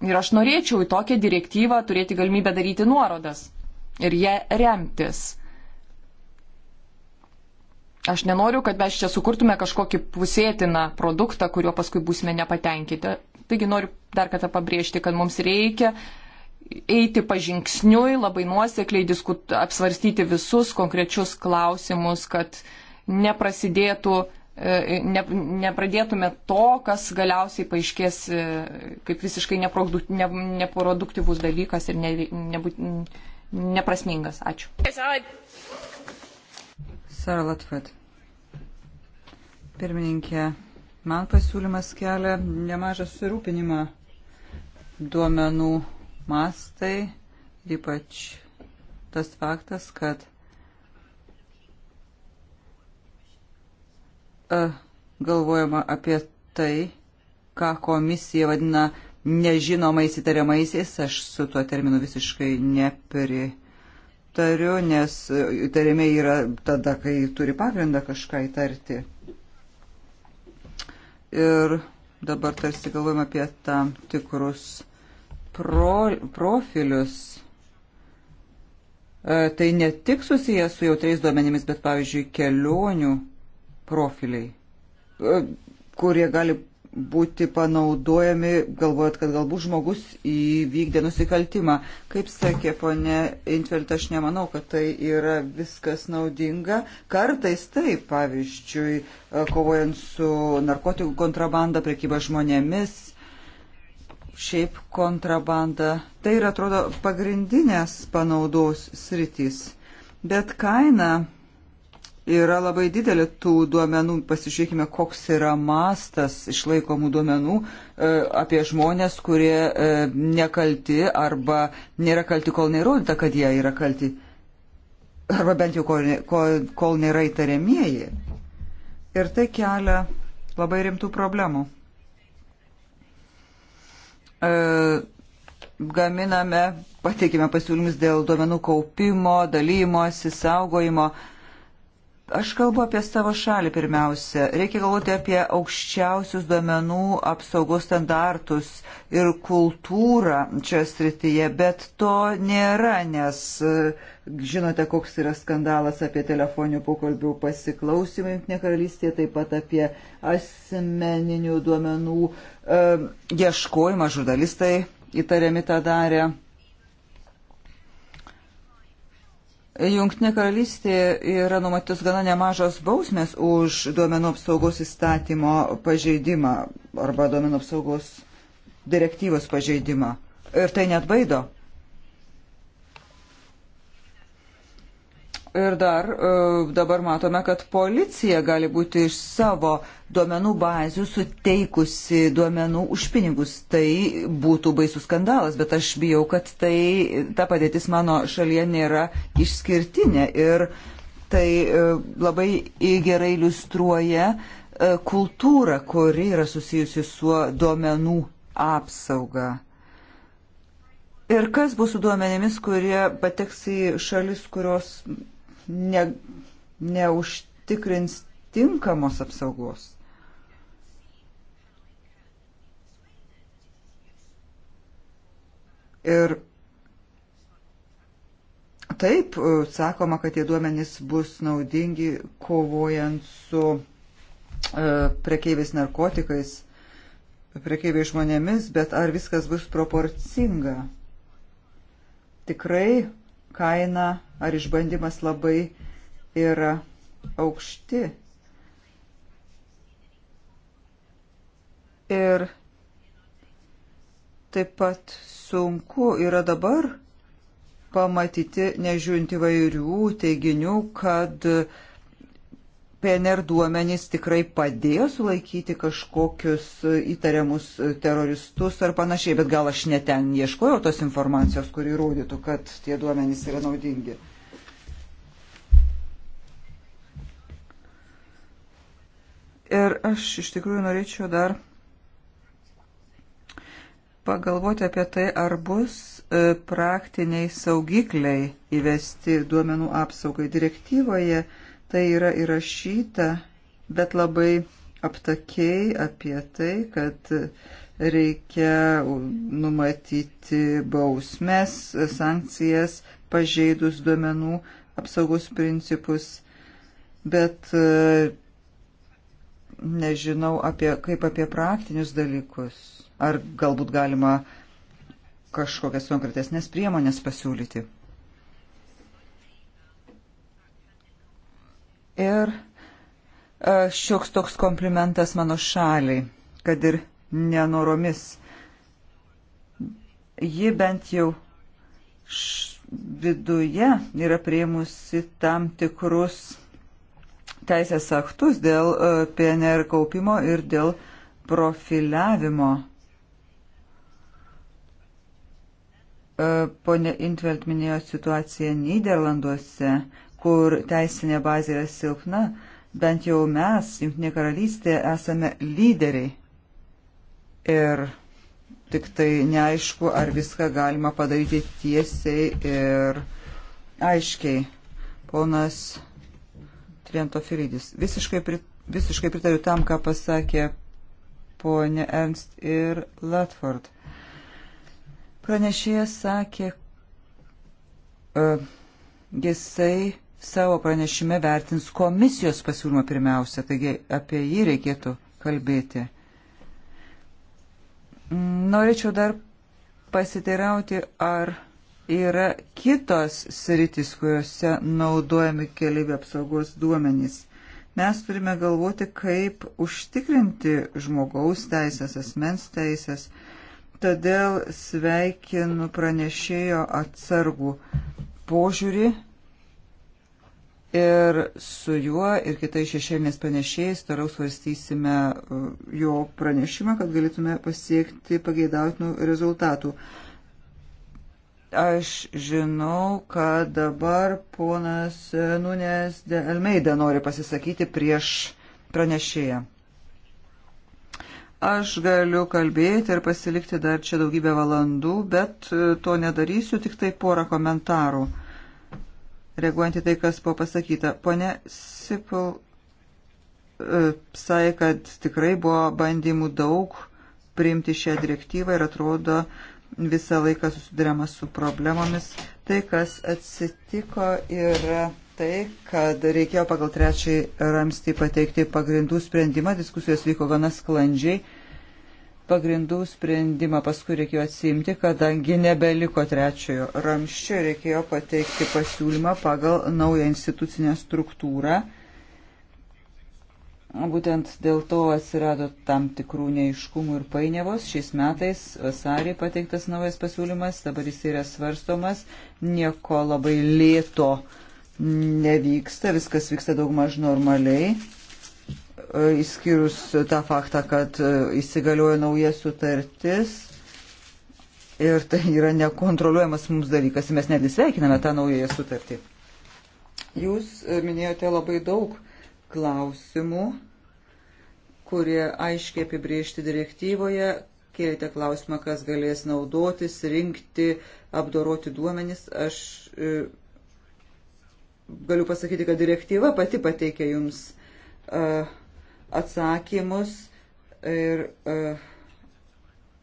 Ir aš norėčiau į tokią direktyvą turėti galimybę daryti nuorodas ir ją remtis. Aš nenoriu, kad mes čia sukurtume kažkokį pusėtiną produktą, kuriuo paskui būsime nepatenkinti. Taigi noriu dar kartą pabrėžti, kad mums reikia eiti pažingsniui, labai nuosekliai diskut, apsvarstyti visus konkrečius klausimus, kad neprasidėtų, e, ne, nepradėtume to, kas galiausiai paaiškės e, kaip visiškai neprodukt, ne, neproduktyvus dalykas ir ne, nebūt, neprasmingas. Ačiū. Sara Latvet. Pirmininkė, Man pasiūlymas kelia nemažą susirūpinimą duomenų mastai, ypač tas faktas, kad e, galvojama apie tai, ką komisija vadina nežinomais įtariamaisiais, aš su tuo terminu visiškai nepritariu, nes įtariamiai yra tada, kai turi pagrindą kažką įtarti ir dabar tarsi galvojame apie tam tikrus pro, profilius. E, tai ne tik susijęs su jautriais duomenimis, bet pavyzdžiui kelionių profiliai, e, kurie gali būti panaudojami, galvojot, kad galbūt žmogus įvykdė nusikaltimą. Kaip sakė ponė Intvelt, aš nemanau, kad tai yra viskas naudinga. Kartais taip, pavyzdžiui, kovojant su narkotikų kontrabanda, prekyba žmonėmis, šiaip kontrabanda. Tai yra, atrodo, pagrindinės panaudos sritys. Bet kaina yra labai didelė tų duomenų. Pasižiūrėkime, koks yra mastas išlaikomų duomenų e, apie žmonės, kurie e, nekalti arba nėra kalti, kol neįrodyta, kad jie yra kalti. Arba bent jau kol, kol, kol nėra įtariamieji. Ir tai kelia labai rimtų problemų. E, gaminame, pateikime pasiūlymus dėl duomenų kaupimo, dalymosi, saugojimo. E, Aš kalbu apie savo šalį pirmiausia. Reikia galvoti apie aukščiausius duomenų apsaugos standartus ir kultūrą čia srityje, bet to nėra, nes e, žinote, koks yra skandalas apie telefoninių pokalbių pasiklausimą Junktinė karalystė, taip pat apie asmeninių duomenų e, ieškojimą žurnalistai įtariami tą darę. Junktinė karalystė yra numatytos gana nemažos bausmės už duomenų apsaugos įstatymo pažeidimą arba duomenų apsaugos direktyvos pažeidimą. Ir tai net baido. Ir dar e, dabar matome, kad policija gali būti iš savo duomenų bazių suteikusi duomenų už pinigus. Tai būtų baisus skandalas, bet aš bijau, kad tai, ta padėtis mano šalyje nėra išskirtinė. Ir tai e, labai gerai iliustruoja e, kultūrą, kuri yra susijusi su duomenų apsauga. Ir kas bus su duomenėmis, kurie pateks į šalis, kurios ne, neužtikrins tinkamos apsaugos. Ir taip, e, sakoma, kad tie duomenys bus naudingi kovojant su e, prekeiviais narkotikais, prekeiviais žmonėmis, bet ar viskas bus proporcinga? Tikrai kaina ar išbandymas labai yra aukšti. Ir taip pat sunku yra dabar pamatyti, nežiūrint įvairių teiginių, kad uh, PNR duomenys tikrai padėjo sulaikyti kažkokius įtariamus teroristus ar panašiai, bet gal aš neten ieškojau tos informacijos, kuri rodytų, kad tie duomenys yra naudingi. Ir aš iš tikrųjų norėčiau dar pagalvoti apie tai, ar bus e, praktiniai saugikliai įvesti duomenų apsaugai direktyvoje tai yra įrašyta, bet labai aptakiai apie tai, kad reikia numatyti bausmes, sankcijas, pažeidus duomenų apsaugos principus, bet e, nežinau apie, kaip apie praktinius dalykus. Ar galbūt galima kažkokias konkretesnės priemonės pasiūlyti. ir e, šioks toks komplimentas mano šaliai, kad ir nenoromis. Ji bent jau viduje yra prieimusi tam tikrus teisės aktus dėl e, PNR kaupimo ir dėl profiliavimo. E, Pone Intvelt minėjo situaciją Niderlanduose kur teisinė bazė yra silpna, bent jau mes, Junktinė karalystė, esame lyderiai. Ir tik tai neaišku, ar viską galima padaryti tiesiai ir aiškiai. Ponas Triento Filidis. Visiškai, prit, visiškai pritariu tam, ką pasakė ponė Ernst ir Latford. Pranešėjas sakė, uh, jisai savo pranešime vertins komisijos pasiūlymą pirmiausia, taigi apie jį reikėtų kalbėti. Norėčiau dar pasiteirauti, ar yra kitos sritis, kuriuose naudojami keliaivių apsaugos duomenys. Mes turime galvoti, kaip užtikrinti žmogaus teisės, asmens teisės. Todėl sveikinu pranešėjo atsargų požiūrį Ir su juo ir kitais šešėlinės panešėjais toliau svarstysime uh, jo pranešimą, kad galėtume pasiekti pageidautinų rezultatų. Aš žinau, kad dabar ponas Nunės de Almeida nori pasisakyti prieš pranešėją. Aš galiu kalbėti ir pasilikti dar čia daugybę valandų, bet uh, to nedarysiu, tik tai porą komentarų reaguojant į tai, kas buvo pasakyta. Pone Sipil e, sakė, kad tikrai buvo bandymų daug priimti šią direktyvą ir atrodo visą laiką susidurėma su problemomis. Tai, kas atsitiko, yra tai, kad reikėjo pagal trečiąjį ramstį pateikti pagrindų sprendimą, diskusijos vyko gana sklandžiai pagrindų sprendimą paskui reikėjo atsimti, kadangi nebeliko trečiojo ramščio, reikėjo pateikti pasiūlymą pagal naują institucinę struktūrą. Būtent dėl to atsirado tam tikrų neiškumų ir painiavos. Šiais metais vasarį pateiktas naujas pasiūlymas, dabar jis yra svarstomas, nieko labai lėto nevyksta, viskas vyksta daug maž normaliai įskyrus e, tą faktą, kad e, įsigaliojo nauja sutartis. Ir tai yra nekontroliuojamas mums dalykas, mes netgi sveikiname tą naująją sutartį. Jūs e, minėjote labai daug klausimų, kurie aiškiai apibriežti direktyvoje, kėlėte klausimą, kas galės naudotis, rinkti, apdoroti duomenis. Aš e, galiu pasakyti, kad direktyva pati pateikė jums e, atsakymus ir e,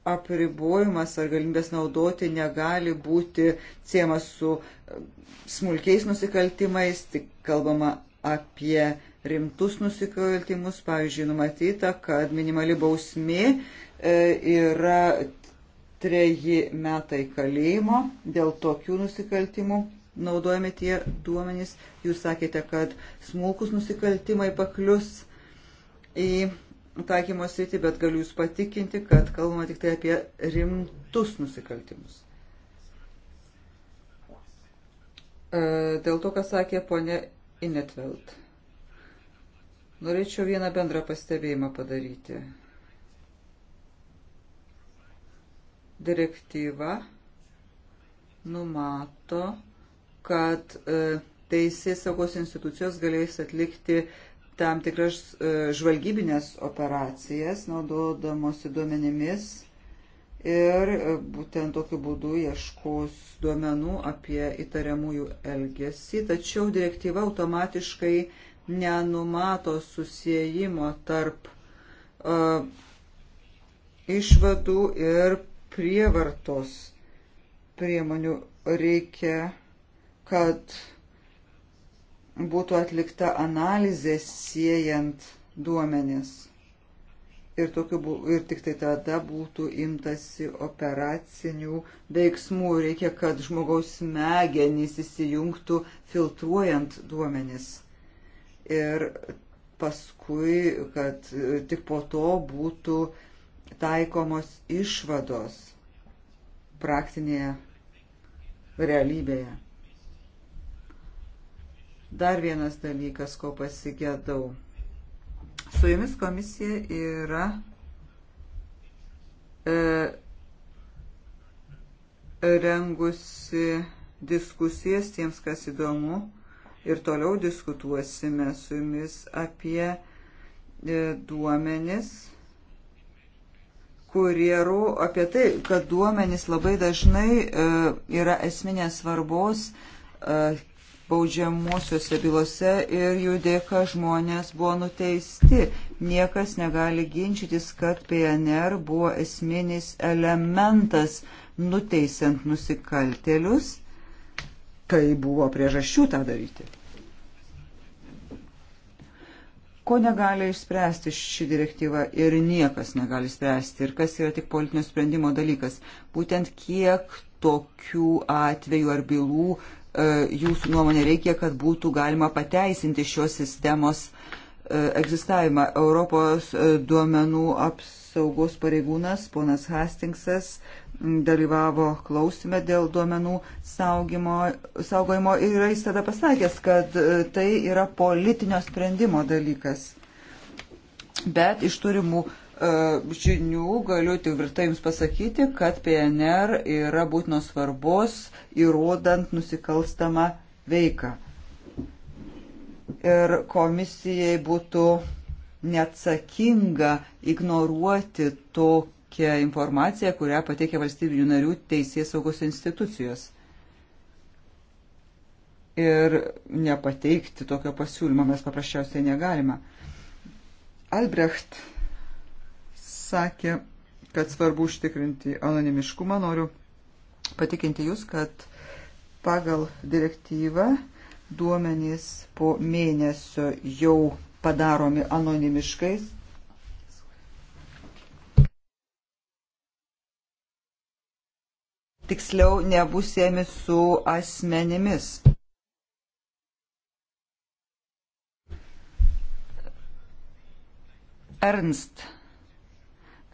apribojimas ar galimybės naudoti negali būti siemas su e, smulkiais nusikaltimais, tik kalbama apie rimtus nusikaltimus, pavyzdžiui, numatyta, kad minimali bausmė e, yra treji metai kalėjimo dėl tokių nusikaltimų. Naudojami tie duomenys. Jūs sakėte, kad smulkus nusikaltimai paklius į taikymo sritį, bet galiu Jūs patikinti, kad kalbama tik tai apie rimtus nusikaltimus. E, dėl to, ką sakė ponė Inetveld. Norėčiau vieną bendrą pastebėjimą padaryti. Direktyva numato, kad e, teisės saugos institucijos galės atlikti tam tikras e, žvalgybinės operacijas, naudodamosi duomenimis ir e, būtent tokiu būdu ieškos duomenų apie įtariamųjų elgesį. Tačiau direktyva automatiškai nenumato susijimo tarp uh, išvadų ir prievartos priemonių. Reikia, kad uh, būtų atlikta analizė siejant duomenis. Ir, tokiu, ir tik tai tada būtų imtasi operacinių veiksmų. Reikia, kad žmogaus smegenys įsijungtų filtruojant duomenis. Ir paskui, kad tik po to būtų taikomos išvados praktinėje realybėje. Dar vienas dalykas, ko pasigėdau. Su jumis komisija yra e, rengusi diskusijas tiems, kas įdomu. Ir toliau diskutuosime su jumis apie e, duomenis, kurie ro, apie tai, kad duomenis labai dažnai e, yra esminės svarbos e, baudžiamuosiuose bylose ir jų dėka žmonės buvo nuteisti. Niekas negali ginčytis, kad PNR buvo esminis elementas nuteisiant nusikaltelius, kai buvo priežasčių tą daryti. Ko negali išspręsti ši direktyva ir niekas negali spręsti ir kas yra tik politinio sprendimo dalykas, būtent kiek tokių atvejų ar bylų E, jūsų nuomonė reikia, kad būtų galima pateisinti šios sistemos e, egzistavimą. Europos e, duomenų apsaugos pareigūnas ponas Hastingsas dalyvavo klausime dėl duomenų saugimo, saugojimo ir jis tada pasakęs, kad tai yra politinio sprendimo dalykas. Bet iš turimų uh, E, žinių galiu tvirtai Jums pasakyti, kad PNR yra būtinos svarbos įrodant nusikalstamą veiką. Ir komisijai būtų neatsakinga ignoruoti tokią informaciją, kurią pateikia valstybinių narių teisės saugos institucijos. Ir nepateikti tokio pasiūlymo mes paprasčiausiai negalime. Albrecht sakė, kad svarbu užtikrinti anonimiškumą. Noriu patikinti Jūs, kad pagal direktyvą duomenys po mėnesio jau padaromi anonimiškais. Tiksliau nebus siemi su asmenimis. Ernst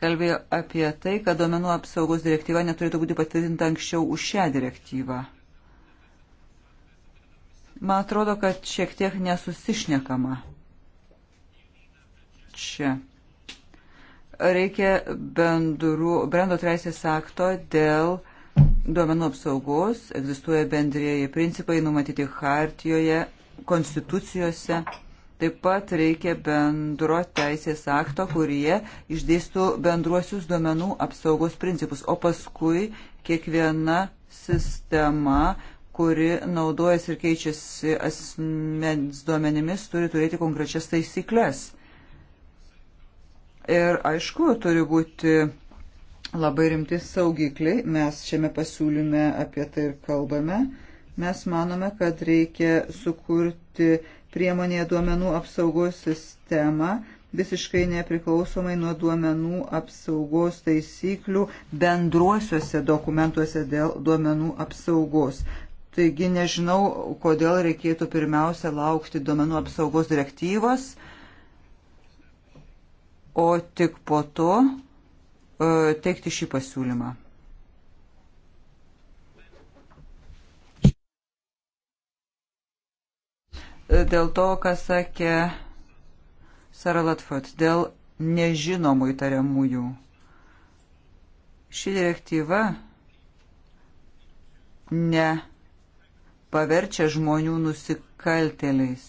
kalbėjo apie tai, kad domenų apsaugos direktyva neturėtų būti patvirtinta anksčiau už šią direktyvą. Man atrodo, kad šiek tiek nesusišnekama čia. Reikia bendrų, brendo teisės akto dėl duomenų apsaugos, egzistuoja bendrėjai principai numatyti hartijoje, konstitucijose. Taip pat reikia bendro teisės akto, kurie išdėstų bendruosius duomenų apsaugos principus, o paskui kiekviena sistema kuri naudojasi ir keičiasi asmens duomenimis, turi turėti konkrečias taisyklės. Ir aišku, turi būti labai rimti saugikliai, mes šiame pasiūlyme apie tai ir kalbame. Mes manome, kad reikia sukurti priemonėje duomenų apsaugos sistemą visiškai nepriklausomai nuo duomenų apsaugos taisyklių bendruosiuose dokumentuose dėl duomenų apsaugos. Taigi nežinau, kodėl reikėtų pirmiausia laukti duomenų apsaugos direktyvos, o tik po to e, teikti šį pasiūlymą. dėl to, ką sakė Sara Latford, dėl nežinomų įtariamųjų. Ši direktyva ne paverčia žmonių nusikaltėliais.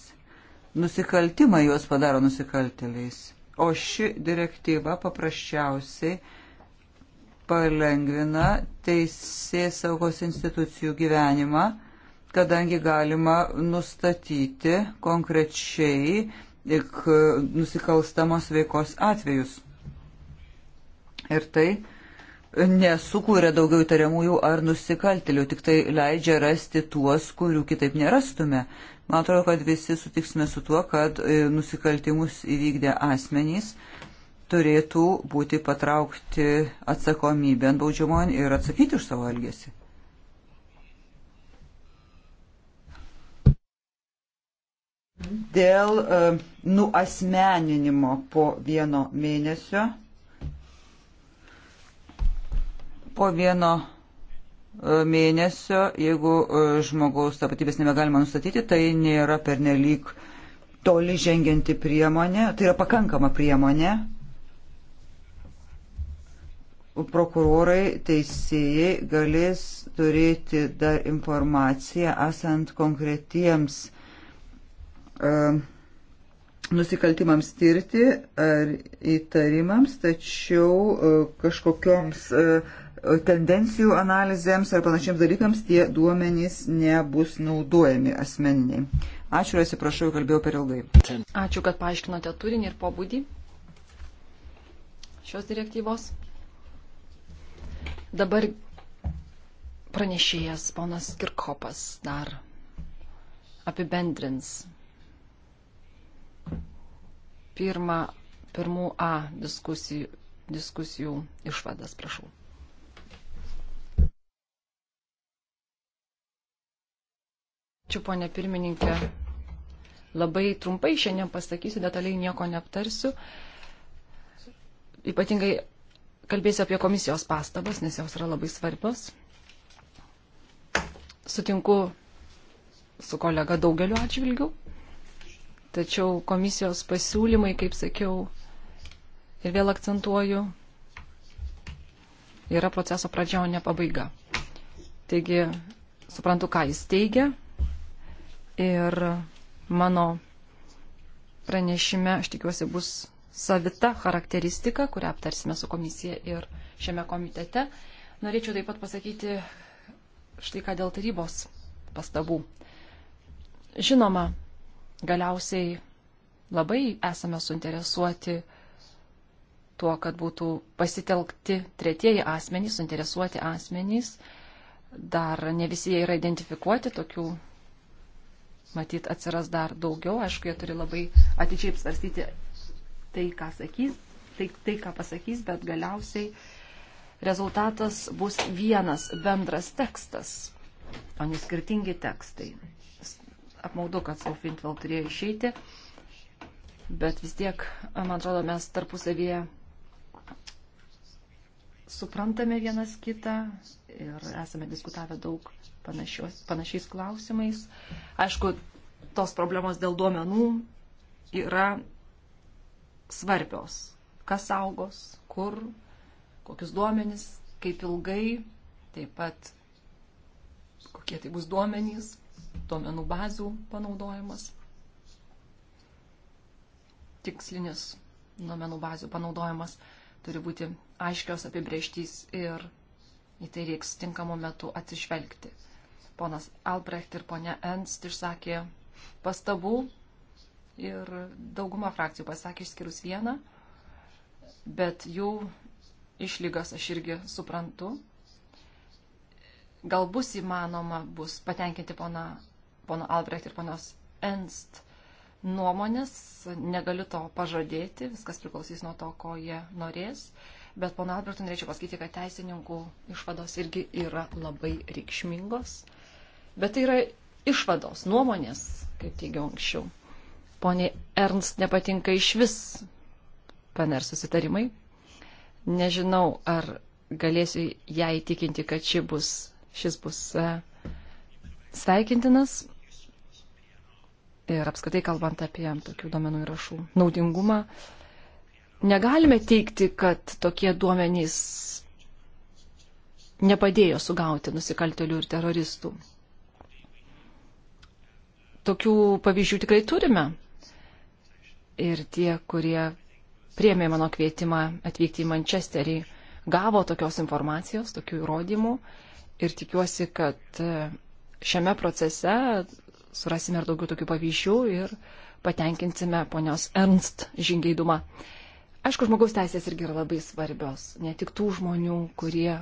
Nusikaltimą juos padaro nusikaltėliais. O ši direktyva paprasčiausiai palengvina teisės saugos institucijų gyvenimą kadangi galima nustatyti konkrečiai tik nusikalstamos veikos atvejus. Ir tai nesukūrė daugiau įtariamųjų ar nusikaltėlių, tik tai leidžia rasti tuos, kurių kitaip nerastume. Man atrodo, kad visi sutiksime su tuo, kad e, nusikaltimus įvykdę asmenys turėtų būti patraukti atsakomybę ant baudžiamon ir atsakyti už savo elgesį. dėl e, nuasmeninimo po vieno mėnesio, po vieno e, mėnesio, jeigu e, žmogaus tapatybės nebegalima nustatyti, tai nėra pernelyg toli žengianti priemonė, tai yra pakankama priemonė. Prokurorai, teisėjai galės turėti dar informaciją esant konkretiems E, nusikaltimams tirti ar įtarimams, tačiau e, kažkokioms e, tendencijų analizėms ar panašiems dalykams tie duomenys nebus naudojami asmeniniai. Ačiū ir atsiprašau, kalbėjau per ilgai. Ačiū, kad paaiškinote turinį ir pobūdį šios direktyvos. Dabar pranešėjas ponas Kirkopas dar apibendrins pirmą, pirmų A diskusijų, diskusijų išvadas, prašau. Ačiū, ponė pirmininkė. Labai trumpai šiandien pasakysiu, detaliai nieko neaptarsiu. Ypatingai kalbėsiu apie komisijos pastabas, nes jos yra labai svarbios. Sutinku su kolega daugeliu atžvilgių. Tačiau komisijos pasiūlymai, kaip sakiau, ir vėl akcentuoju, yra proceso pradžia, o ne pabaiga. Taigi, suprantu, ką jis teigia. Ir mano pranešime, aš tikiuosi, bus savita charakteristika, kurią aptarsime su komisija ir šiame komitete. Norėčiau taip pat pasakyti štai ką dėl tarybos pastabų. Žinoma, galiausiai labai esame suinteresuoti tuo, kad būtų pasitelkti tretieji asmenys, suinteresuoti asmenys. Dar ne visi jie yra identifikuoti, tokių matyt atsiras dar daugiau. Aišku, jie turi labai atidžiai apsvarstyti tai, ką sakys, tai, tai, ką pasakys, bet galiausiai rezultatas bus vienas bendras tekstas, o ne skirtingi tekstai apmaudu, kad Sofintveld turėjo išeiti, bet vis tiek, man atrodo, mes tarpusavėje suprantame vienas kitą ir esame diskutavę daug panašios, panašiais klausimais. Aišku, tos problemos dėl duomenų yra svarbios. Kas saugos, kur, kokius duomenys, kaip ilgai, taip pat kokie tai bus duomenys duomenų bazių panaudojimas, tikslinis duomenų bazių panaudojimas turi būti aiškios apibrieštys ir į tai reiks tinkamu metu atsižvelgti. Ponas Albrecht ir ponia Enst išsakė pastabų ir dauguma frakcijų pasakė išskyrus vieną, bet jų išlygas aš irgi suprantu. Gal bus įmanoma bus patenkinti pona pono Albrecht ir ponios Enst nuomonės. Negaliu to pažadėti, viskas priklausys nuo to, ko jie norės. Bet pono Albrechtui norėčiau pasakyti, kad teisininkų išvados irgi yra labai reikšmingos. Bet tai yra išvados, nuomonės, kaip teigiau anksčiau. Pone Ernst nepatinka iš vis PNR susitarimai. Nežinau, ar galėsiu ją įtikinti, kad ši bus, šis bus e, sveikintinas ir apskritai kalbant apie tokių duomenų įrašų naudingumą, negalime teikti, kad tokie duomenys nepadėjo sugauti nusikaltelių ir teroristų. Tokių pavyzdžių tikrai turime. Ir tie, kurie priemė mano kvietimą atvykti į Mančesterį, gavo tokios informacijos, tokių įrodymų. Ir tikiuosi, kad šiame procese surasime ir daugiau tokių pavyzdžių ir patenkinsime ponios Ernst žingeidumą. Aišku, žmogaus teisės irgi yra labai svarbios. Ne tik tų žmonių, kurie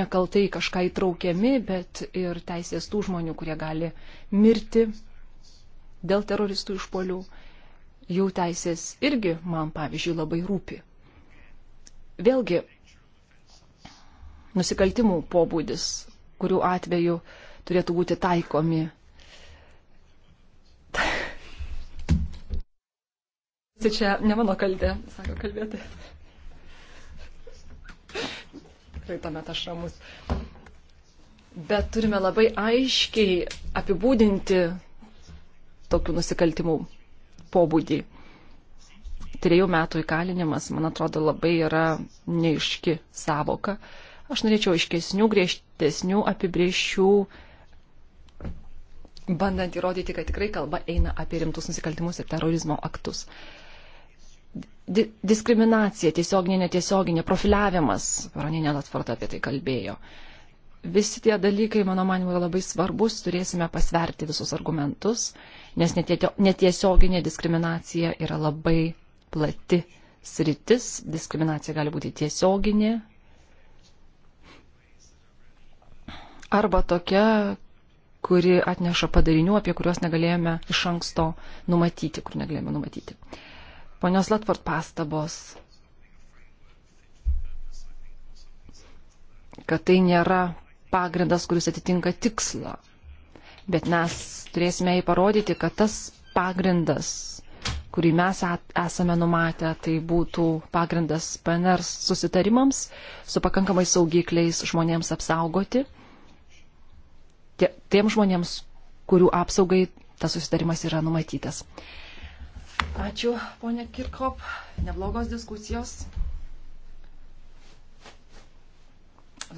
nekaltai kažką įtraukiami, bet ir teisės tų žmonių, kurie gali mirti dėl teroristų išpolių. Jų teisės irgi man, pavyzdžiui, labai rūpi. Vėlgi, nusikaltimų pobūdis, kurių atveju turėtų būti taikomi Tai čia ne mano kalbė, sako kalbėti. Tikrai tuomet aš ramus. Bet turime labai aiškiai apibūdinti tokių nusikaltimų pobūdį. Trejų metų įkalinimas, man atrodo, labai yra neiški savoka. Aš norėčiau aiškesnių, griežtesnių apibriešių bandant įrodyti, kad tikrai kalba eina apie rimtus nusikaltimus ir terorizmo aktus di diskriminacija, tiesioginė, netiesioginė, profiliavimas, Raninė Latvarta apie tai kalbėjo. Visi tie dalykai, mano manimu, yra labai svarbus, turėsime pasverti visus argumentus, nes netiesioginė diskriminacija yra labai plati sritis, diskriminacija gali būti tiesioginė arba tokia, kuri atneša padarinių, apie kuriuos negalėjome iš anksto numatyti, kur negalėjome numatyti. Uh, ponios Latvort pastabos, kad tai nėra pagrindas, kuris atitinka tikslą. Bet mes turėsime įparodyti, kad tas pagrindas, kurį mes esame numatę, tai būtų pagrindas PNR susitarimams su pakankamai saugikliais žmonėms apsaugoti, tiem žmonėms, kurių apsaugai tas susitarimas yra numatytas. Ačiū, ponė Kirkop. Neblogos diskusijos.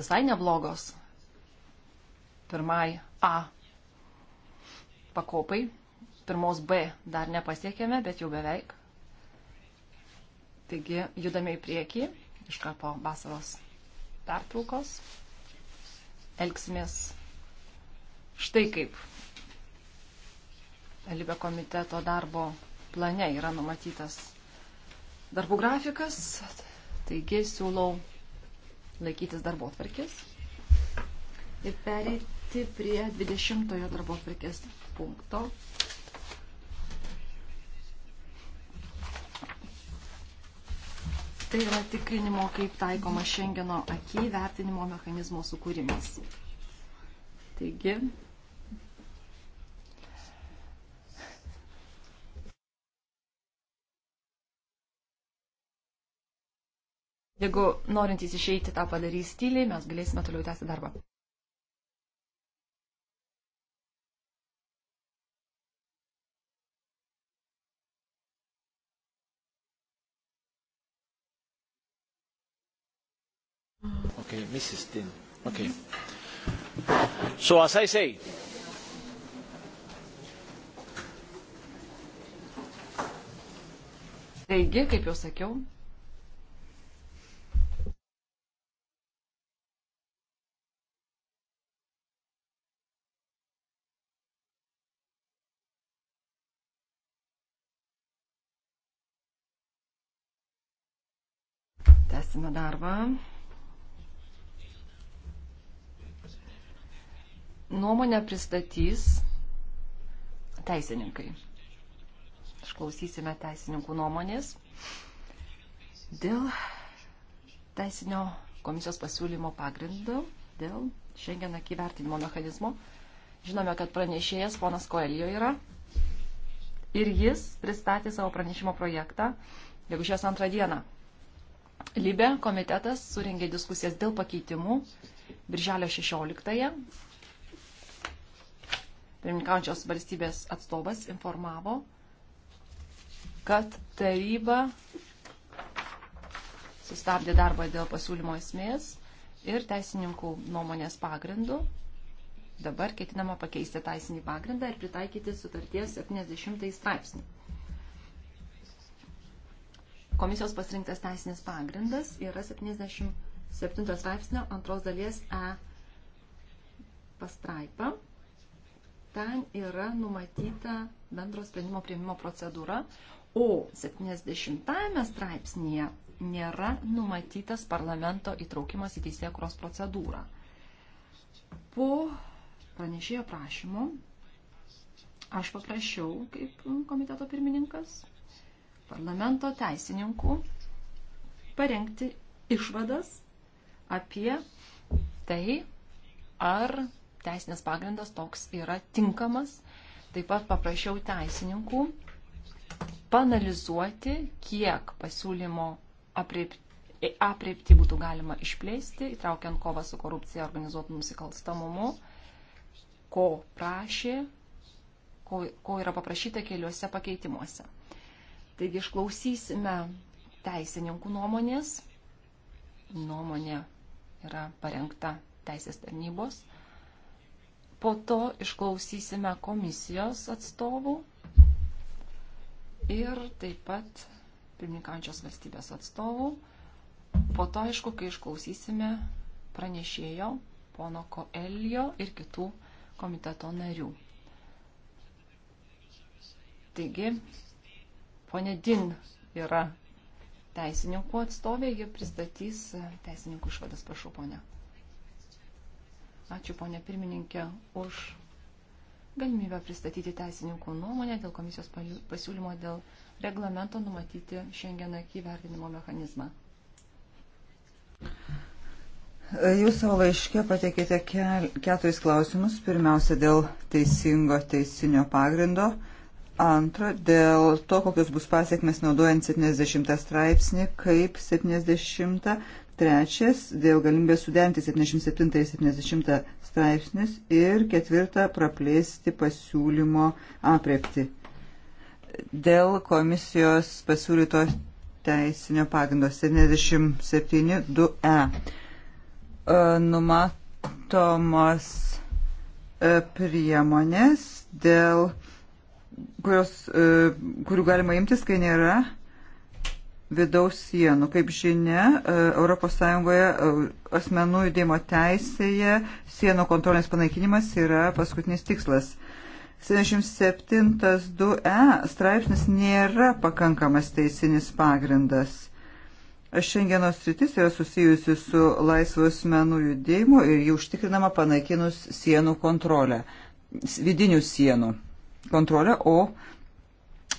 Visai neblogos. Pirmai A pakopai. Pirmos B dar nepasiekėme, bet jau beveik. Taigi judame į priekį iš karto vasaros pertraukos. Elgsimės štai kaip. Libe komiteto darbo plane yra numatytas darbų grafikas, taigi siūlau laikytis darbo atvarkės ir pereiti prie 20 darbo atvarkės punkto. Tai yra tikrinimo, kaip taikoma Šengeno akį vertinimo mechanizmo sukūrimas. Taigi, Jeigu norintys išeiti tą padarys tyliai, mes galėsime toliau tęsti darbą. Okay, Mrs. Tin. Okay. So as I say, Taigi, kaip jau sakiau, tęsime darbą. Nuomonę pristatys teisininkai. Išklausysime teisininkų nuomonės dėl teisinio komisijos pasiūlymo pagrindo, dėl šiandien akivertinimo mechanizmo. Žinome, kad pranešėjas ponas Koelio yra ir jis pristatė savo pranešimo projektą gegužės antrą dieną. Libė komitetas suringė diskusijas dėl pakeitimų Birželio 16-ąją. Pirmininkaujančios valstybės atstovas informavo, kad taryba sustabdė darbą dėl pasiūlymo esmės ir teisininkų nuomonės pagrindų. Dabar ketinama pakeisti teisinį pagrindą ir pritaikyti sutarties 70 straipsnį komisijos pasirinktas teisinis pagrindas yra 77 straipsnio antros dalies E pastraipa. Ten yra numatyta bendro sprendimo prieimimo procedūra, o 70 straipsnėje nėra numatytas parlamento įtraukimas į teisėkros procedūrą. Po pranešėjo prašymo aš paprašiau, kaip komiteto pirmininkas, parlamento teisininkų parengti išvadas apie tai, ar teisinės pagrindas toks yra tinkamas. Taip pat paprašiau teisininkų panalizuoti, kiek pasiūlymo apriepti būtų galima išplėsti, įtraukiant kovą su korupcija organizuotų nusikalstamumu, ko prašė, ko, ko yra paprašyta keliuose pakeitimuose. Taigi išklausysime teisininkų nuomonės. Nuomonė yra parengta teisės tarnybos. Po to išklausysime komisijos atstovų ir taip pat pirmininkančios valstybės atstovų. Po to, aišku, kai išklausysime pranešėjo, pono Koelio ir kitų komiteto narių. Taigi, Pone Din yra teisininkų atstovė, ji pristatys teisininkų išvadas, prašau, ponė. Ačiū, ponė pirmininkė, už galimybę pristatyti teisininkų nuomonę dėl komisijos pasiūlymo dėl reglamento numatyti šiandieną įvertinimo mechanizmą. Jūs savo laiške pateikėte keturis klausimus. Pirmiausia, dėl teisingo teisinio pagrindo. Antra, dėl to, kokios bus pasiekmes naudojant 70 straipsnį, kaip 70. Trečias, dėl galimybės suderinti 77 ir 70 straipsnius. Ir ketvirta, praplėsti pasiūlymo aprepti. Dėl komisijos pasiūlyto teisinio pagrindo 77.2e e. numatomos e, priemonės dėl kurios, e, kurių galima imtis, kai nėra vidaus sienų. Kaip žinia, ES e, asmenų judėjimo teisėje sienų kontrolės panaikinimas yra paskutinis tikslas. 77.2e straipsnis nėra pakankamas teisinis pagrindas. Šengenos sritis yra susijusi su laisvo asmenų judėjimu ir jį užtikrinama panaikinus sienų kontrolę, vidinių sienų kontrolę, o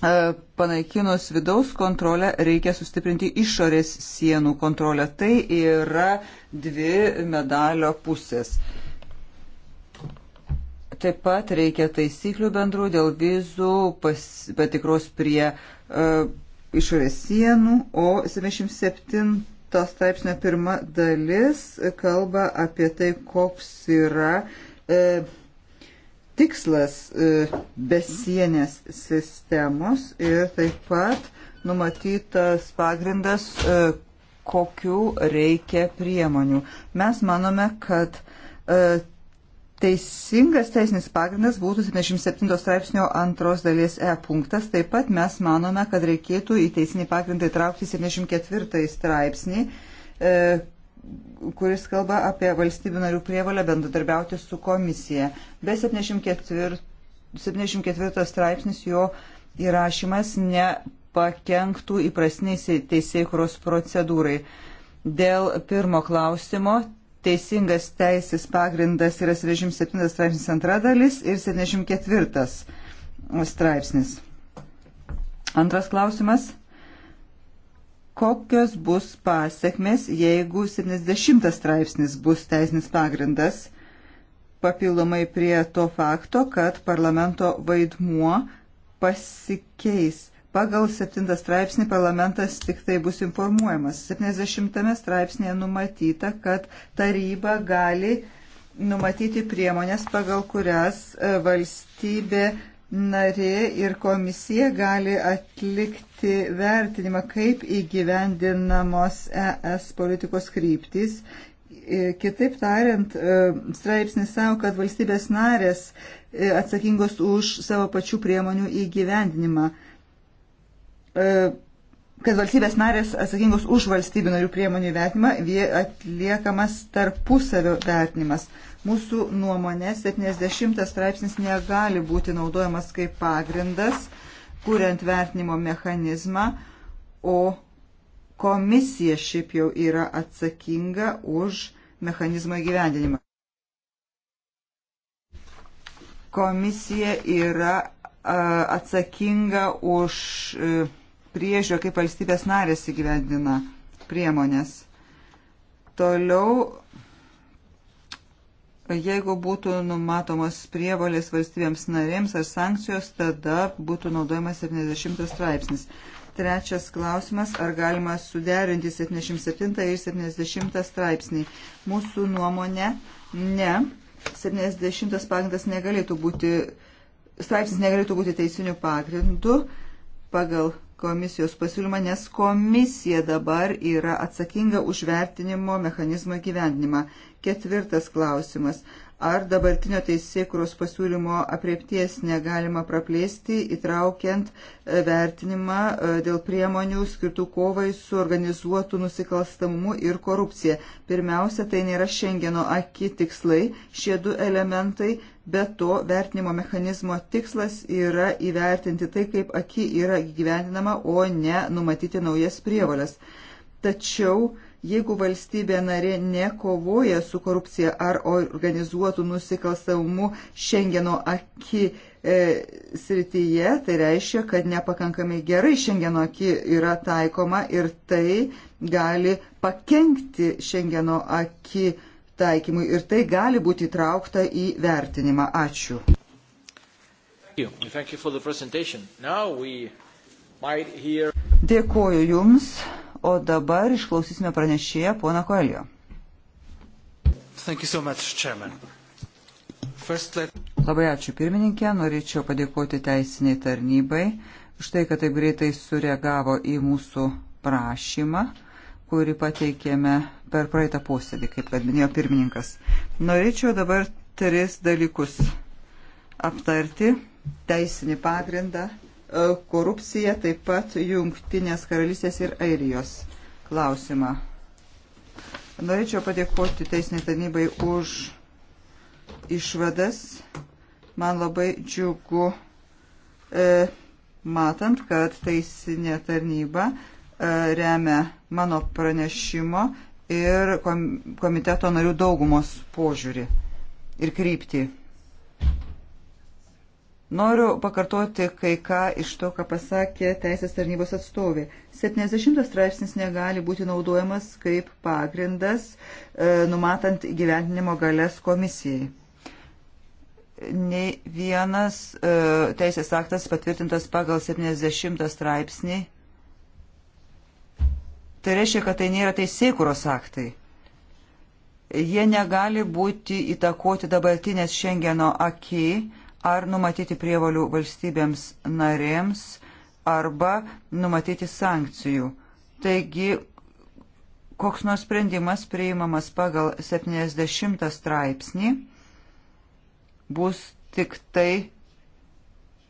e, panaikinus vidaus kontrolę reikia sustiprinti išorės sienų kontrolę. Tai yra dvi medalio pusės. Taip pat reikia taisyklių bendrų dėl vizų pas, patikros prie uh, išorės sienų, o 77 straipsnio pirma dalis kalba apie tai, koks yra uh, tikslas e, besienės sistemos ir taip pat numatytas pagrindas, e, kokiu reikia priemonių. Mes manome, kad e, teisingas teisinis pagrindas būtų 77 straipsnio antros dalies E punktas. Taip pat mes manome, kad reikėtų į teisinį pagrindą įtraukti 74 straipsnį kuris kalba apie valstybių narių prievalę bendradarbiauti su komisija. Be 74, 74 straipsnis jo įrašymas nepakenktų įprasniai teisėjų kuros procedūrai. Dėl pirmo klausimo teisingas teisės pagrindas yra 77 straipsnis antra dalis ir 74 straipsnis. Antras klausimas kokios bus pasiekmes, jeigu 70 straipsnis bus teisinis pagrindas, papildomai prie to fakto, kad parlamento vaidmuo pasikeis. Pagal 7 straipsnį parlamentas tik tai bus informuojamas. 70 straipsnėje numatyta, kad taryba gali numatyti priemonės, pagal kurias e, valstybė narė ir komisija gali atlikti vertinimą, kaip įgyvendinamos ES politikos kryptys. E, kitaip tariant, e, straipsnis savo, kad valstybės narės e, atsakingos už savo pačių priemonių įgyvendinimą kad valstybės narės atsakingos už valstybių narių priemonių vertinimą atliekamas tarpusavio vertinimas. Mūsų nuomonė 70 straipsnis negali būti naudojamas kaip pagrindas, kuriant vertinimo mechanizmą, o komisija šiaip jau yra atsakinga už mechanizmo įgyvendinimą. Komisija yra atsakinga už e, priežiūrą, kaip valstybės narės įgyvendina priemonės. Toliau Jeigu būtų numatomos prievolės valstybėms narėms ar sankcijos, tada būtų naudojamas 70 straipsnis. Trečias klausimas, ar galima suderinti 77 ir 70 straipsnį. Mūsų nuomonė, ne. 70 pagrindas negalėtų būti, straipsnis negalėtų būti teisiniu pagrindu pagal komisijos pasiūlymą, nes komisija dabar yra atsakinga už vertinimo mechanizmo gyvendinimą. Ketvirtas klausimas. Ar dabartinio teisėkuros pasiūlymo apriepties negalima praplėsti, įtraukiant e, vertinimą e, dėl priemonių skirtų kovai su organizuotų nusikalstamumu ir korupcija? Pirmiausia, tai nėra Šengeno aki tikslai, šie du elementai, bet to vertinimo mechanizmo tikslas yra įvertinti tai, kaip aki yra gyvendinama, o ne numatyti naujas prievalės. Tačiau Jeigu valstybė narė nekovoja su korupcija ar organizuotų nusikalstamumu Šengeno aki e, srityje, tai reiškia, kad nepakankamai gerai Šengeno aki yra taikoma ir tai gali pakenkti Šengeno aki taikymui ir tai gali būti įtraukta į vertinimą. Ačiū. Dėkuoju Jums. O dabar išklausysime pranešėją poną Koelio. So much, First, let... Labai ačiū pirmininkė, norėčiau padėkoti teisiniai tarnybai už tai, kad taip greitai sureagavo į mūsų prašymą, kurį pateikėme per praeitą posėdį, kaip kad minėjo pirmininkas. Norėčiau dabar tris dalykus aptarti - teisinį pagrindą, korupciją, taip pat Jungtinės karalystės ir Airijos klausimą. Norėčiau padėkoti teisiniai tarnybai už išvadas. Man labai džiugu e, matant, kad teisinė tarnyba e, remia mano pranešimo ir komiteto narių daugumos požiūrį ir kryptį. Noriu pakartoti kai ką iš to, ką pasakė Teisės tarnybos atstovė. 70 straipsnis negali būti naudojamas kaip pagrindas, e, numatant gyventinimo galės komisijai. Nei vienas e, teisės aktas patvirtintas pagal 70 straipsnį. Tai reiškia, kad tai nėra teisėkuros aktai jie negali būti įtakoti dabartinės Šengeno aki ar numatyti prievalių valstybėms narėms, arba numatyti sankcijų. Taigi, koks nors sprendimas priimamas pagal 70 straipsnį bus tik tai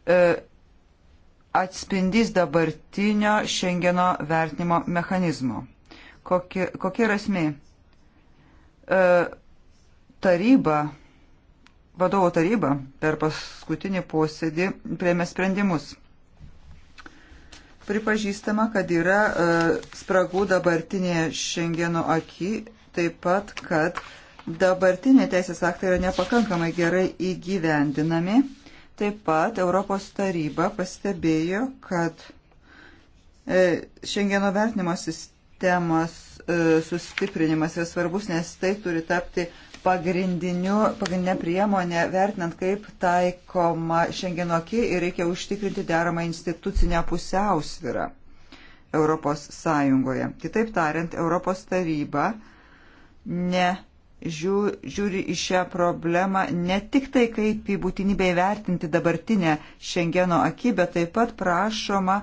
e, atspindys dabartinio Šengeno vertinimo mechanizmo. Kokie, kokie yra esmė? E, taryba vadovo taryba per paskutinį posėdį prieėmė sprendimus. Pripažįstama, kad yra e, spragų dabartinėje Šengeno aki, taip pat, kad dabartinė teisės aktai yra nepakankamai gerai įgyvendinami. Taip pat Europos taryba pastebėjo, kad e, Šengeno vertinimo sistema sistemos e, sustiprinimas yra svarbus, nes tai turi tapti pagrindinė priemonė, vertinant, kaip taikoma šiandieno akį ir reikia užtikrinti deramą institucinę pusiausvyrą Europos Sąjungoje. Kitaip tariant, Europos taryba ne žiūri į šią problemą ne tik tai kaip į būtinybę įvertinti dabartinę Šengeno akį, bet taip pat prašoma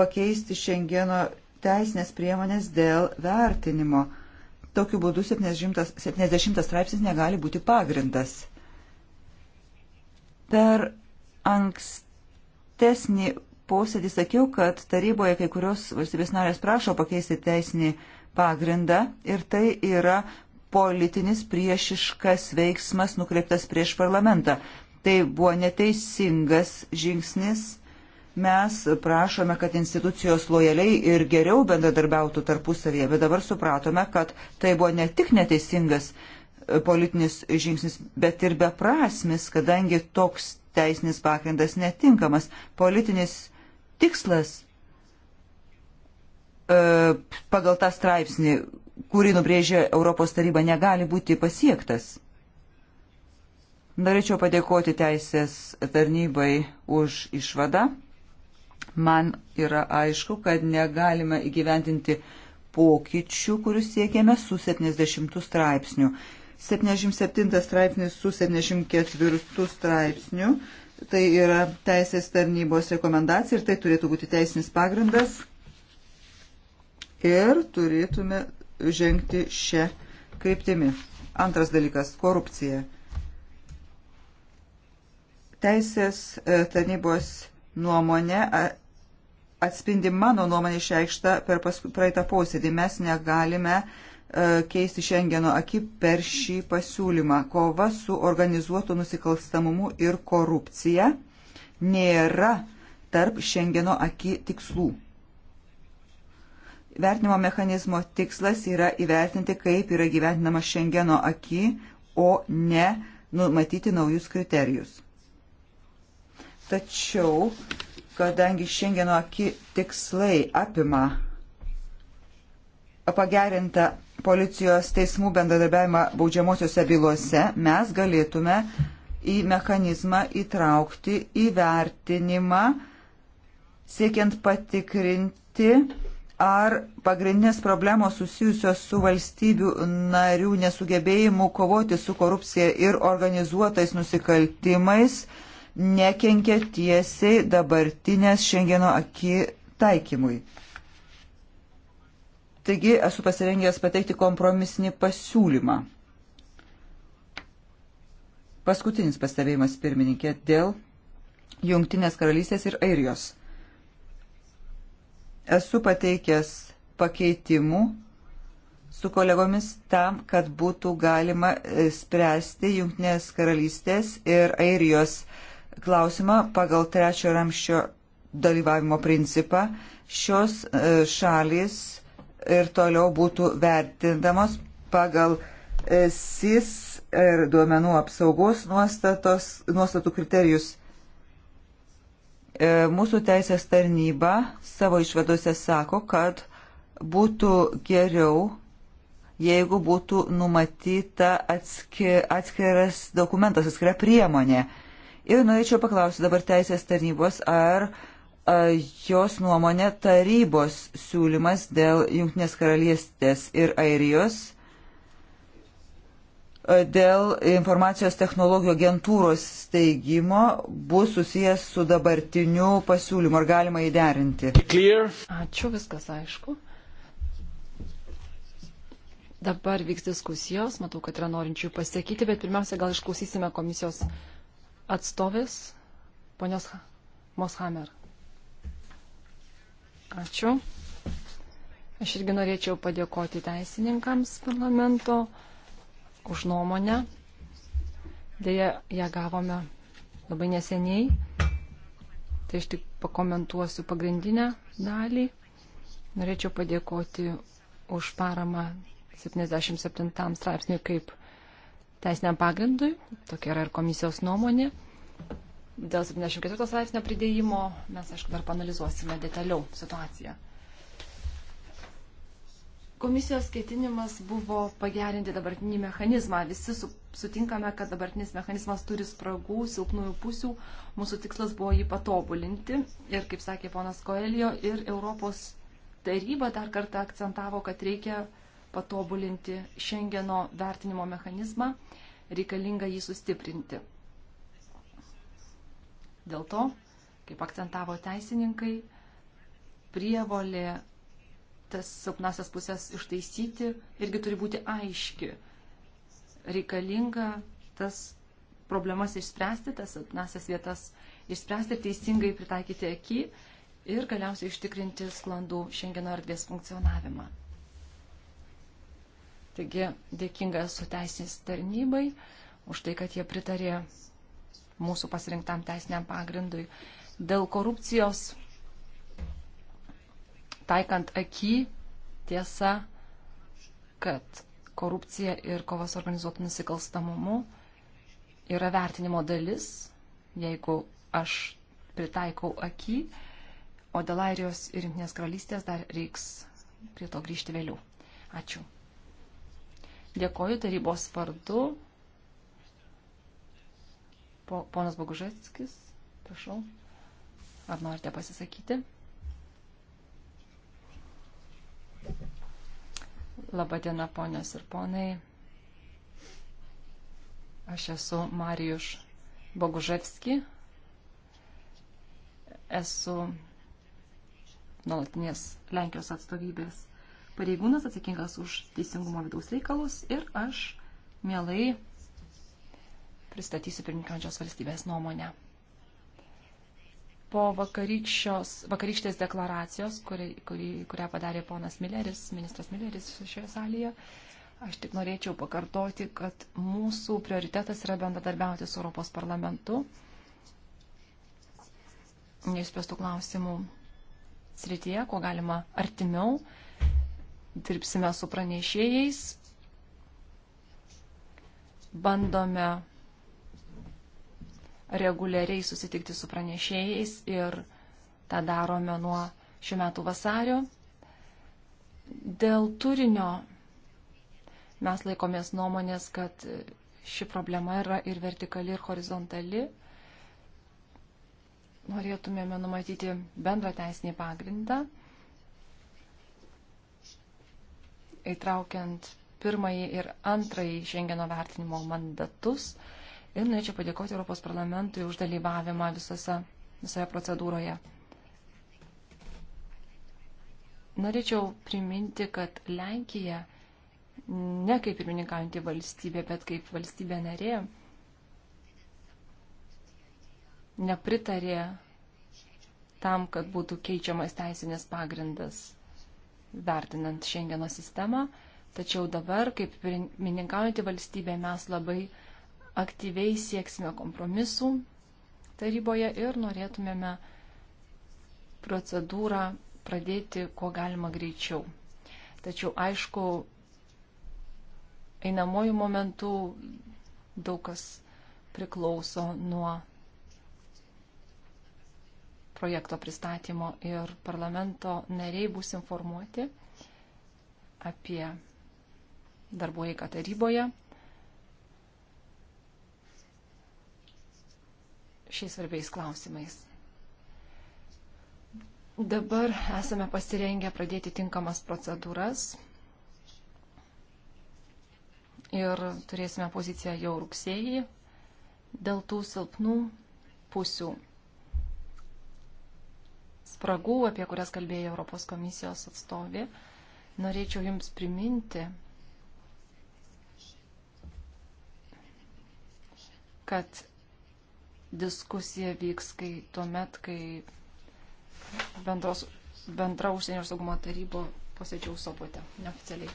pakeisti Šengeno teisinės priemonės dėl vertinimo. Tokiu būdu 70, 70 straipsnis negali būti pagrindas. Per ankstesnį posėdį sakiau, kad taryboje kai kurios valstybės narės prašo pakeisti teisinį pagrindą ir tai yra politinis priešiškas veiksmas nukreiptas prieš parlamentą. Tai buvo neteisingas žingsnis Mes prašome, kad institucijos lojaliai ir geriau bendradarbiautų tarpusavėje, bet dabar supratome, kad tai buvo ne tik neteisingas e, politinis žingsnis, bet ir beprasmis, kadangi toks teisinis pagrindas netinkamas. Politinis tikslas e, pagal tą straipsnį, kurį nubrėžė Europos taryba, negali būti pasiektas. Norėčiau padėkoti teisės tarnybai už išvadą. Man yra aišku, kad negalime įgyventinti pokyčių, kurius siekėme su 70 straipsniu. 77 straipsnis su 74 straipsniu. Tai yra teisės tarnybos rekomendacija ir tai turėtų būti teisinis pagrindas. Ir turėtume žengti šią kryptimį. Antras dalykas - korupcija. Teisės e, tarnybos nuomonė atspindi mano nuomonę išreikštą per pasku, praeitą posėdį. Mes negalime e, keisti Šengeno akį per šį pasiūlymą. Kova su organizuotu nusikalstamumu ir korupcija nėra tarp Šengeno akį tikslų. Vertinimo mechanizmo tikslas yra įvertinti, kaip yra gyventinama Šengeno akį, o ne numatyti naujus kriterijus. Tačiau kadangi šiandieno aki tikslai apima pagerintą policijos teismų bendradarbiavimą baudžiamosiose bylose, mes galėtume į mechanizmą įtraukti įvertinimą, siekiant patikrinti, ar pagrindinės problemos susijusios su valstybių narių nesugebėjimu kovoti su korupcija ir organizuotais nusikaltimais, uh, nekenkia tiesiai dabartinės Šengeno aki taikymui. Taigi esu pasirengęs pateikti kompromisinį pasiūlymą. Paskutinis pastebėjimas pirmininkė dėl Jungtinės karalystės ir Airijos. Esu pateikęs pakeitimų su kolegomis tam, kad būtų galima e, spręsti Jungtinės karalystės ir Airijos uh, klausimą pagal trečio ramščio dalyvavimo principą. Šios e, šalis ir toliau būtų vertindamos pagal e, SIS ir duomenų apsaugos nuostatos, nuostatų kriterijus. E, mūsų teisės tarnyba savo išvadose sako, kad būtų geriau, jeigu būtų numatyta atski, atskiras dokumentas, atskira priemonė. Uh, Ir norėčiau paklausyti dabar teisės tarnybos, ar a, jos nuomonė tarybos siūlymas dėl Junktinės karalystės ir Airijos dėl informacijos technologijų agentūros steigimo bus susijęs su dabartiniu pasiūlymu. Ar galima įderinti? Clear. Ačiū, viskas aišku. Dabar vyks diskusijos, matau, kad yra norinčių pasakyti, bet pirmiausia, gal išklausysime komisijos atstovės, ponios Moshamer. Ačiū. Aš irgi norėčiau padėkoti teisininkams parlamento už nuomonę. Deja, ją gavome labai neseniai. Tai aš tik pakomentuosiu pagrindinę dalį. Norėčiau padėkoti už paramą 77 straipsniui kaip teisiniam pagrindui, tokia yra ir komisijos nuomonė. Dėl 74 straipsnio pridėjimo mes, aišku, dar panalizuosime detaliau situaciją. Komisijos ketinimas buvo pagerinti dabartinį mechanizmą. Visi su, sutinkame, kad dabartinis mechanizmas turi spragų, silpnųjų pusių. Mūsų tikslas buvo jį patobulinti. Ir, kaip sakė ponas Koelio, ir Europos taryba dar kartą akcentavo, kad reikia uh, patobulinti Šengeno vertinimo mechanizmą, reikalinga jį sustiprinti. Dėl to, kaip akcentavo teisininkai, prievolė tas silpnasias pusės ištaisyti irgi turi būti aiški. Reikalinga tas problemas išspręsti, tas silpnasias vietas išspręsti, teisingai pritaikyti akį ir galiausiai ištikrinti sklandų Šengeno erdvės funkcionavimą. Taigi dėkinga esu teisės tarnybai už tai, kad jie pritarė mūsų pasirinktam teisiniam pagrindui. Dėl korupcijos taikant akį tiesa, kad korupcija ir kovas organizuotų nusikalstamumu yra vertinimo dalis, jeigu aš pritaikau akį, o dėl Airijos ir Junktinės karalystės dar reiks prie to grįžti vėliau. Ačiū. Dėkoju tarybos vardu. Po, ponas Bogužetskis, prašau. Ar norite pasisakyti? Labadiena, ponios ir ponai. Aš esu Marijuš Boguževski. Esu nuolatinės Lenkijos atstovybės pareigūnas atsakingas už teisingumo vidaus reikalus ir aš mielai pristatysiu pirmininkančios valstybės nuomonę. Po vakarykštės deklaracijos, kuri, kuri, kurią padarė ponas Milleris, ministras Milleris šioje salėje, aš tik norėčiau pakartoti, kad mūsų prioritetas yra bendradarbiauti su Europos parlamentu neišspręstų klausimų srityje, kuo galima artimiau dirbsime su pranešėjais, bandome reguliariai susitikti su pranešėjais ir tą darome nuo šių metų vasario. Dėl turinio mes laikomės nuomonės, kad ši problema yra ir vertikali, ir horizontali. Norėtumėme numatyti bendrą teisinį pagrindą įtraukiant pirmąjį ir antrąjį Šengeno vertinimo mandatus. Ir norėčiau padėkoti Europos parlamentui už dalyvavimą visose, visoje procedūroje. Norėčiau priminti, kad Lenkija ne kaip pirmininkaujantį valstybę, bet kaip valstybė narė nepritarė tam, kad būtų keičiamas teisinės pagrindas vertinant Šengeno sistemą, tačiau dabar, kaip mininkaujantį valstybę, mes labai aktyviai sieksime kompromisų taryboje ir norėtumėme procedūrą pradėti kuo galima greičiau. Tačiau, aišku, einamojų momentų daug kas priklauso nuo projekto pristatymo ir parlamento nariai bus informuoti apie darbo eiką taryboje. Šiais svarbiais klausimais. Dabar esame pasirengę pradėti tinkamas procedūras ir turėsime poziciją jau rugsėjį dėl tų silpnų pusių spragų, apie kurias kalbėjo Europos komisijos atstovė, norėčiau Jums priminti, kad diskusija vyks kai tuo met, kai bendros, bendra užsienio saugumo tarybo posėdžiau sobote neoficialiai.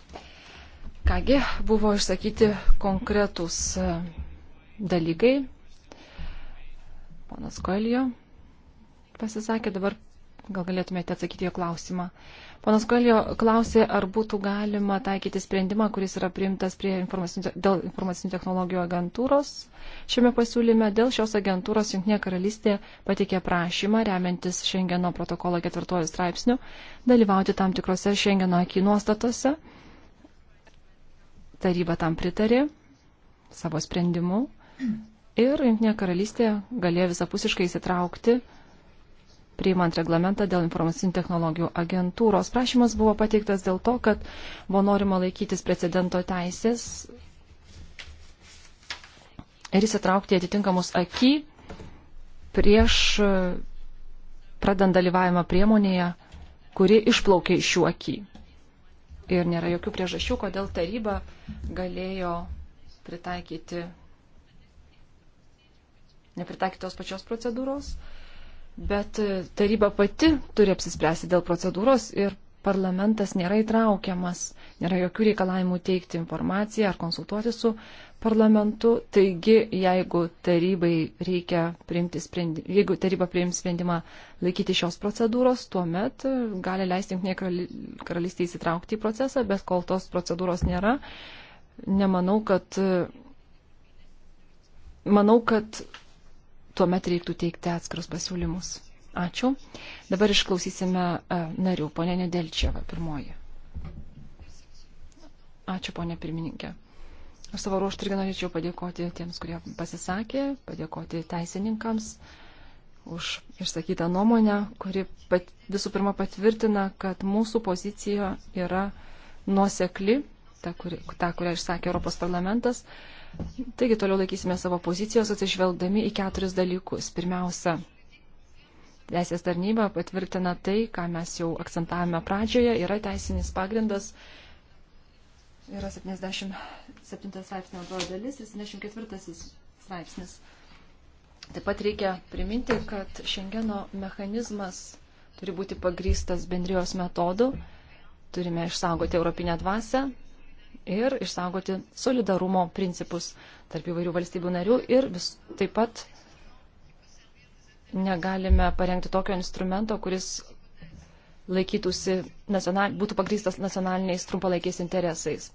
Kągi, buvo išsakyti konkretus e, dalykai. Ponas Kolio pasisakė, dabar Gal galėtumėte atsakyti jo klausimą. Panas Galio klausė, ar būtų galima taikyti sprendimą, kuris yra priimtas informacinių, dėl informacinių technologijų agentūros. Šiame pasiūlyme dėl šios agentūros Junktinė karalystė patikė prašymą, remiantis Šengeno protokolo ketvirtojų straipsnių, dalyvauti tam tikrose Šengeno akį nuostatose. Taryba tam pritarė savo sprendimu ir Junktinė karalystė galėjo visapusiškai įsitraukti priimant reglamentą dėl informacinių technologijų agentūros. Prašymas buvo pateiktas dėl to, kad buvo norima laikytis precedento teisės ir įsitraukti atitinkamus akį prieš e, pradant dalyvavimą priemonėje, kuri išplaukė iš šių akį. Ir nėra jokių priežasčių, kodėl taryba galėjo pritaikyti nepritaikytos pačios procedūros bet e, taryba pati turi apsispręsti dėl procedūros ir parlamentas nėra įtraukiamas, nėra jokių reikalavimų teikti informaciją ar konsultuoti su parlamentu. Taigi, jeigu tarybai reikia priimti sprendimą, jeigu taryba priims sprendimą laikyti šios procedūros, tuomet e, gali leisti Junktinė karalystė įsitraukti į procesą, bet kol tos procedūros nėra, nemanau, kad. E, manau, kad tuomet reiktų teikti atskirus pasiūlymus. Ačiū. Dabar išklausysime e, narių. Pone Nedelčiava, pirmoji. Ačiū, ponė pirmininkė. Aš savo ruoštų irgi norėčiau padėkoti tiems, kurie pasisakė, padėkoti teisininkams už išsakytą nuomonę, kuri pat, visų pirma patvirtina, kad mūsų pozicija yra nuosekli, ta, kuri, ta kurią išsakė Europos parlamentas. Uh, Taigi toliau laikysime savo pozicijos atsižvelgdami į keturis dalykus. Pirmiausia, Teisės tarnyba patvirtina tai, ką mes jau akcentavome pradžioje, yra teisinis pagrindas, yra 77 straipsnio antroji dalis ir 74 straipsnis. Taip pat reikia priminti, kad Šengeno mechanizmas turi būti pagrystas bendrijos metodu, turime išsaugoti europinę dvasę, ir išsaugoti solidarumo principus tarp įvairių valstybių narių ir vis taip pat negalime parengti tokio instrumento, kuris laikytųsi, nacional, būtų pagrystas nacionaliniais trumpalaikiais interesais.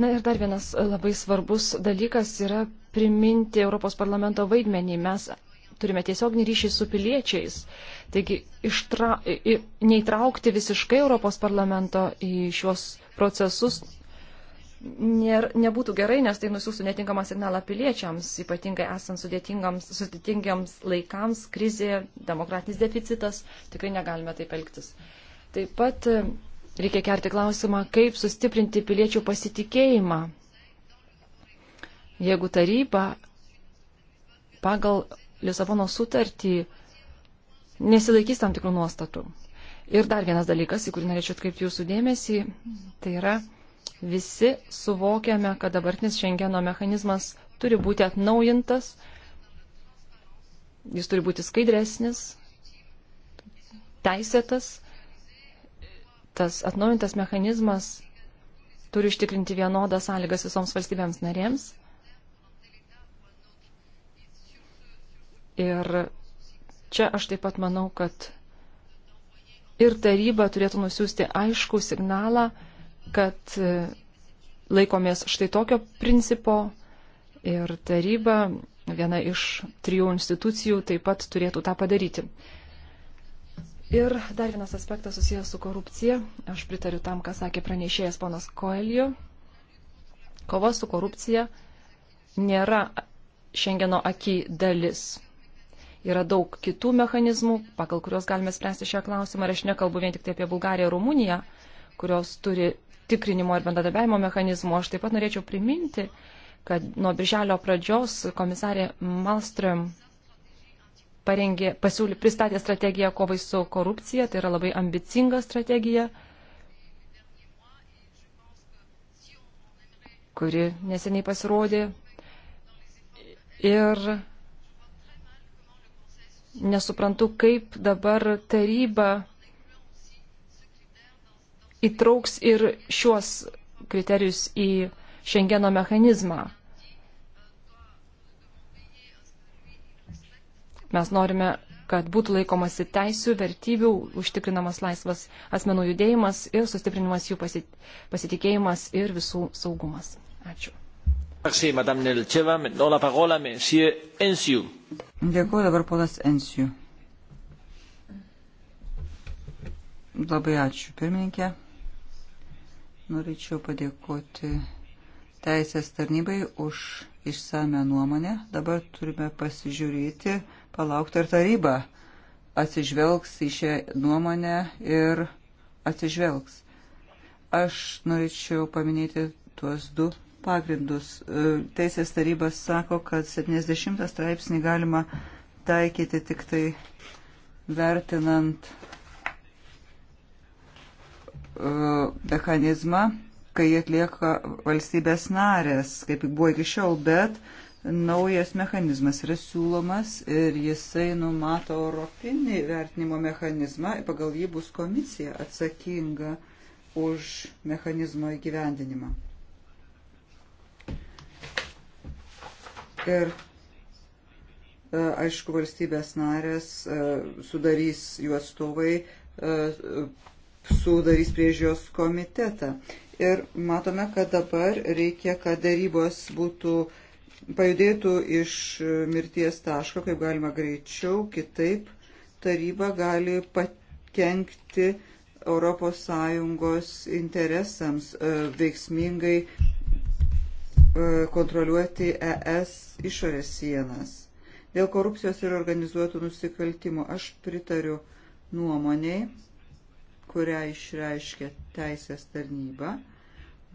Na ir dar vienas labai svarbus dalykas yra priminti Europos parlamento vaidmenį. Mes turime tiesioginį ryšį su piliečiais. Taigi ištra, neįtraukti visiškai Europos parlamento į šios procesus nėr, nebūtų gerai, nes tai nusiųstų netinkamą signalą piliečiams, ypatingai esant sudėtingiams laikams, krizė, demokratinis deficitas, tikrai negalime taip elgtis. Taip pat e, reikia kerti klausimą, kaip sustiprinti piliečių pasitikėjimą. Jeigu taryba pagal Lisabono sutartį nesilaikys tam tikrų nuostatų. Ir dar vienas dalykas, į kurį norėčiau atkreipti jūsų dėmesį, tai yra visi suvokiame, kad dabartinis Šengeno mechanizmas turi būti atnaujintas, jis turi būti skaidresnis, teisėtas. Tas atnaujintas mechanizmas turi užtikrinti vienodas sąlygas visoms valstybėms narėms. Ir čia aš taip pat manau, kad ir taryba turėtų nusiųsti aišku signalą, kad e, laikomės štai tokio principo ir taryba, viena iš trijų institucijų, taip pat turėtų tą padaryti. Ir dar vienas aspektas susijęs su korupcija. Aš pritariu tam, ką sakė pranešėjas ponas Koelio. Kova su korupcija nėra Šengeno aky dalis yra daug kitų mechanizmų, pagal kuriuos galime spręsti šią klausimą. Ir aš nekalbu vien tik tai apie Bulgariją ir Rumuniją, kurios turi tikrinimo ir bendradarbiavimo mechanizmo. Aš taip pat norėčiau priminti, kad nuo birželio pradžios komisarė Malström parengė, pasiūlė, pristatė strategiją kovai su korupcija, tai yra labai ambicinga strategija, kuri neseniai pasirodė. Ir nesuprantu, kaip dabar taryba įtrauks ir šiuos kriterijus į Šengeno mechanizmą. Mes norime, kad būtų laikomasi teisų, vertybių, užtikrinamas laisvas asmenų judėjimas ir sustiprinimas jų pasitikėjimas ir visų saugumas. Ačiū. Dėkuoju dabar ponas Ensijų. Labai ačiū, pirmininkė. Norėčiau padėkoti teisės tarnybai už išsame nuomonę. Dabar turime pasižiūrėti, palaukti ar taryba atsižvelgs į šią nuomonę ir atsižvelgs. Aš norėčiau paminėti tuos du pagrindus. E, teisės tarybas sako, kad 70 straipsnį galima taikyti tik tai vertinant E, mechanizmą, kai atlieka valstybės narės, kaip buvo iki šiol, bet naujas mechanizmas yra siūlomas ir jisai numato europinį vertinimo mechanizmą, pagal jį bus komisija atsakinga už mechanizmo įgyvendinimą. Ir e, aišku, valstybės narės e, sudarys jų atstovai sudarys priežios komitetą. Ir matome, kad dabar reikia, kad darybos būtų pajudėtų iš mirties taško, kaip galima greičiau, kitaip taryba gali pakenkti ES interesams e, veiksmingai e, kontroliuoti ES išorės sienas. Dėl korupcijos ir organizuotų nusikaltimų aš pritariu nuomoniai kurią išreiškia teisės tarnyba,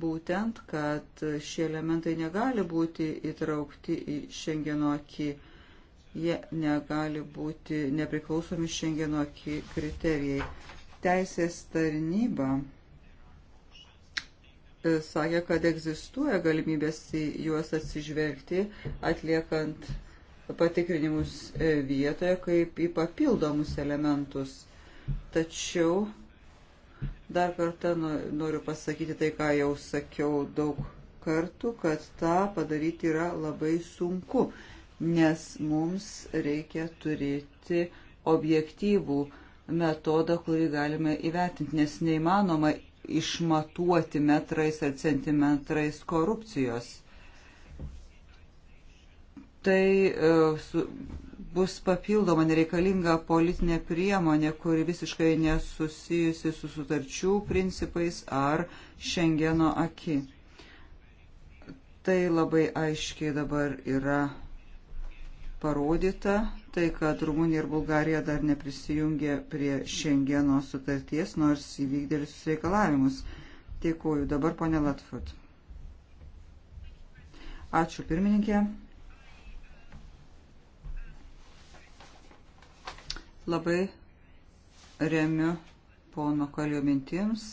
būtent, kad šie elementai negali būti įtraukti į Šengeno akį, jie negali būti nepriklausomi Šengeno akį kriterijai. Teisės tarnyba e, sakė, kad egzistuoja galimybės į juos atsižvelgti, atliekant patikrinimus e, vietoje kaip į papildomus elementus. Tačiau Dar kartą nu, noriu pasakyti tai, ką jau sakiau daug kartų, kad tą padaryti yra labai sunku, nes mums reikia turėti objektyvų metodą, kurį galime įvertinti, nes neįmanoma išmatuoti metrais ar centimetrais korupcijos tai e, su, bus papildoma nereikalinga politinė priemonė, kuri visiškai nesusijusi su sutarčių principais ar Šengeno aki. Tai labai aiškiai dabar yra parodyta, tai kad Rumunija ir Bulgarija dar neprisijungė prie Šengeno sutarties, nors įvykdė visus reikalavimus. Dėkuoju. Dabar ponė Latford. Ačiū pirmininkė. Labai remiu pono Kalio mintims,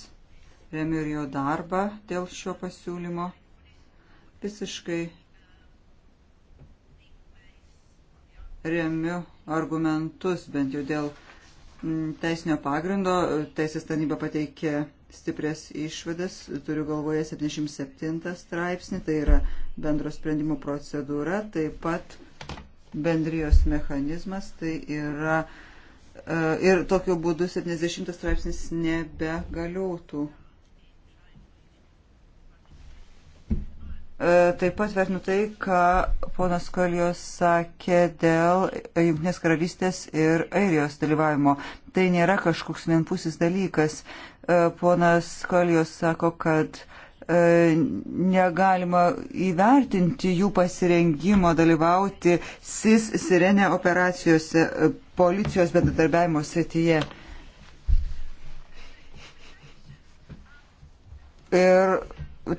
remiu ir jo darbą dėl šio pasiūlymo. Visiškai remiu argumentus, bent jau dėl mm, teisinio pagrindo. Teisės tarnyba pateikė stiprias išvadas, turiu galvoje 77 straipsnį, tai yra bendro sprendimų procedūra, taip pat bendrijos mechanizmas, tai yra uh, E, ir tokiu būdu 70 straipsnis nebegaliotų. E, taip pat vertinu tai, ką ponas Kolijos sakė dėl Junktinės karalystės ir Airijos dalyvavimo. Tai nėra kažkoks vienpusis dalykas. E, ponas Kolijos sako, kad uh, E, negalima įvertinti jų pasirengimo dalyvauti SIS Sirene operacijose e, policijos bendradarbiavimo srityje. Ir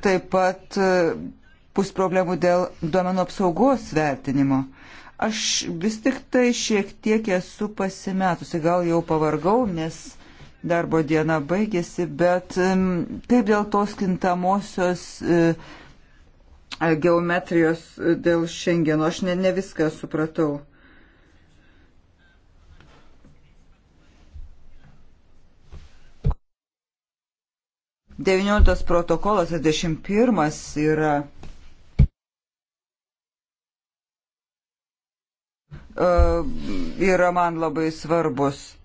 taip pat e, bus problemų dėl duomenų apsaugos vertinimo. Aš vis tik tai šiek tiek esu pasimetusi, gal jau pavargau, nes darbo diena baigėsi, bet kaip dėl tos kintamosios e, e, geometrijos e, dėl šiandieno, aš ne, ne viską supratau. XIX protokolas 21 yra yra man labai svarbus.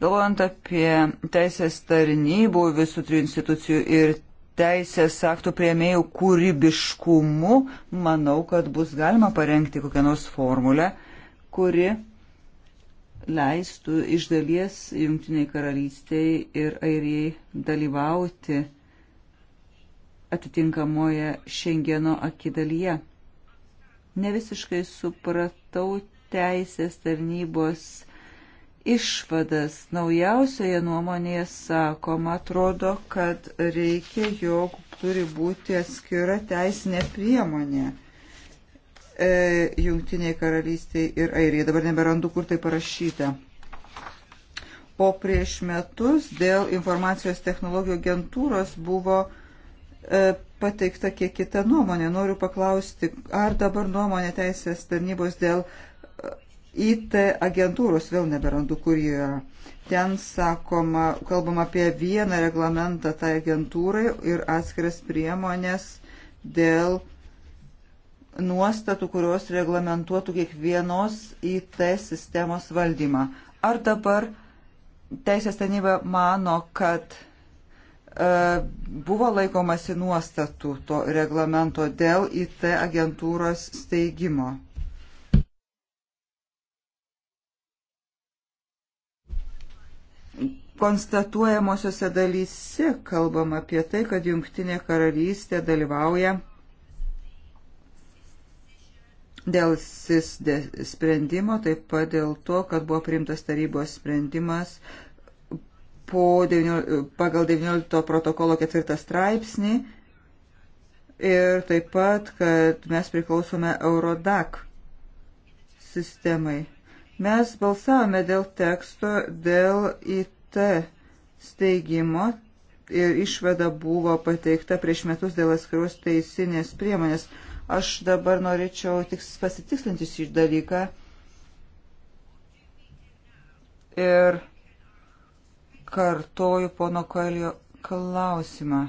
Galvojant apie teisės tarnybų visų trijų institucijų ir teisės aktų prieimėjų kūrybiškumu, manau, kad bus galima parengti kokią nors formulę, kuri leistų iš dalies Junktiniai karalystiai ir Airijai dalyvauti atitinkamoje Šengeno akidalyje. Ne visiškai supratau teisės tarnybos išvadas. Naujausioje nuomonėje sakoma, atrodo, kad reikia, jog turi būti atskira teisinė priemonė e, Jungtiniai karalystiai ir Airijai. Dabar neberandu, kur tai parašyta. O prieš metus dėl informacijos technologijų agentūros buvo e, pateikta kiek kita nuomonė. Noriu paklausti, ar dabar nuomonė teisės tarnybos dėl e, IT agentūros, vėl neberandu, kur jie yra. Ten sakoma, kalbam apie vieną reglamentą tai agentūrai ir atskiras priemonės dėl nuostatų, kurios reglamentuotų kiekvienos IT sistemos valdymą. Ar dabar teisės tarnyba mano, kad e, buvo laikomasi nuostatų to reglamento dėl IT agentūros steigimo. konstatuojamosiose dalyse kalbam apie tai, kad Junktinė karalystė dalyvauja dėl SIS sprendimo, taip pat dėl to, kad buvo priimtas tarybos sprendimas po, pagal 19 protokolo 4 straipsnį ir taip pat, kad mes priklausome Eurodac sistemai. Mes balsavome dėl teksto, dėl IT steigimo ir išvada buvo pateikta prieš metus dėl atskiros teisinės priemonės. Aš dabar norėčiau tik pasitikslinti šį dalyką. Ir kartoju pono Koelio klausimą.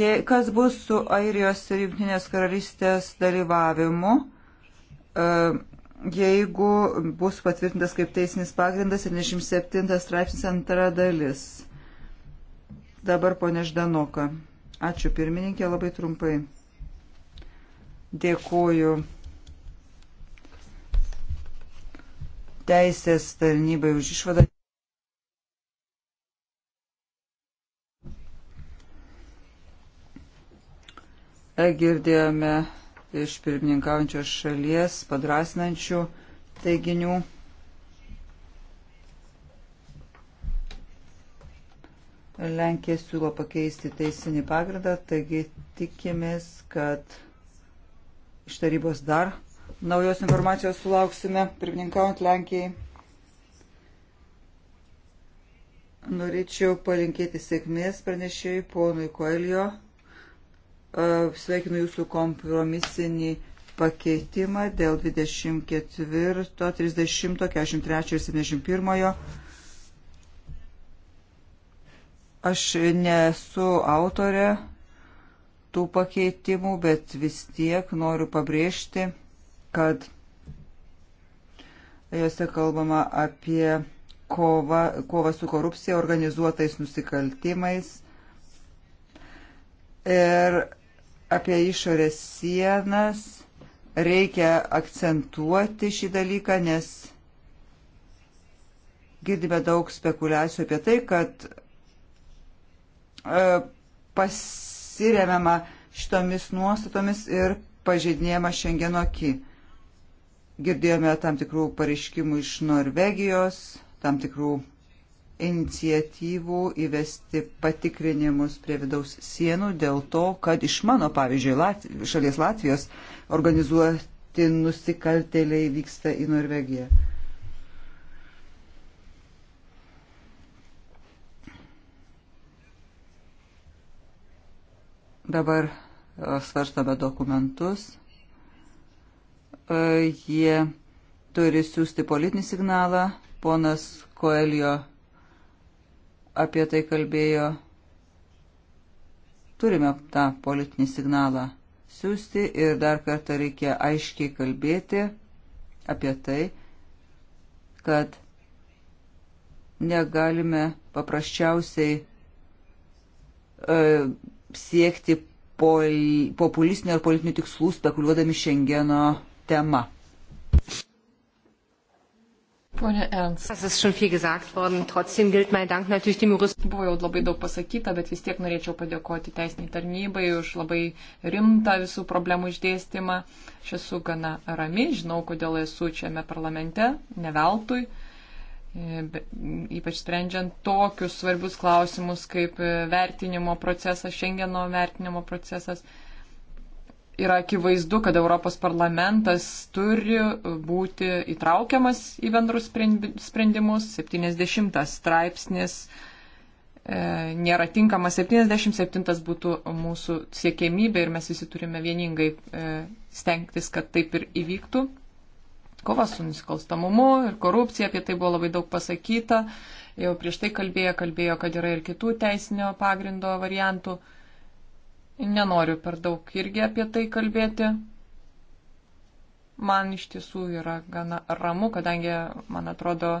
Jei kas bus su Airijos ir Junktinės karalystės dalyvavimu, e, jeigu bus patvirtintas kaip teisinis pagrindas 77 straipsnis antra dalis. Dabar ponė Ždanoka. Ačiū pirmininkė, labai trumpai. Dėkuoju teisės tarnybai už išvadą. E, girdėjome iš pirmininkaujančios šalies padrasinančių teiginių. Lenkija siūlo pakeisti teisinį pagrindą, taigi tikimės, kad iš tarybos dar naujos informacijos sulauksime, pirmininkaujant Lenkijai. Norėčiau palinkėti sėkmės pranešėjai ponui Koelio. Sveikinu jūsų kompromisinį pakeitimą dėl 24, 30, 43 ir 71. Aš nesu autorė tų pakeitimų, bet vis tiek noriu pabrėžti, kad juose kalbama apie kovą, kovą su korupcija, organizuotais nusikaltimais. Ir apie išorės sienas. Reikia akcentuoti šį dalyką, nes girdime daug spekulacijų apie tai, kad e, pasiremiama šitomis nuostatomis ir pažeidinėjama Šengeno aki. Girdėjome tam tikrų pareiškimų iš Norvegijos, tam tikrų iniciatyvų įvesti patikrinimus prie vidaus sienų dėl to, kad iš mano, pavyzdžiui, Latv šalies Latvijos organizuoti nusikaltėliai vyksta į Norvegiją. Dabar e, svarstame dokumentus. E, jie turi siūsti politinį signalą. Ponas Koelio apie tai kalbėjo. Turime tą politinį signalą siūsti ir dar kartą reikia aiškiai kalbėti apie tai, kad negalime paprasčiausiai e, siekti pol, populistinio ir politinių tikslų spekuliuodami Šengeno tema. Pone Ernst. Buvo jau labai daug pasakyta, bet vis tiek norėčiau padėkoti teisiniai tarnybai už labai rimtą visų problemų išdėstymą. Aš esu gana rami, žinau, kodėl esu šiame parlamente, neveltui. E, ypač sprendžiant tokius svarbius klausimus kaip e, vertinimo procesas, Šengeno vertinimo procesas yra akivaizdu, kad Europos parlamentas turi būti įtraukiamas į bendrus sprendimus. 70 straipsnis e, nėra tinkamas, 77 būtų mūsų siekėmybė ir mes visi turime vieningai e, stengtis, kad taip ir įvyktų. Kova su nusikalstamumu ir korupcija, apie tai buvo labai daug pasakyta. Jau prieš tai kalbėjo, kalbėjo, kad yra ir kitų teisinio pagrindo variantų. E, Nenoriu per daug irgi apie tai kalbėti. Man iš tiesų yra gana ramu, kadangi, man atrodo,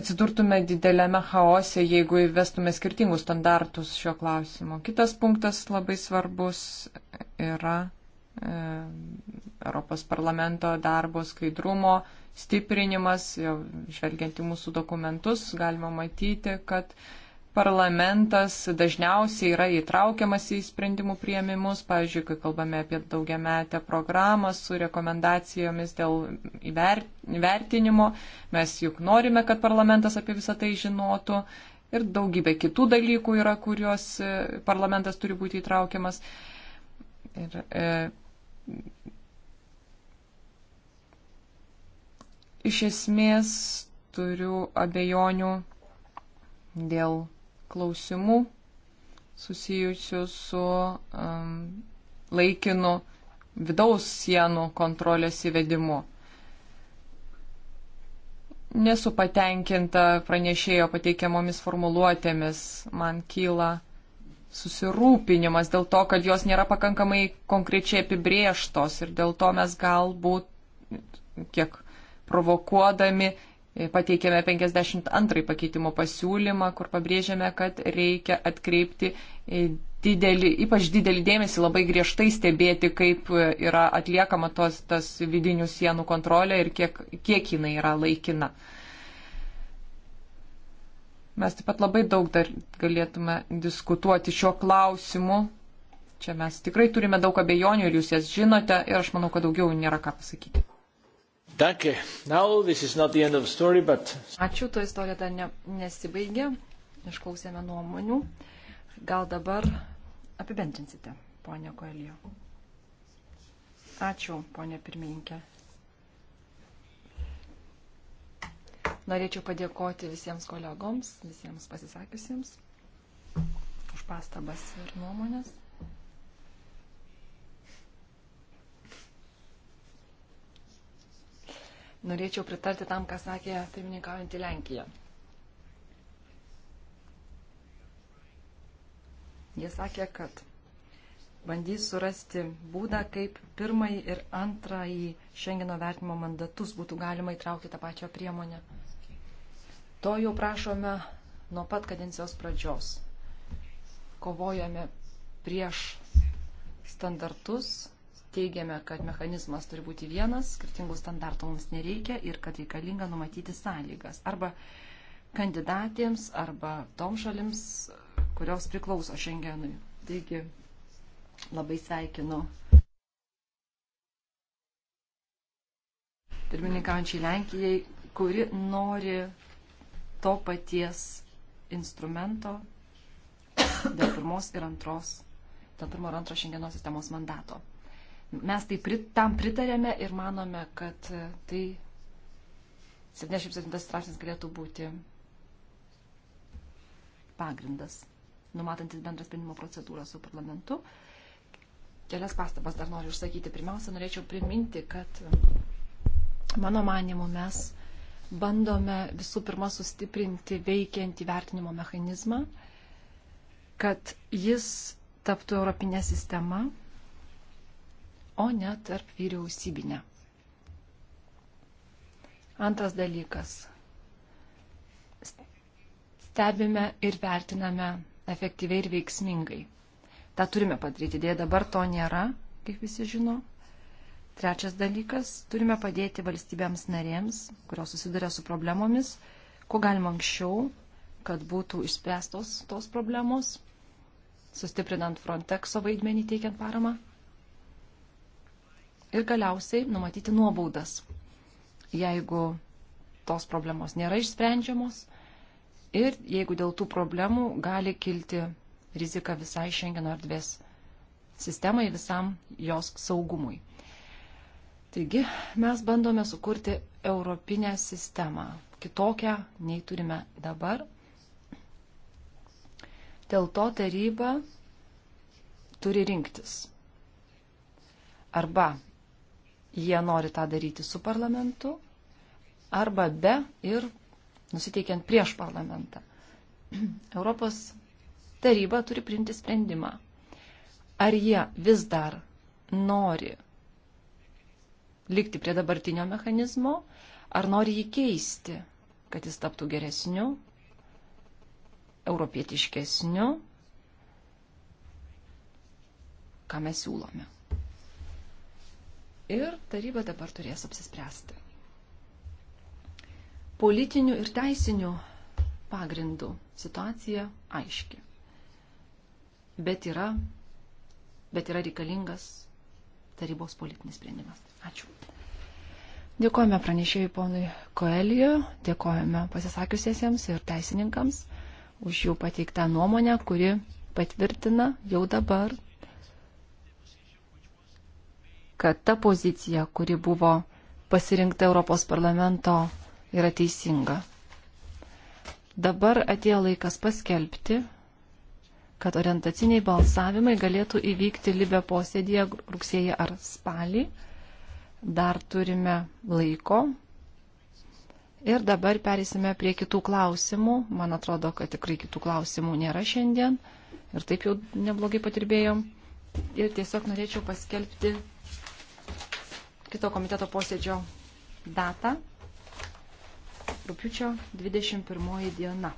atsidurtume didelėme chaose, jeigu įvestume skirtingus standartus šio klausimu. Kitas punktas labai svarbus yra e, Europos parlamento darbo skaidrumo stiprinimas. Jau žvelgiant į mūsų dokumentus, galima matyti, kad e, parlamentas dažniausiai yra įtraukiamas į sprendimų prieimimus, pavyzdžiui, kai kalbame apie daugiametę programą su rekomendacijomis dėl įvertinimo, mes juk norime, kad parlamentas apie visą tai žinotų ir daugybė kitų dalykų yra, kuriuos e, parlamentas turi būti įtraukiamas. Ir, e, iš esmės turiu abejonių dėl klausimų susijusių su um, laikinu vidaus sienų kontrolės įvedimu. Nesu patenkinta pranešėjo pateikiamomis formuluotėmis. Man kyla susirūpinimas dėl to, kad jos nėra pakankamai konkrečiai apibrieštos ir dėl to mes galbūt kiek provokuodami pateikėme 52 pakeitimo pasiūlymą, kur pabrėžėme, kad reikia atkreipti e, didelį, ypač didelį dėmesį, labai griežtai stebėti, kaip e, yra atliekama tos, tas vidinių sienų kontrolė ir kiek, kiek jinai yra laikina. Mes taip pat labai daug dar galėtume diskutuoti šiuo klausimu. Čia mes tikrai turime daug abejonių ir jūs jas žinote ir aš manau, kad daugiau nėra ką pasakyti. Danke. Now this is not the end of the story, but... Ačiū, to istorija dar ne, nesibaigė. Išklausėme nuomonių. Gal dabar apibendrinsite, ponė Koelijo. Ačiū, ponė pirmininkė. Norėčiau padėkoti visiems kolegoms, visiems pasisakiusiems už pastabas ir nuomonės. norėčiau pritarti tam, ką sakė pirmininkaujantį Lenkiją. Jie sakė, kad bandys surasti būdą, kaip pirmąjį ir antrąjį Šengeno vertimo mandatus būtų galima įtraukti tą pačią priemonę. To jau prašome nuo pat kadencijos pradžios. Kovojame prieš standartus teigiame, kad mechanizmas turi būti vienas, skirtingų standartų mums nereikia ir kad reikalinga numatyti sąlygas arba kandidatėms, arba tom šalims, kurios priklauso Šengenui. Taigi labai sveikinu pirmininkaujančiai Lenkijai, kuri nori to paties instrumento dėl pirmos ir antros, dėl pirmo ir antro šiandienos sistemos mandato. Mes tai prit, tam pritarėme ir manome, kad e, tai 77 straipsnis galėtų būti pagrindas, numatantis bendrą sprendimo procedūrą su parlamentu. Kelias pastabas dar noriu užsakyti. Pirmiausia, norėčiau priminti, kad e, mano manimu mes bandome visų pirma sustiprinti veikiantį vertinimo mechanizmą, kad jis taptų Europinė sistema o ne tarp vyriausybinę. Antras dalykas. Stebime ir vertiname efektyviai ir veiksmingai. Ta turime padaryti, dėja dabar to nėra, kaip visi žino. Trečias dalykas - turime padėti valstybėms narėms, kurios susiduria su problemomis, kuo galima anksčiau, kad būtų išspręstos tos problemos, sustiprinant Frontexo vaidmenį teikiant paramą ir galiausiai numatyti nuobaudas, jeigu tos problemos nėra išsprendžiamos ir jeigu dėl tų problemų gali kilti rizika visai Schengeno erdvės sistemai, visam jos saugumui. Taigi mes bandome sukurti europinę sistemą, kitokią nei turime dabar. Dėl to taryba turi rinktis. Arba jie nori tą daryti su parlamentu arba be ir nusiteikiant prieš parlamentą. Europos taryba turi priimti sprendimą. Ar jie vis dar nori likti prie dabartinio mechanizmo, ar nori jį keisti, kad jis taptų geresniu, europietiškesniu, ką mes siūlome. Ir taryba dabar turės apsispręsti. Politinių ir teisinių pagrindų situacija aiški. Bet yra, bet yra reikalingas tarybos politinis sprendimas. Ačiū. Dėkojame pranešėjui ponui Koelijo, dėkojame pasisakiusiesiems ir teisininkams už jų pateiktą nuomonę, kuri patvirtina jau dabar kad ta pozicija, kuri buvo pasirinkta Europos parlamento, yra teisinga. Dabar atėjo laikas paskelbti, kad orientaciniai balsavimai galėtų įvykti Libė posėdėje rugsėje ar spalį. Dar turime laiko. Ir dabar perėsime prie kitų klausimų. Man atrodo, kad tikrai kitų klausimų nėra šiandien. Ir taip jau neblogai patirbėjom. Ir tiesiog norėčiau paskelbti kito komiteto posėdžio datą. Rūpiučio 21 diena.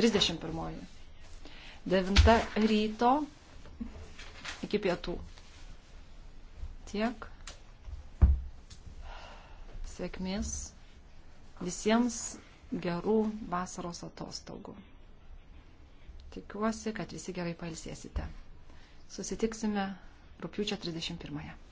31. 9 ryto iki pietų. Tiek. Sėkmės visiems gerų vasaros atostogų. Tikiuosi, kad visi gerai pailsėsite. Susitiksime rūpiučio 31. -ąją.